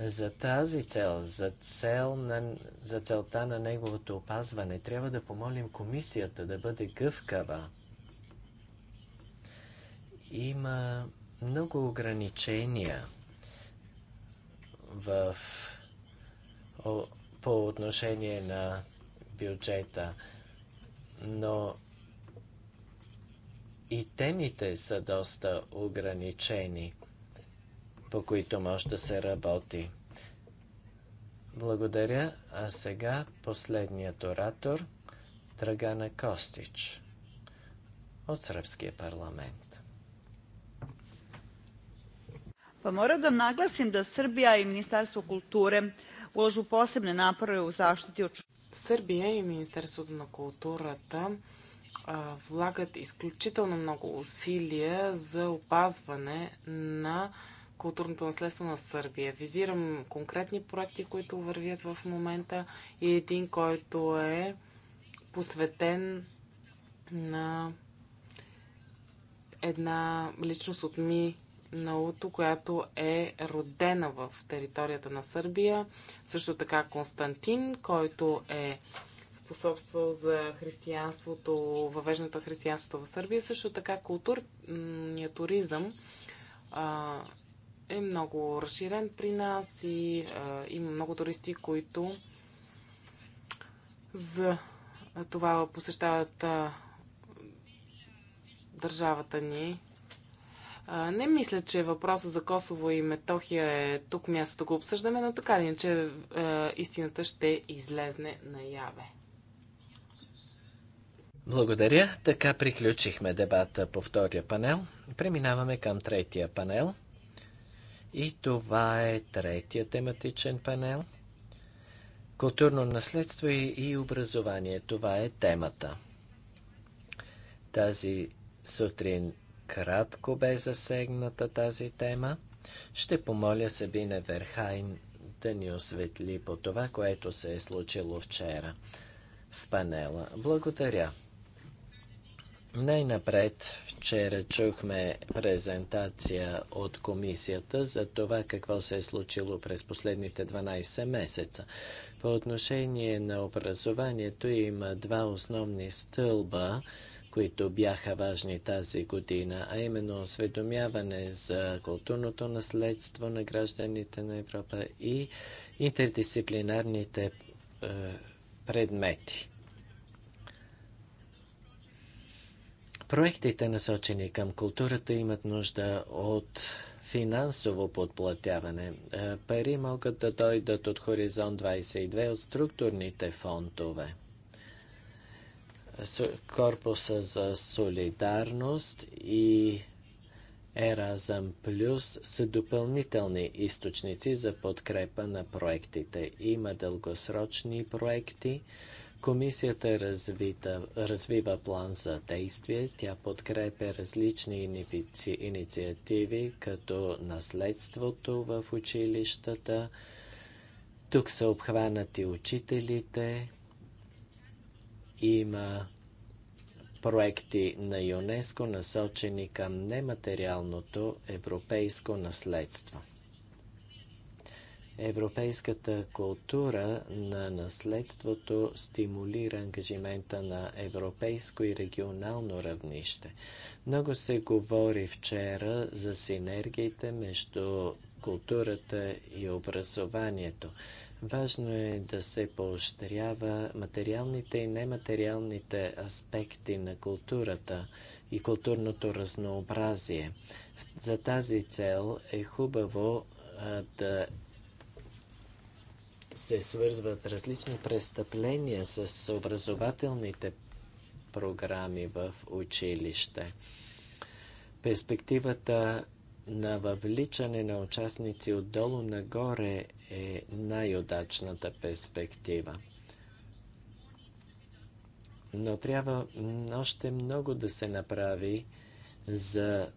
За тази цел, за, цел на, за целта на неговото опазване, трябва да помолим комисията да бъде гъвкава. Има много ограничения в, о, по отношение на бюджета, но и темите са доста ограничени, по които може да се работи. Благодаря, а сега последният оратор Драгана Костич от Сръбския парламент. Pa moram da naglasim da Srbija i Ministarstvo kulture uložu posebne napore u zaštiti očuvanja Сърбия и Министерството на културата влагат изключително много усилия за опазване на културното наследство на Сърбия. Визирам конкретни проекти, които вървят в момента и един, който е посветен на една личност от ми Науто, която е родена в територията на Сърбия. Също така Константин, който е способствал за християнството, въвеждането на християнството в Сърбия. Също така културният туризъм а, е много разширен при нас и а, има много туристи, които за това посещават а, държавата ни не мисля, че въпроса за Косово и Метохия е тук мястото го обсъждаме, но така ли, че е, истината ще излезне наяве. Благодаря. Така приключихме дебата по втория панел. Преминаваме към третия панел. И това е третия тематичен панел. Културно наследство и образование. Това е темата. Тази сутрин кратко бе засегната тази тема. Ще помоля Сабина Верхайн да ни осветли по това, което се е случило вчера в панела. Благодаря. Най-напред вчера чухме презентация от комисията за това какво се е случило през последните 12 месеца. По отношение на образованието има два основни стълба които бяха важни тази година, а именно осведомяване за културното наследство на гражданите на Европа и интердисциплинарните е, предмети. Проектите, насочени към културата, имат нужда от финансово подплатяване. Е, пари могат да дойдат от Хоризонт 22 от структурните фондове. Корпуса за солидарност и Еразъм Плюс са допълнителни източници за подкрепа на проектите. Има дългосрочни проекти. Комисията развита, развива план за действие. Тя подкрепя различни инициативи, като наследството в училищата. Тук са обхванати учителите, има проекти на ЮНЕСКО, насочени към нематериалното европейско наследство. Европейската култура на наследството стимулира ангажимента на европейско и регионално равнище. Много се говори вчера за синергиите между културата и образованието. Важно е да се поощрява материалните и нематериалните аспекти на културата и културното разнообразие. За тази цел е хубаво а, да се свързват различни престъпления с образователните програми в училище. Перспективата на въвличане на участници отдолу нагоре е най-удачната перспектива. Но трябва още много да се направи за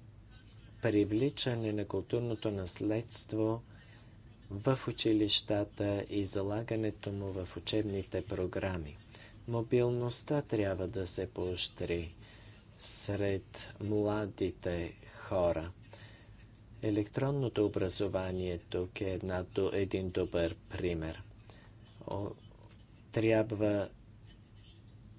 привличане на културното наследство в училищата и залагането му в учебните програми. Мобилността трябва да се поощри сред младите хора. Електронното образование тук е една, един добър пример. О, трябва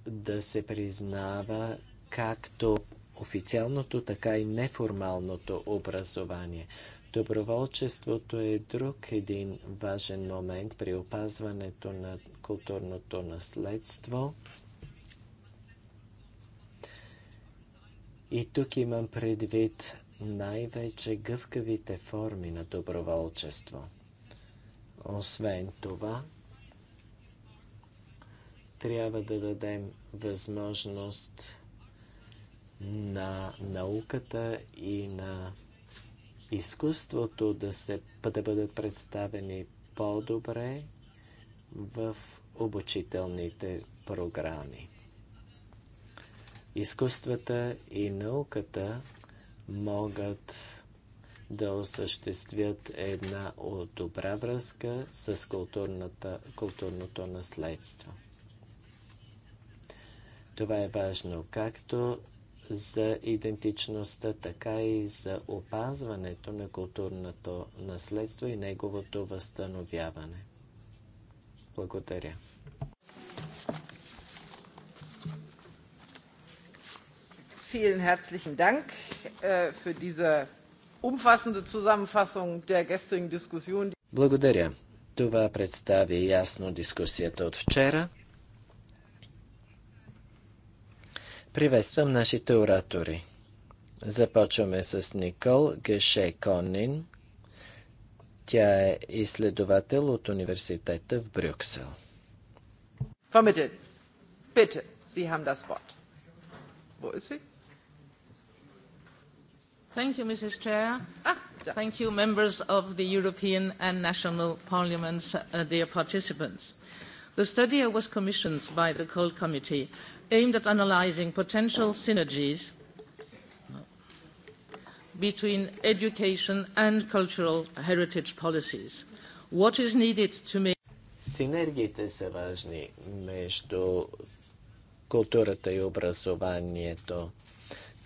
да се признава както официалното, така и неформалното образование. Доброволчеството е друг един важен момент при опазването на културното наследство. И тук имам предвид най-вече гъвкавите форми на доброволчество. Освен това, трябва да дадем възможност на науката и на изкуството да, се, да бъдат представени по-добре в обучителните програми. Изкуствата и науката могат да осъществят една добра връзка с културното наследство. Това е важно както за идентичността, така и за опазването на културното наследство и неговото възстановяване. Благодаря. vielen herzlichen Dank äh, für diese umfassende Zusammenfassung der gestrigen Diskussion. Благодаря. Това представи ясно дискусията от вчера. Приветствам нашите оратори. Започваме с Никол Геше Конин. Тя е изследовател от университета в Брюксел. Vermittelt. Bitte, Sie haben das Wort. Wo ist sie? Thank you, Mrs. Chair. Thank you, members of the European and national parliaments, uh, dear participants. The study was commissioned by the Cold Committee aimed at analysing potential synergies between education and cultural heritage policies. What is needed to make Синергиите са важни между културата и образованието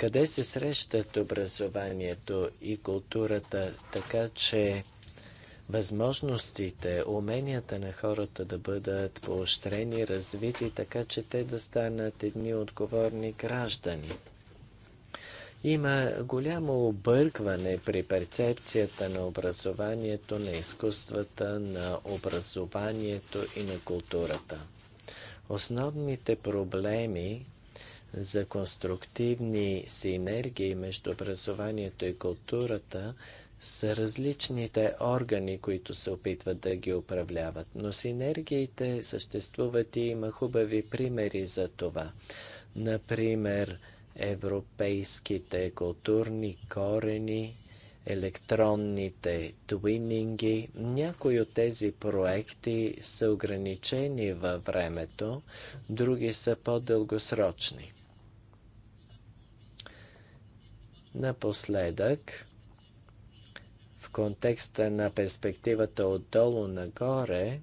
къде се срещат образованието и културата, така че възможностите, уменията на хората да бъдат поощрени, развити, така че те да станат едни отговорни граждани. Има голямо объркване при перцепцията на образованието, на изкуствата, на образованието и на културата. Основните проблеми за конструктивни синергии между образованието и културата са различните органи, които се опитват да ги управляват. Но синергиите съществуват и има хубави примери за това. Например, европейските културни корени, електронните твининги. Някои от тези проекти са ограничени във времето, други са по-дългосрочни. Напоследък, в контекста на перспективата отдолу нагоре,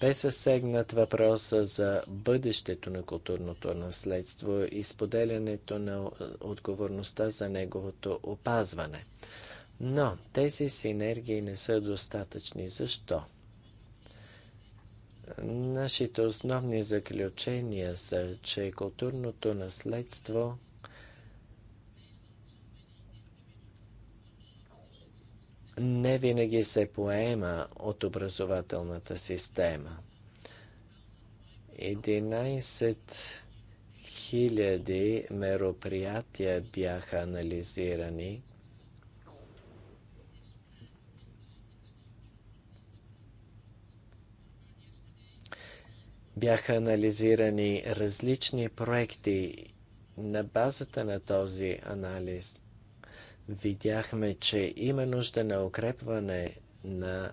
бе съсегнат въпроса за бъдещето на културното наследство и споделянето на отговорността за неговото опазване. Но тези синергии не са достатъчни. Защо? Нашите основни заключения са, че културното наследство не винаги се поема от образователната система. 11 000 мероприятия бяха анализирани Бяха анализирани различни проекти. На базата на този анализ видяхме, че има нужда на укрепване на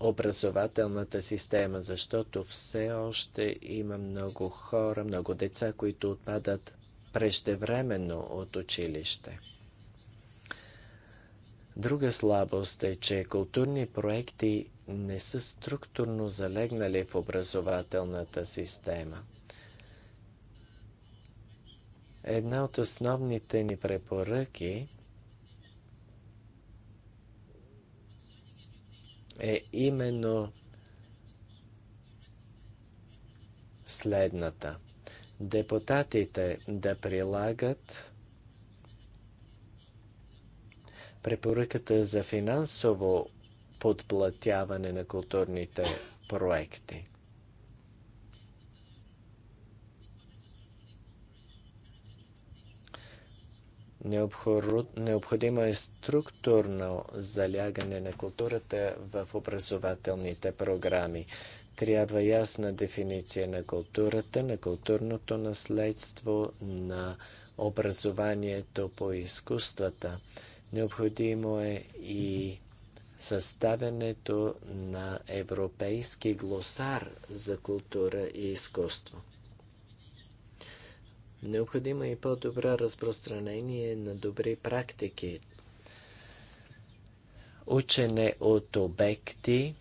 образователната система, защото все още има много хора, много деца, които отпадат преждевременно от училище. Друга слабост е, че културни проекти не са структурно залегнали в образователната система. Една от основните ни препоръки е именно следната. Депутатите да прилагат препоръката за финансово подплатяване на културните проекти. Необходимо е структурно залягане на културата в образователните програми. Трябва ясна дефиниция на културата, на културното наследство, на образованието по изкуствата. Необходимо е и съставянето на европейски глосар за култура и изкуство. Необходимо е и по-добро разпространение на добри практики. Учене от обекти,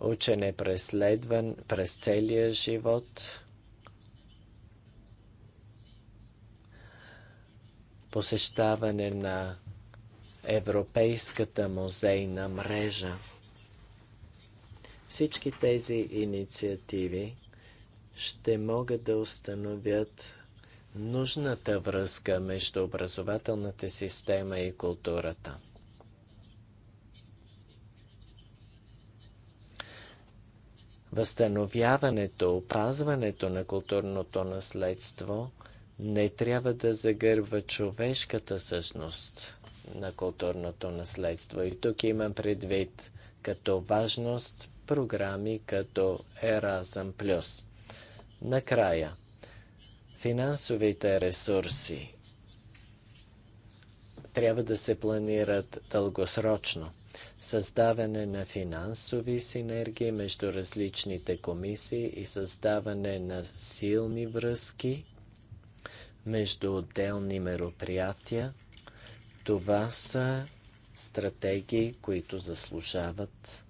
учене преследван през целия живот, посещаване на Европейската музейна мрежа. Всички тези инициативи ще могат да установят нужната връзка между образователната система и културата. Възстановяването, опазването на културното наследство не трябва да загърва човешката същност на културното наследство. И тук имам предвид като важност програми като Erasm+. Накрая, финансовите ресурси трябва да се планират дългосрочно. Създаване на финансови синергии между различните комисии и създаване на силни връзки между отделни мероприятия това са стратегии, които заслужават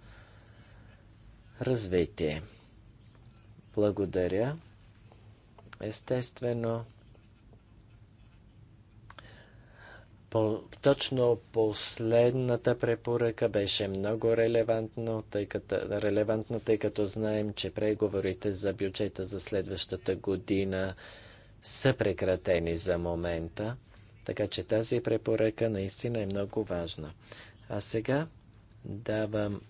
развитие. Благодаря. Естествено, по, точно последната препоръка беше много релевантна, тъй като, релевантна, тъй като знаем, че преговорите за бюджета за следващата година са прекратени за момента. Така че тази препоръка наистина е много важна. А сега давам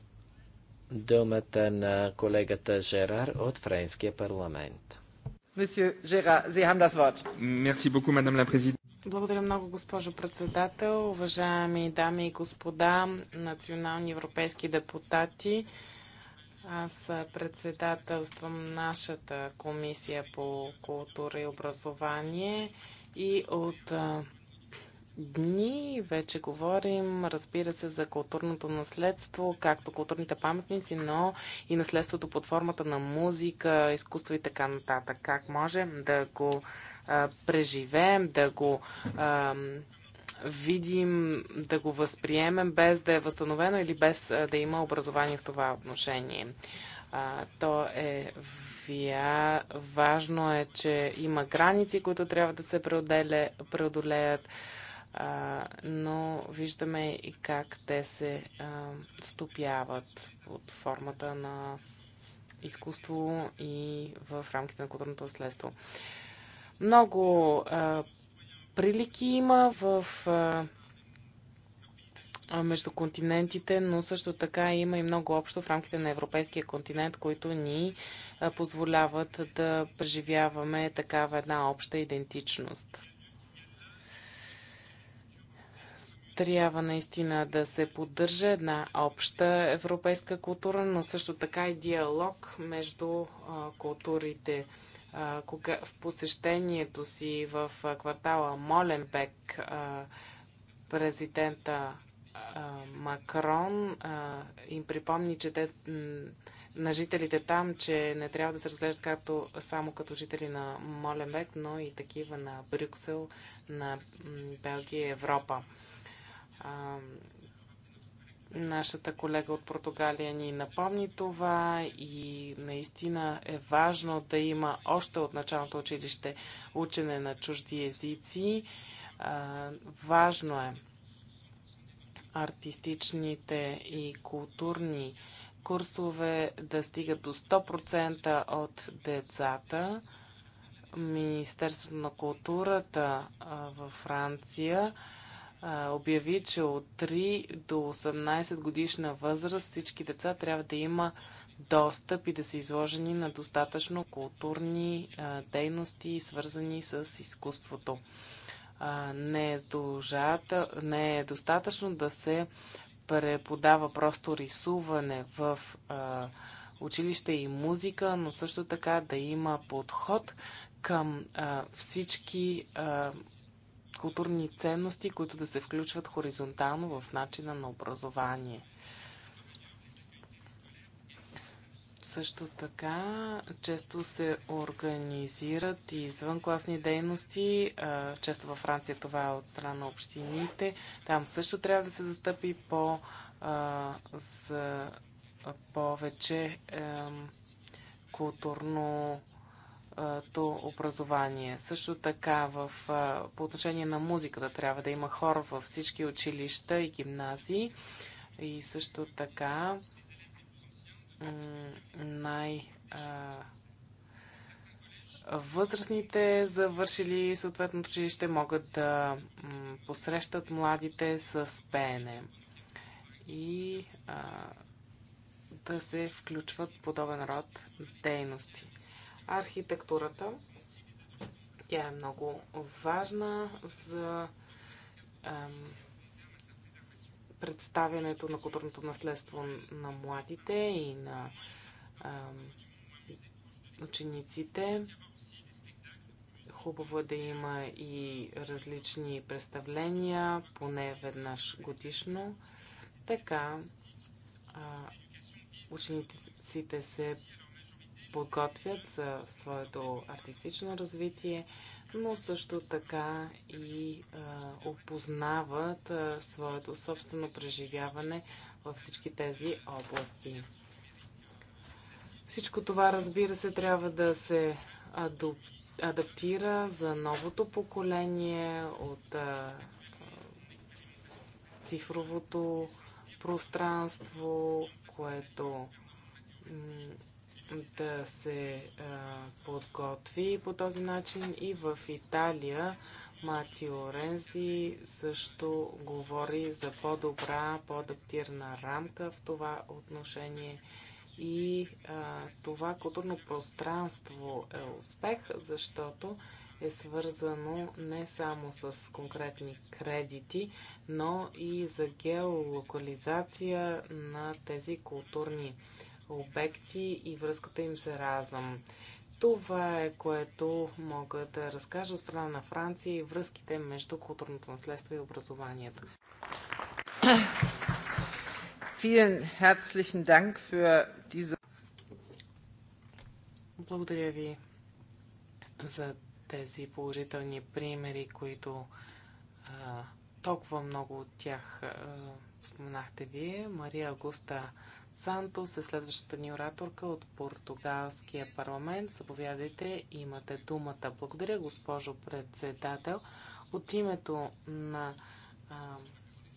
думата на колегата Жерар от Френския парламент. Благодаря много, госпожо председател. Уважаеми дами и господа, национални европейски депутати, аз председателствам нашата комисия по култура и образование и от дни вече говорим, разбира се, за културното наследство, както културните паметници, но и наследството под формата на музика, изкуство и така нататък. Как можем да го а, преживеем, да го а, видим, да го възприемем без да е възстановено или без а, да има образование в това отношение. А, то е София. Важно е, че има граници, които трябва да се преодолеят а, но виждаме и как те се а, стопяват под формата на изкуство и в рамките на културното следство. Много а, прилики има в а, между континентите, но също така има и много общо в рамките на европейския континент, които ни позволяват да преживяваме такава една обща идентичност. трябва наистина да се поддържа една обща европейска култура, но също така и диалог между културите. кога, в посещението си в квартала Моленбек президента Макрон им припомни, че те на жителите там, че не трябва да се разглеждат както, само като жители на Моленбек, но и такива на Брюксел, на Белгия и Европа нашата колега от Португалия ни напомни това и наистина е важно да има още от началното училище учене на чужди езици. важно е артистичните и културни курсове да стигат до 100% от децата. Министерството на културата във Франция обяви, че от 3 до 18 годишна възраст всички деца трябва да има достъп и да са изложени на достатъчно културни дейности, свързани с изкуството. не, е дължата, не е достатъчно да се преподава просто рисуване в а, училище и музика, но също така да има подход към а, всички а, културни ценности, които да се включват хоризонтално в начина на образование. Също така, често се организират и извънкласни дейности. Често във Франция това е от страна на общините. Там също трябва да се застъпи по, с повече културно то образование. Също така в, по отношение на музиката трябва да има хор във всички училища и гимназии. И също така най- възрастните, завършили съответното училище, могат да посрещат младите с пеене и а, да се включват подобен род дейности архитектурата. Тя е много важна за ем, представянето на културното наследство на младите и на ем, учениците. Хубаво е да има и различни представления, поне веднъж годишно. Така а, учениците се подготвят за своето артистично развитие, но също така и а, опознават а, своето собствено преживяване във всички тези области. Всичко това, разбира се, трябва да се адаптира за новото поколение от а, цифровото пространство, което да се а, подготви по този начин и в Италия Матио Рензи също говори за по-добра, по-адаптирана рамка в това отношение и а, това културно пространство е успех, защото е свързано не само с конкретни кредити, но и за геолокализация на тези културни обекти и връзката им за разъм. Това е което мога да разкажа от страна на Франция и връзките между културното наследство и образованието. Благодаря ви за тези положителни примери, които а, толкова много от тях а, споменахте вие. Мария Агуста Сантос е следващата ни ораторка от португалския парламент. Заповядайте, имате думата. Благодаря, госпожо председател. От името на а,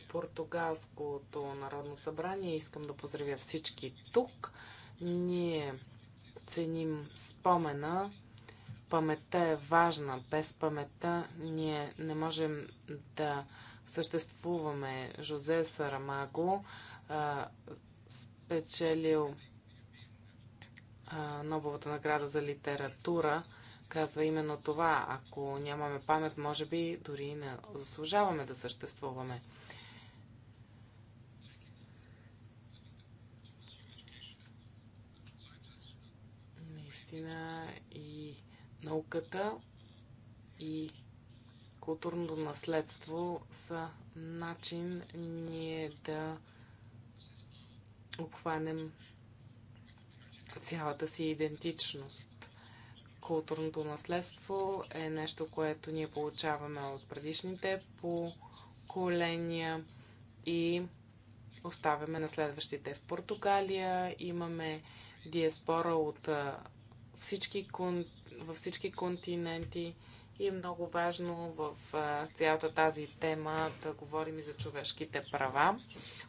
португалското народно събрание искам да поздравя всички тук. Ние ценим спомена. Паметта е важна. Без паметта ние не можем да съществуваме. Жозе Сарамаго а, спечелил а, Нобовата награда за литература, казва именно това. Ако нямаме памет, може би дори не заслужаваме да съществуваме. Наистина и науката и културното наследство са начин ние да обхванем цялата си идентичност. Културното наследство е нещо, което ние получаваме от предишните поколения и оставяме на следващите. В Португалия имаме диаспора от всички, във всички континенти и е много важно в цялата тази тема да говорим и за човешките права.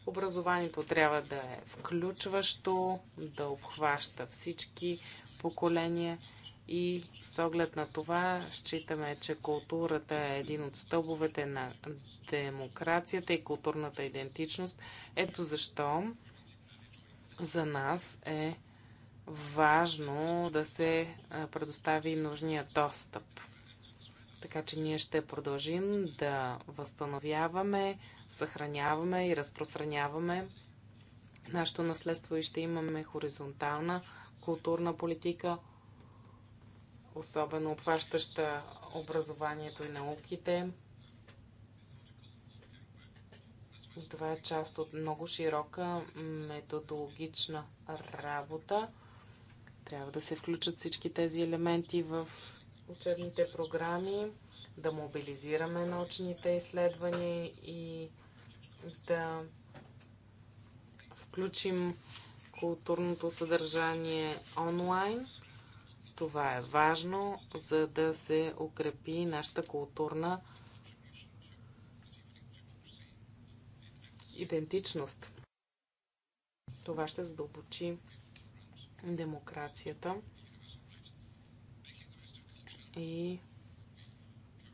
Образованието трябва да е включващо, да обхваща всички поколения и с оглед на това считаме, че културата е един от стълбовете на демокрацията и културната идентичност. Ето защо за нас е важно да се предостави нужния достъп. Така че ние ще продължим да възстановяваме, съхраняваме и разпространяваме нашето наследство и ще имаме хоризонтална културна политика, особено обхващаща образованието и науките. Това е част от много широка методологична работа. Трябва да се включат всички тези елементи в учебните програми, да мобилизираме научните изследвания и да включим културното съдържание онлайн. Това е важно, за да се укрепи нашата културна идентичност. Това ще задълбочи демокрацията и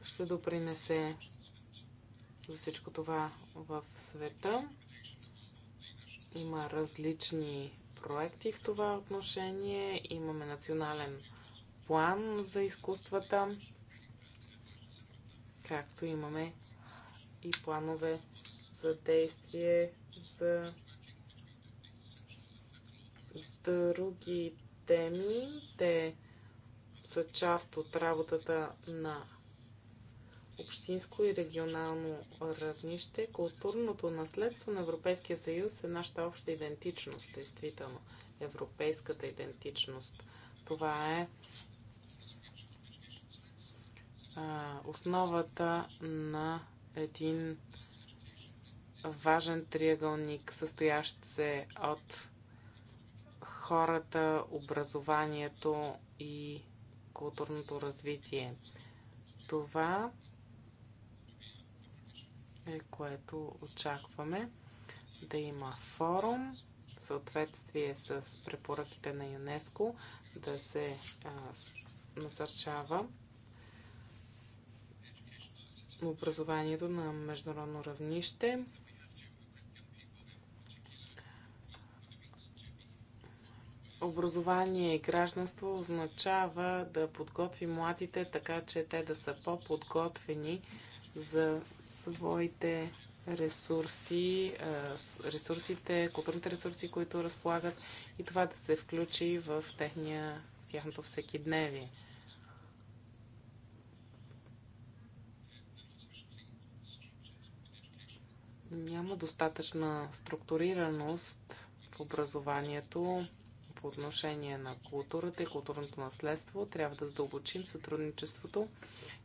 ще допринесе за всичко това в света. Има различни проекти в това отношение. Имаме национален план за изкуствата, както имаме и планове за действие за други теми. Те са част от работата на общинско и регионално равнище. Културното наследство на Европейския съюз е нашата обща идентичност, действително. Европейската идентичност. Това е основата на един важен триъгълник, състоящ се от хората, образованието и културното развитие. Това е което очакваме да има форум в съответствие с препоръките на ЮНЕСКО да се а, насърчава образованието на международно равнище образование и гражданство означава да подготви младите така, че те да са по-подготвени за своите ресурси, ресурсите, културните ресурси, които разполагат и това да се включи в, техния, в тяхното всекидневие. Няма достатъчна структурираност в образованието по отношение на културата и културното наследство. Трябва да задълбочим сътрудничеството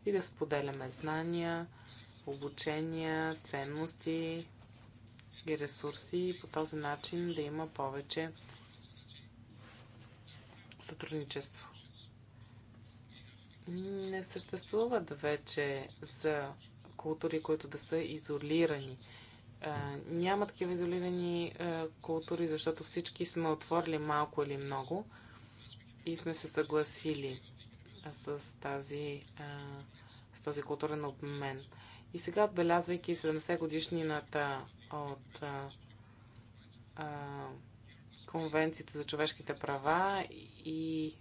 и да споделяме знания, обучения, ценности и ресурси и по този начин да има повече сътрудничество. Не съществуват вече за култури, които да са изолирани няма такива изолирани култури, защото всички сме отворили малко или много и сме се съгласили с, тази, с този културен обмен. И сега, отбелязвайки 70 годишнината от Конвенцията за човешките права и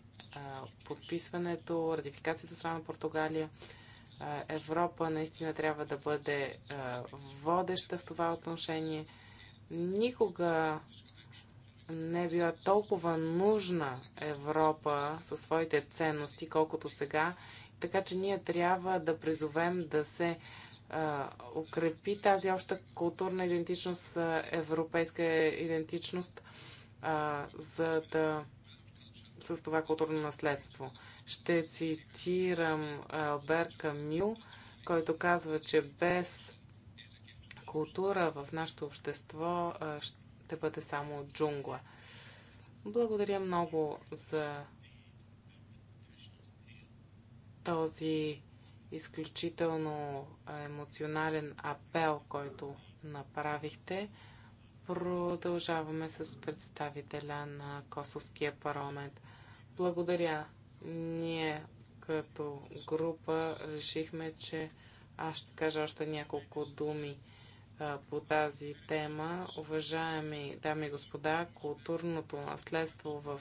подписването, ратификацията страна на Португалия, Европа наистина трябва да бъде водеща в това отношение. Никога не е била толкова нужна Европа със своите ценности, колкото сега. Така че ние трябва да призовем да се а, укрепи тази обща културна идентичност, европейска идентичност, а, за да с това културно наследство. Ще цитирам Албер Камил, който казва, че без култура в нашето общество ще бъде само джунгла. Благодаря много за този изключително емоционален апел, който направихте. Продължаваме с представителя на Косовския парламент. Благодаря. Ние като група решихме, че аз ще кажа още няколко думи а, по тази тема. Уважаеми дами и господа, културното наследство в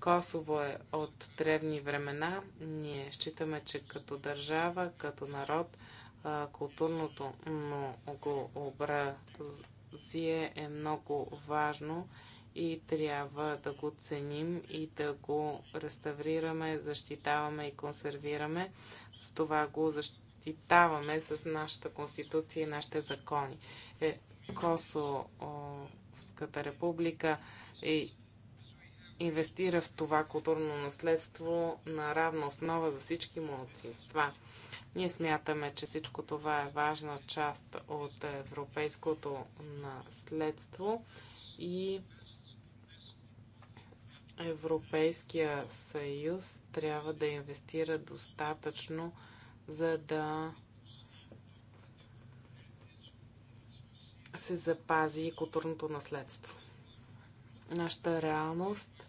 Косово е от древни времена. Ние считаме, че като държава, като народ, а, културното многообразие е много важно и трябва да го ценим и да го реставрираме, защитаваме и консервираме. С това го защитаваме с нашата конституция и нашите закони. Е, Косовската република е, инвестира в това културно наследство на равна основа за всички младсинства. Ние смятаме, че всичко това е важна част от европейското наследство и Европейския съюз трябва да инвестира достатъчно, за да се запази културното наследство. Нашата реалност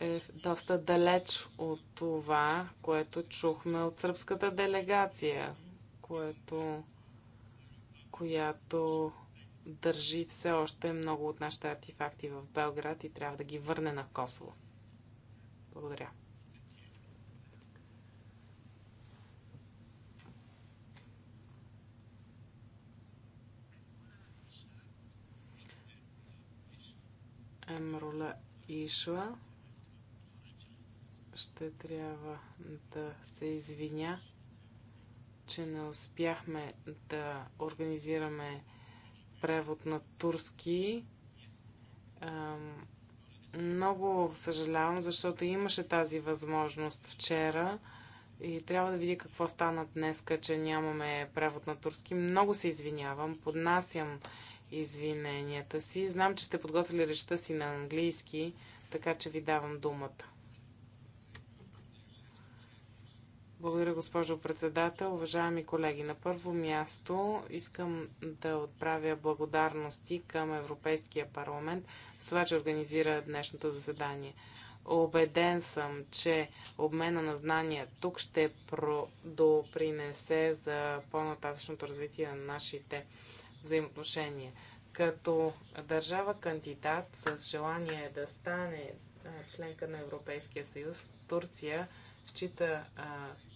е доста далеч от това, което чухме от сръбската делегация, което, която държи все още много от нашите артефакти в Белград и трябва да ги върне на Косово. Благодаря. Емрула Ишла. Ще трябва да се извиня, че не успяхме да организираме превод на турски. много съжалявам, защото имаше тази възможност вчера и трябва да видя какво стана днеска, че нямаме превод на турски. Много се извинявам, поднасям извиненията си. Знам, че сте подготвили речта си на английски, така че ви давам думата. Благодаря, госпожо председател. Уважаеми колеги, на първо място искам да отправя благодарности към Европейския парламент с това, че организира днешното заседание. Обеден съм, че обмена на знания тук ще допринесе за по-нататъчното развитие на нашите взаимоотношения. Като държава кандидат с желание да стане членка на Европейския съюз, Турция счита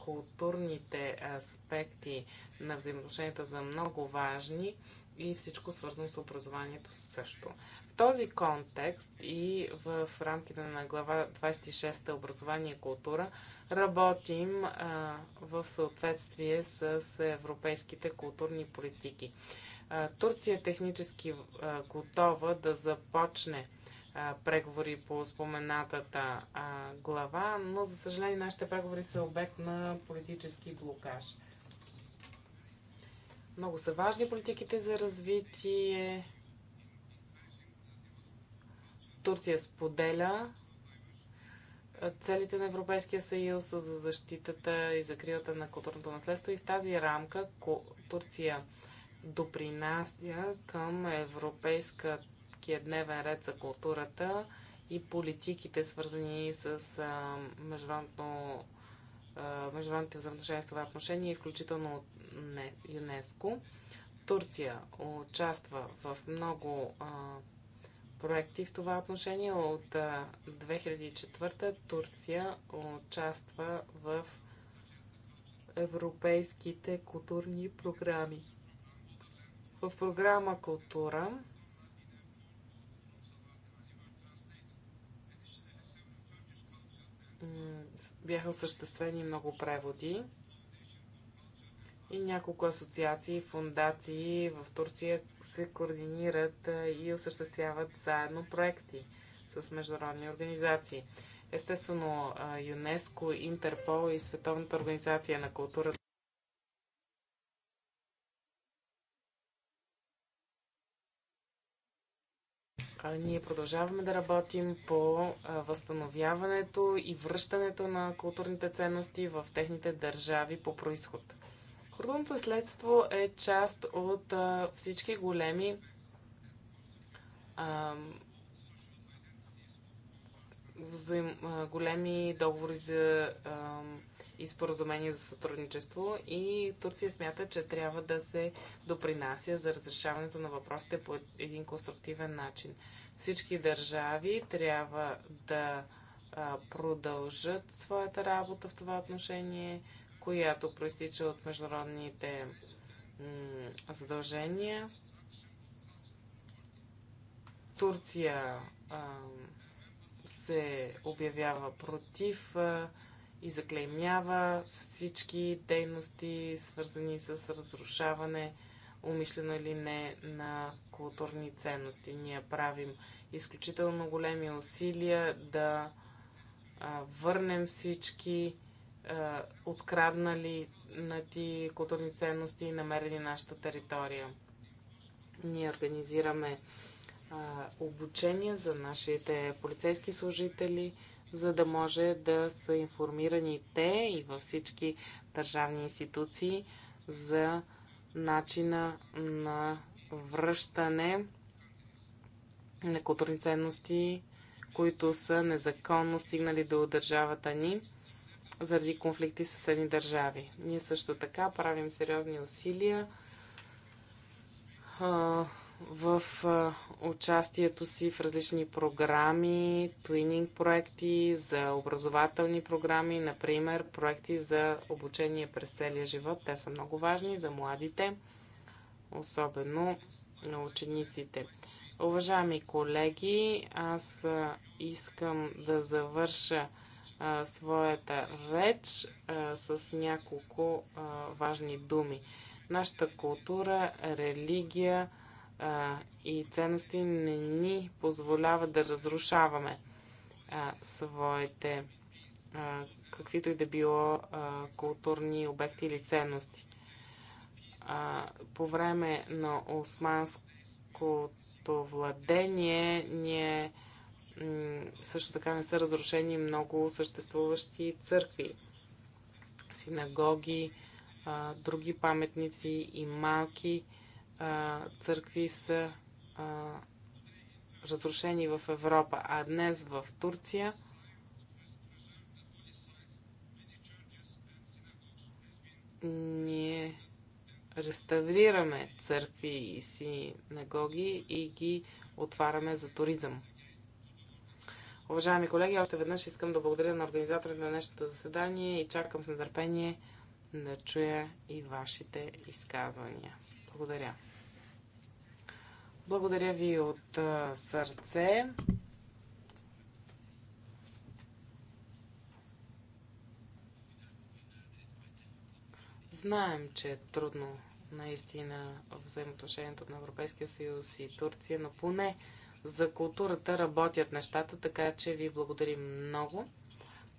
културните аспекти на взаимоотношенията за много важни и всичко свързано с образованието също. В този контекст и в рамките на глава 26 Образование и култура работим а, в съответствие с европейските културни политики. А, Турция е технически а, готова да започне преговори по споменатата глава, но за съжаление нашите преговори са обект на политически блокаж. Много са важни политиките за развитие. Турция споделя целите на Европейския съюз за защитата и закрилата на културното наследство и в тази рамка Турция допринася към европейската краткия дневен ред за културата и политиките, свързани с а, международно, а, международните взаимоотношения в това отношение, включително от ЮНЕСКО. Турция участва в много а, проекти в това отношение. От а, 2004 Турция участва в европейските културни програми. В програма Култура бяха осъществени много преводи и няколко асоциации, фундации в Турция се координират и осъществяват заедно проекти с международни организации. Естествено, ЮНЕСКО, Интерпол и Световната организация на културата ние продължаваме да работим по възстановяването и връщането на културните ценности в техните държави по происход. Хордонното следство е част от всички големи големи договори за и споразумение за сътрудничество и Турция смята, че трябва да се допринася за разрешаването на въпросите по един конструктивен начин. Всички държави трябва да продължат своята работа в това отношение, която проистича от международните задължения. Турция се обявява против и заклеймява всички дейности, свързани с разрушаване, умишлено или не, на културни ценности. Ние правим изключително големи усилия да върнем всички откраднали на ти културни ценности и намерени нашата територия. Ние организираме обучение за нашите полицейски служители – за да може да са информирани те и във всички държавни институции за начина на връщане на културни ценности, които са незаконно стигнали до държавата ни заради конфликти с съседни държави. Ние също така правим сериозни усилия в участието си в различни програми, твининг проекти за образователни програми, например проекти за обучение през целия живот. Те са много важни за младите, особено на учениците. Уважаеми колеги, аз искам да завърша а, своята реч а, с няколко а, важни думи. Нашата култура, религия, а, и ценности не ни позволяват да разрушаваме а, своите а, каквито и да било а, културни обекти или ценности. А, по време на османското владение ние също така не са разрушени много съществуващи църкви, синагоги, други паметници и малки църкви са разрушени в Европа, а днес в Турция ние реставрираме църкви и синагоги и ги отваряме за туризъм. Уважаеми колеги, още веднъж искам да благодаря на организаторите на днешното заседание и чакам с нетърпение да чуя и вашите изказвания. Благодаря. Благодаря ви от сърце. Знаем, че е трудно наистина взаимоотношението на Европейския съюз и Турция, но поне за културата работят нещата, така че ви благодарим много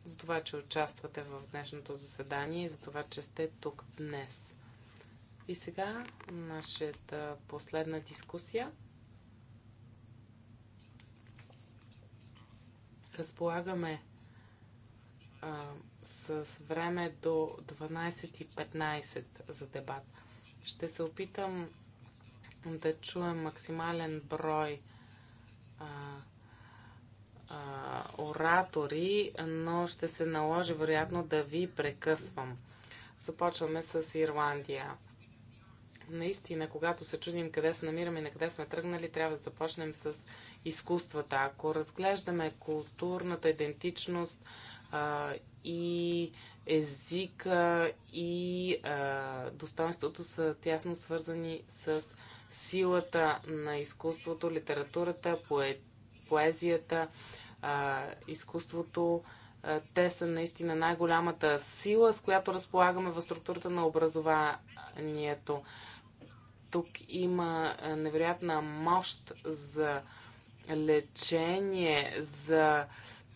за това, че участвате в днешното заседание и за това, че сте тук днес. И сега нашата последна дискусия. Разполагаме а, с време до 12.15 за дебат. Ще се опитам да чуем максимален брой а, а, оратори, но ще се наложи вероятно да ви прекъсвам. Започваме с Ирландия наистина, когато се чудим къде се намираме и на къде сме тръгнали, трябва да започнем с изкуствата. Ако разглеждаме културната идентичност а, и езика и а, достоинството са тясно свързани с силата на изкуството, литературата, пое, поезията, а, изкуството, те са наистина най-голямата сила, с която разполагаме в структурата на образованието. Тук има невероятна мощ за лечение, за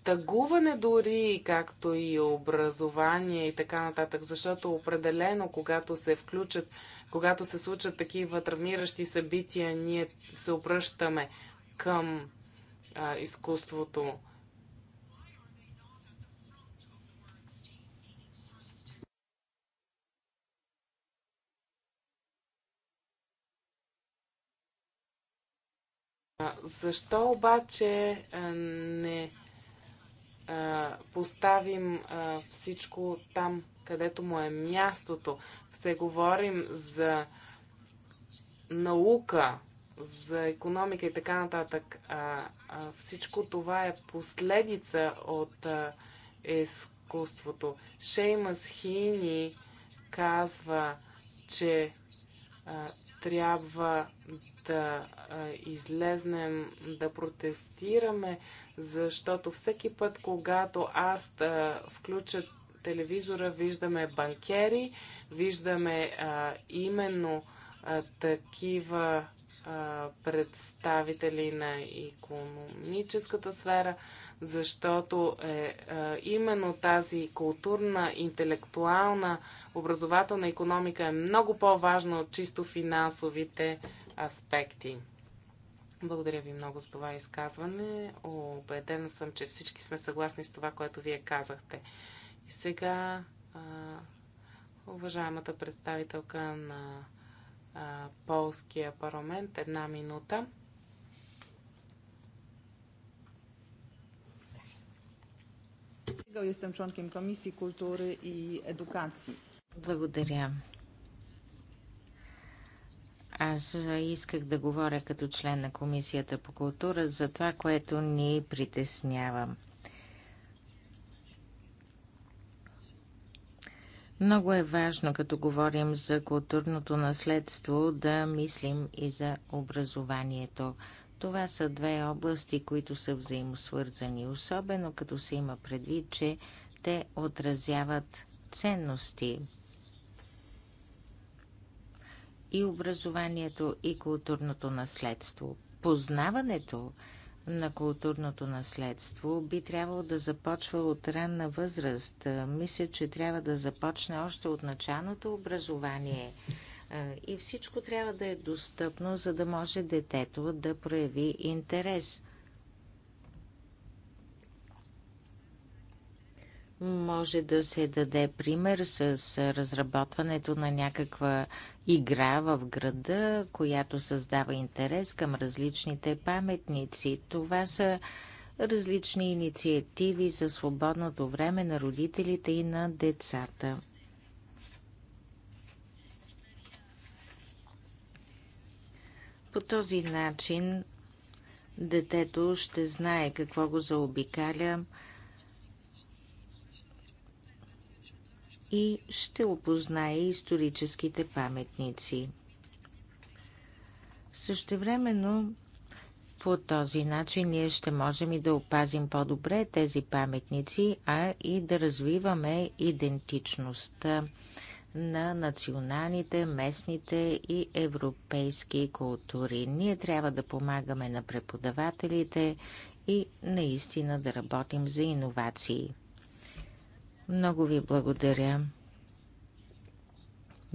тъгуване дори, както и образование и така нататък, защото определено, когато се включат, когато се случат такива травмиращи събития, ние се обръщаме към а, изкуството. Защо обаче не поставим всичко там, където му е мястото? Все говорим за наука, за економика и така нататък. Всичко това е последица от изкуството. Шеймас Хини казва, че трябва да излезнем, да протестираме, защото всеки път, когато аз да включа телевизора, виждаме банкери, виждаме а, именно а, такива а, представители на економическата сфера, защото е а, именно тази културна, интелектуална, образователна економика е много по-важна от чисто финансовите аспекти. Благодаря ви много за това изказване. Обедена съм, че всички сме съгласни с това, което вие казахте. И сега уважаемата представителка на Полския парламент, една минута. Jestem członkiem Komisji Kultury i Edukacji. Благодаря. Аз исках да говоря като член на Комисията по култура за това, което ни притеснява. Много е важно, като говорим за културното наследство, да мислим и за образованието. Това са две области, които са взаимосвързани, особено като се има предвид, че те отразяват ценности, и образованието и културното наследство. Познаването на културното наследство би трябвало да започва от ранна възраст. Е, мисля, че трябва да започне още от началното образование. Е, и всичко трябва да е достъпно, за да може детето да прояви интерес. Може да се даде пример с разработването на някаква игра в града, която създава интерес към различните паметници. Това са различни инициативи за свободното време на родителите и на децата. По този начин детето ще знае какво го заобикаля, и ще опознае историческите паметници. Същевременно по този начин ние ще можем и да опазим по-добре тези паметници, а и да развиваме идентичността на националните, местните и европейски култури. Ние трябва да помагаме на преподавателите и наистина да работим за иновации. Много ви благодаря.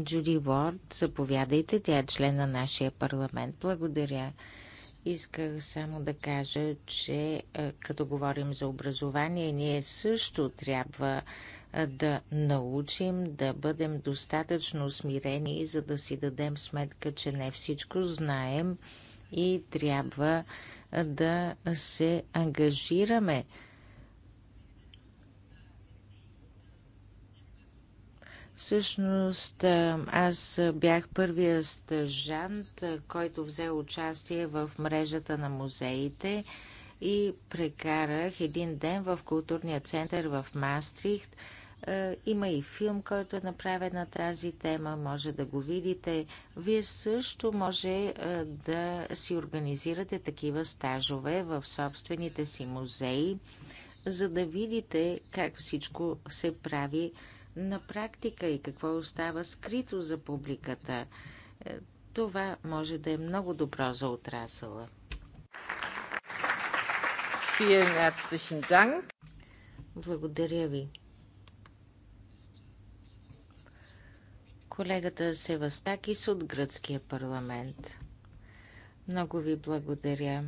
Джуди Уорд, заповядайте, тя е член на нашия парламент. Благодаря. Исках само да кажа, че като говорим за образование, ние също трябва да научим да бъдем достатъчно смирени, за да си дадем сметка, че не всичко знаем и трябва да се ангажираме Всъщност аз бях първия стъжант, който взе участие в мрежата на музеите и прекарах един ден в културния център в Мастрихт. Има и филм, който е направен на тази тема, може да го видите. Вие също може да си организирате такива стажове в собствените си музеи, за да видите как всичко се прави на практика и какво остава скрито за публиката. Е, това може да е много добро за отрасъла. Благодаря ви. Колегата Севастакис от Гръцкия парламент. Много ви благодаря.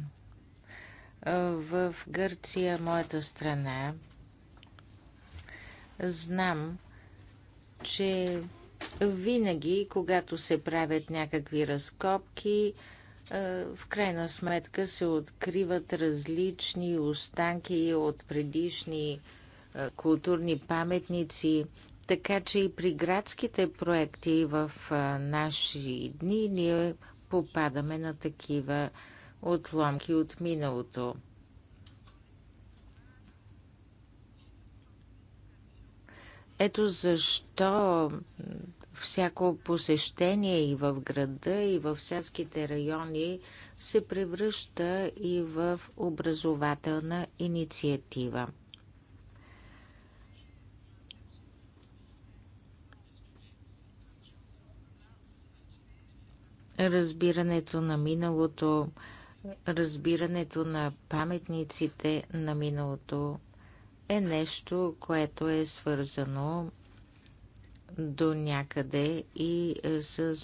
Е, в Гърция, моята страна, знам, че винаги, когато се правят някакви разкопки, е, в крайна сметка се откриват различни останки от предишни е, културни паметници. Така че и при градските проекти в е, наши дни ние попадаме на такива отломки от миналото. Ето защо всяко посещение и в града, и в селските райони се превръща и в образователна инициатива. Разбирането на миналото, разбирането на паметниците на миналото е нещо, което е свързано до някъде и е, с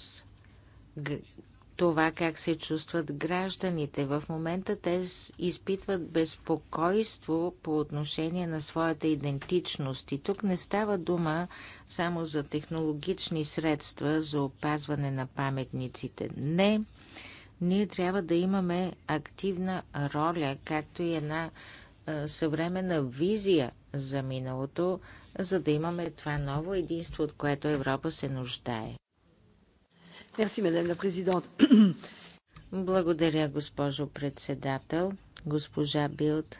това как се чувстват гражданите. В момента те изпитват безпокойство по отношение на своята идентичност. И тук не става дума само за технологични средства за опазване на паметниците. Не, ние трябва да имаме активна роля, както и една е, съвременна визия за миналото, за да имаме това ново единство, от което Европа се нуждае. Мерси, мадам президент. Благодаря, госпожо председател, госпожа Билд.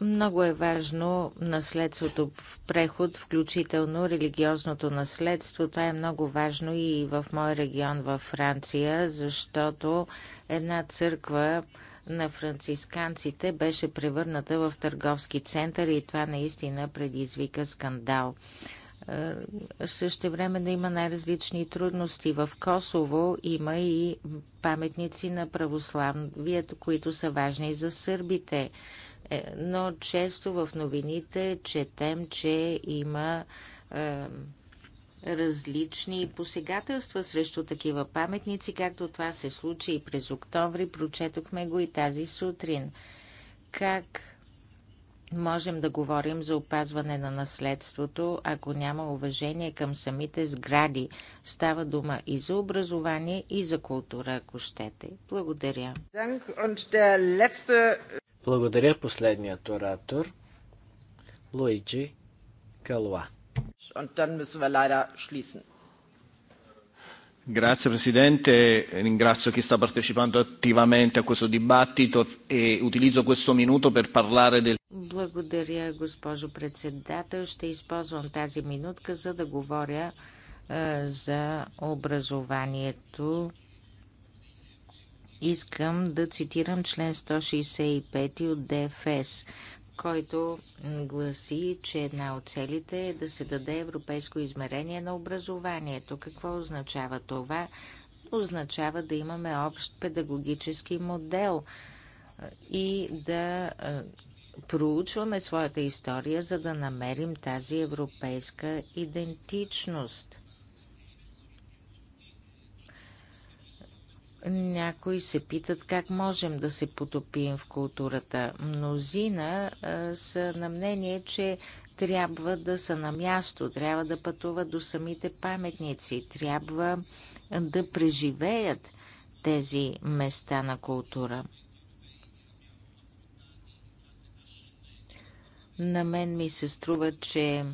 Много е важно наследството в преход, включително религиозното наследство. Това е много важно и в мой регион във Франция, защото една църква на францисканците беше превърната в търговски център и това наистина предизвика скандал. Е, Също времено има най-различни трудности. В Косово има и паметници на православието, които са важни за сърбите но често в новините четем, че има е, различни посегателства срещу такива паметници, както това се случи и през октомври. Прочетохме го и тази сутрин. Как можем да говорим за опазване на наследството, ако няма уважение към самите сгради. Става дума и за образование, и за култура, ако щете. Благодаря. Благодаря последният оратор, Луиджи Калуа. Grazie Presidente, ringrazio chi sta partecipando attivamente a questo dibattito e utilizzo questo minuto per parlare del... Благодаря, госпожо председател. Ще използвам тази минутка, за да говоря е, за образованието Искам да цитирам член 165 от ДФС, който гласи, че една от целите е да се даде европейско измерение на образованието. Какво означава това? Означава да имаме общ педагогически модел и да проучваме своята история, за да намерим тази европейска идентичност. Някои се питат как можем да се потопим в културата. Мнозина а, са на мнение, че трябва да са на място, трябва да пътуват до самите паметници, трябва да преживеят тези места на култура. На мен ми се струва, че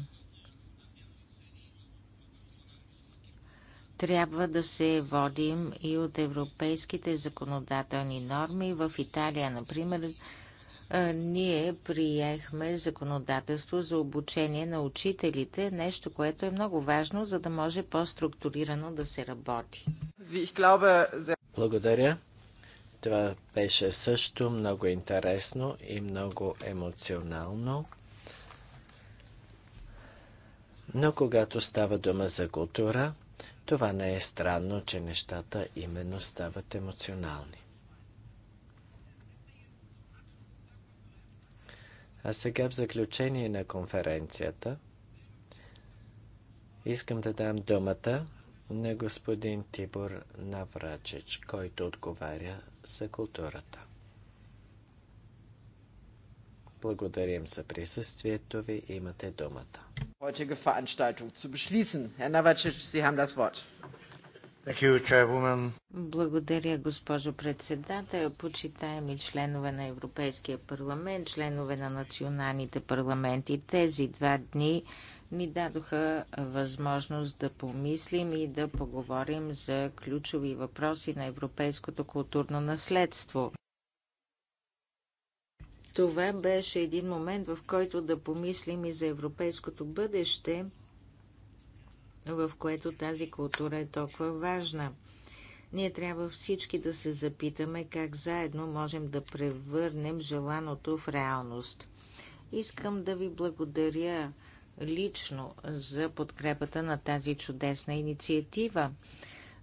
трябва да се водим и от европейските законодателни норми. В Италия, например, ние приехме законодателство за обучение на учителите, нещо, което е много важно, за да може по-структурирано да се работи. Благодаря. Това беше също много интересно и много емоционално. Но когато става дума за култура, това не е странно, че нещата именно стават емоционални. А сега в заключение на конференцията искам да дам думата на господин Тибор Наврачич, който отговаря за културата. Благодарим за присъствието ви. Имате думата. Heutige Veranstaltung zu beschließen. Herr Navacic, Sie haben das Wort. You, Благодаря, госпожо председател, почитаеми членове на Европейския парламент, членове на националните парламенти. Тези два дни ни дадоха възможност да помислим и да поговорим за ключови въпроси на европейското културно наследство. Това беше един момент, в който да помислим и за европейското бъдеще, в което тази култура е толкова важна. Ние трябва всички да се запитаме как заедно можем да превърнем желаното в реалност. Искам да ви благодаря лично за подкрепата на тази чудесна инициатива.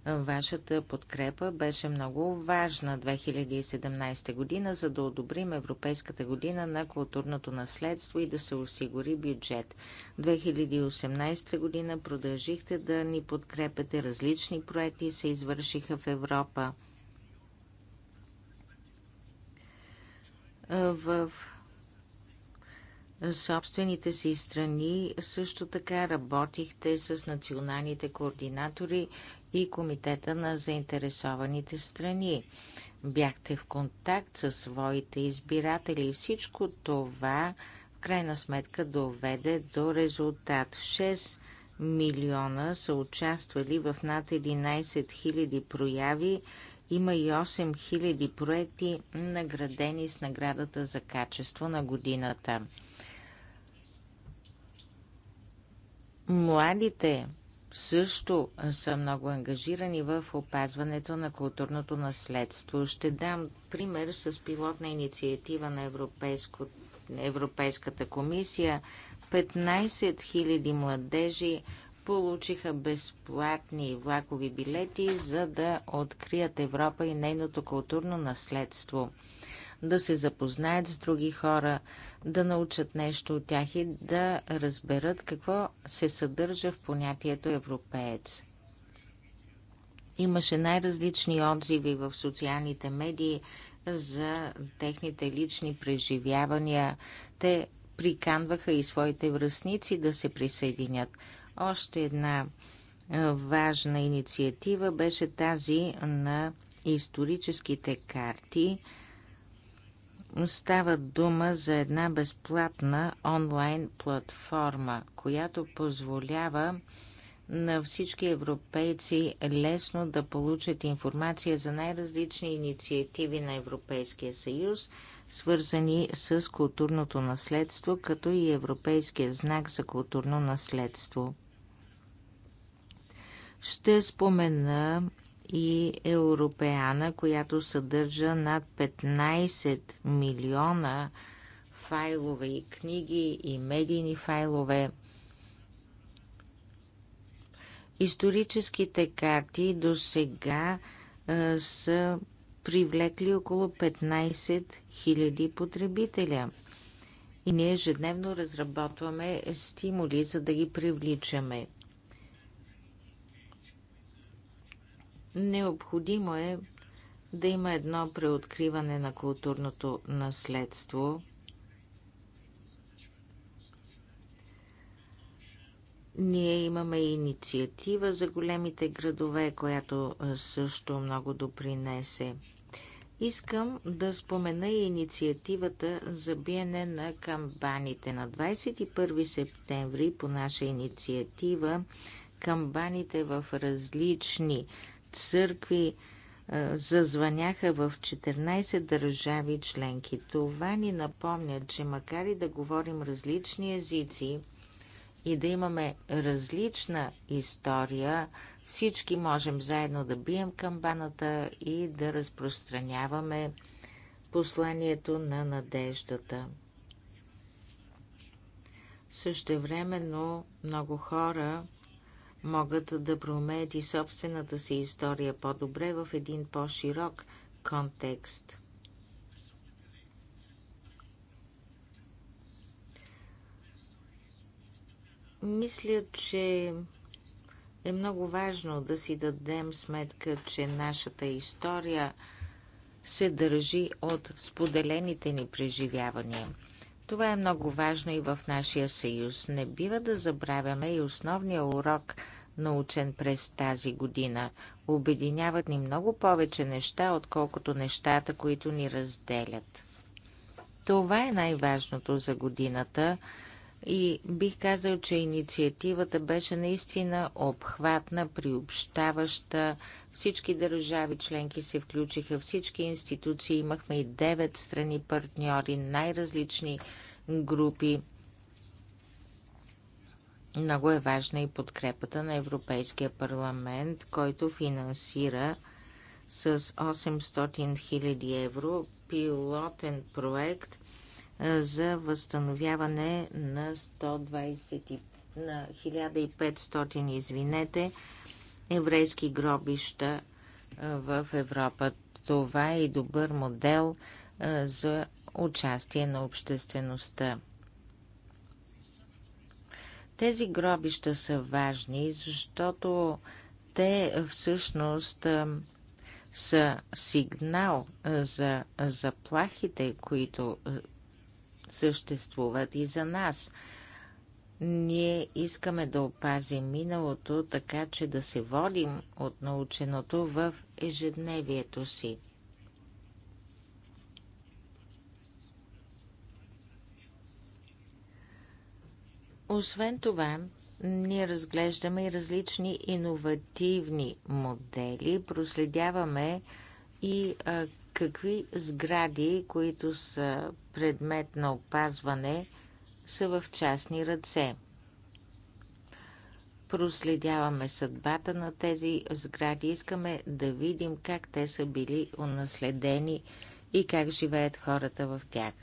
Вашата подкрепа беше много важна 2017 година, за да одобрим Европейската година на културното наследство и да се осигури бюджет. 2018 година продължихте да ни подкрепяте. Различни проекти се извършиха в Европа. В собствените си страни също така работихте с националните координатори и Комитета на заинтересованите страни. Бяхте в контакт със своите избиратели и всичко това в крайна сметка доведе до резултат. 6 милиона са участвали в над 11 000 прояви. Има и 8 000 проекти, наградени с наградата за качество на годината. Младите също са много ангажирани в опазването на културното наследство. Ще дам пример с пилотна инициатива на Европейско, Европейската комисия. 15 000 младежи получиха безплатни влакови билети, за да открият Европа и нейното културно наследство, да се запознаят с други хора, да научат нещо от тях и да разберат какво се съдържа в понятието европеец. Имаше най-различни отзиви в социалните медии за техните лични преживявания. Те приканваха и своите връзници да се присъединят. Още една важна инициатива беше тази на историческите карти – Става дума за една безплатна онлайн платформа, която позволява на всички европейци лесно да получат информация за най-различни инициативи на Европейския съюз, свързани с културното наследство, като и Европейския знак за културно наследство. Ще спомена и Европеана, която съдържа над 15 милиона файлове и книги и медийни файлове. Историческите карти до сега е, са привлекли около 15 000 потребителя. И ние ежедневно разработваме стимули, за да ги привличаме. Необходимо е да има едно преоткриване на културното наследство. Ние имаме инициатива за големите градове, която също много допринесе. Искам да спомена и инициативата за биене на камбаните. На 21 септември по наша инициатива камбаните в различни църкви зазвъняха в 14 държави членки. Това ни напомня, че макар и да говорим различни езици и да имаме различна история, всички можем заедно да бием камбаната и да разпространяваме посланието на надеждата. Същевременно много хора могат да проумеят и собствената си история по-добре в един по-широк контекст. Мисля, че е много важно да си дадем сметка, че нашата история се държи от споделените ни преживявания – това е много важно и в нашия съюз. Не бива да забравяме и основния урок, научен през тази година. Обединяват ни много повече неща, отколкото нещата, които ни разделят. Това е най-важното за годината – и бих казал, че инициативата беше наистина обхватна, приобщаваща. Всички държави членки се включиха, всички институции. Имахме и 9 страни партньори, най-различни групи. Много е важна и подкрепата на Европейския парламент, който финансира с 800 000 евро пилотен проект за възстановяване на 120, на 1500, извинете, еврейски гробища в Европа. Това е и добър модел за участие на обществеността. Тези гробища са важни, защото те всъщност са сигнал за заплахите, които съществуват и за нас. Ние искаме да опазим миналото, така че да се водим от наученото в ежедневието си. Освен това, ние разглеждаме и различни иновативни модели, проследяваме и а, какви сгради, които са предмет на опазване, са в частни ръце. Проследяваме съдбата на тези сгради. Искаме да видим как те са били унаследени и как живеят хората в тях.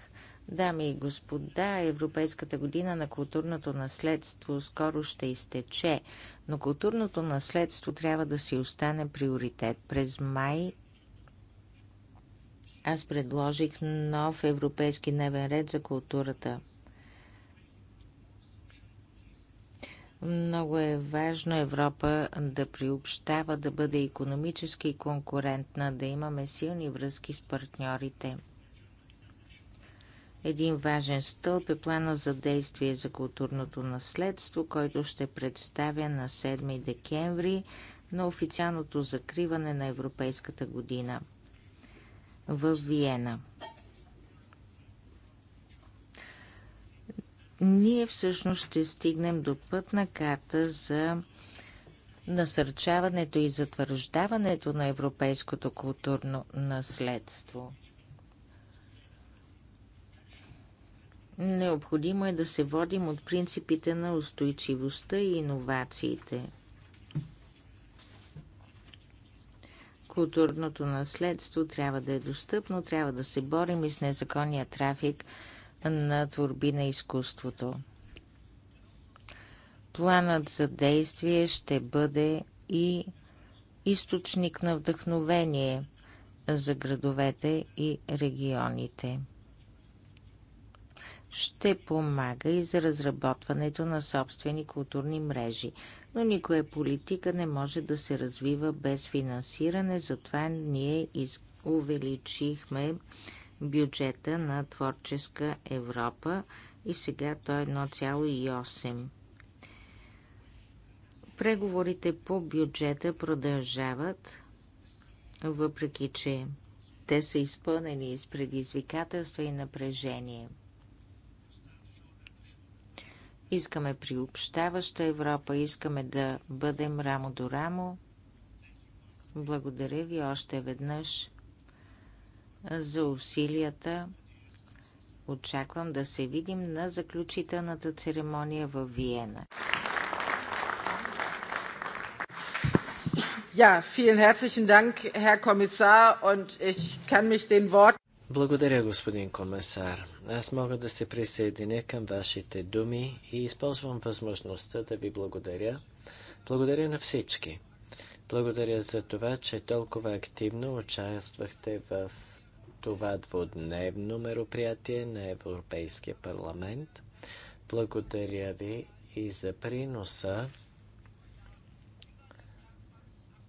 Дами и господа, Европейската година на културното наследство скоро ще изтече, но културното наследство трябва да си остане приоритет. През май аз предложих нов европейски дневен ред за културата. Много е важно Европа да приобщава, да бъде економически конкурентна, да имаме силни връзки с партньорите. Един важен стълб е плана за действие за културното наследство, който ще представя на 7 декември на официалното закриване на Европейската година – в Виена. Ние всъщност ще стигнем до пътна карта за насърчаването и затвърждаването на европейското културно наследство. Необходимо е да се водим от принципите на устойчивостта и иновациите – Културното наследство трябва да е достъпно, трябва да се борим и с незаконния трафик на творби на изкуството. Планът за действие ще бъде и източник на вдъхновение за градовете и регионите. Ще помага и за разработването на собствени културни мрежи – но никоя политика не може да се развива без финансиране. Затова ние увеличихме бюджета на Творческа Европа и сега той е 1,8. Преговорите по бюджета продължават, въпреки че те са изпълнени с предизвикателства и напрежение – Искаме приобщаваща Европа, искаме да бъдем рамо до рамо. Благодаря ви още веднъж за усилията. Очаквам да се видим на заключителната церемония в Виена. Ja, vielen herzlichen Dank, Herr Kommissar, und ich kann mich den Worten. Благодаря, господин комисар. Аз мога да се присъединя към вашите думи и използвам възможността да ви благодаря. Благодаря на всички. Благодаря за това, че толкова активно участвахте в това двудневно мероприятие на Европейския парламент. Благодаря ви и за приноса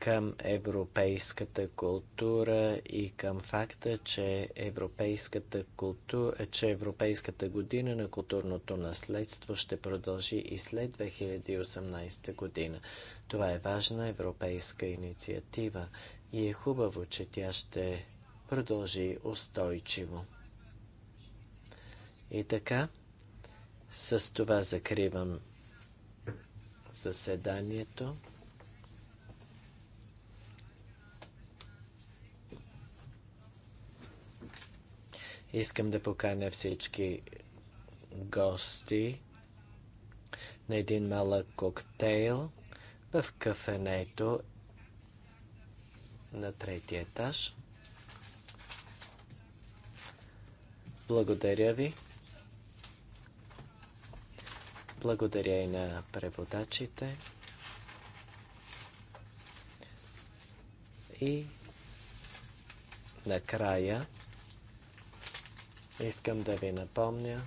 към европейската култура и към факта, че европейската, култура, че европейската година на културното наследство ще продължи и след 2018 година. Това е важна европейска инициатива и е хубаво, че тя ще продължи устойчиво. И така, с това закривам заседанието. Искам да поканя всички гости на един малък коктейл в кафенето на третия етаж. Благодаря ви. Благодаря и на преводачите. И накрая Искам да ви напомня,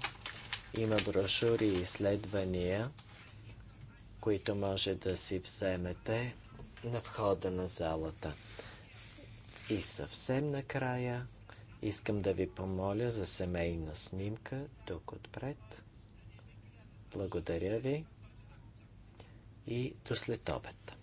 има брошури и изследвания, които може да си вземете на входа на залата. И съвсем накрая искам да ви помоля за семейна снимка тук отпред. Благодаря ви и до след обед.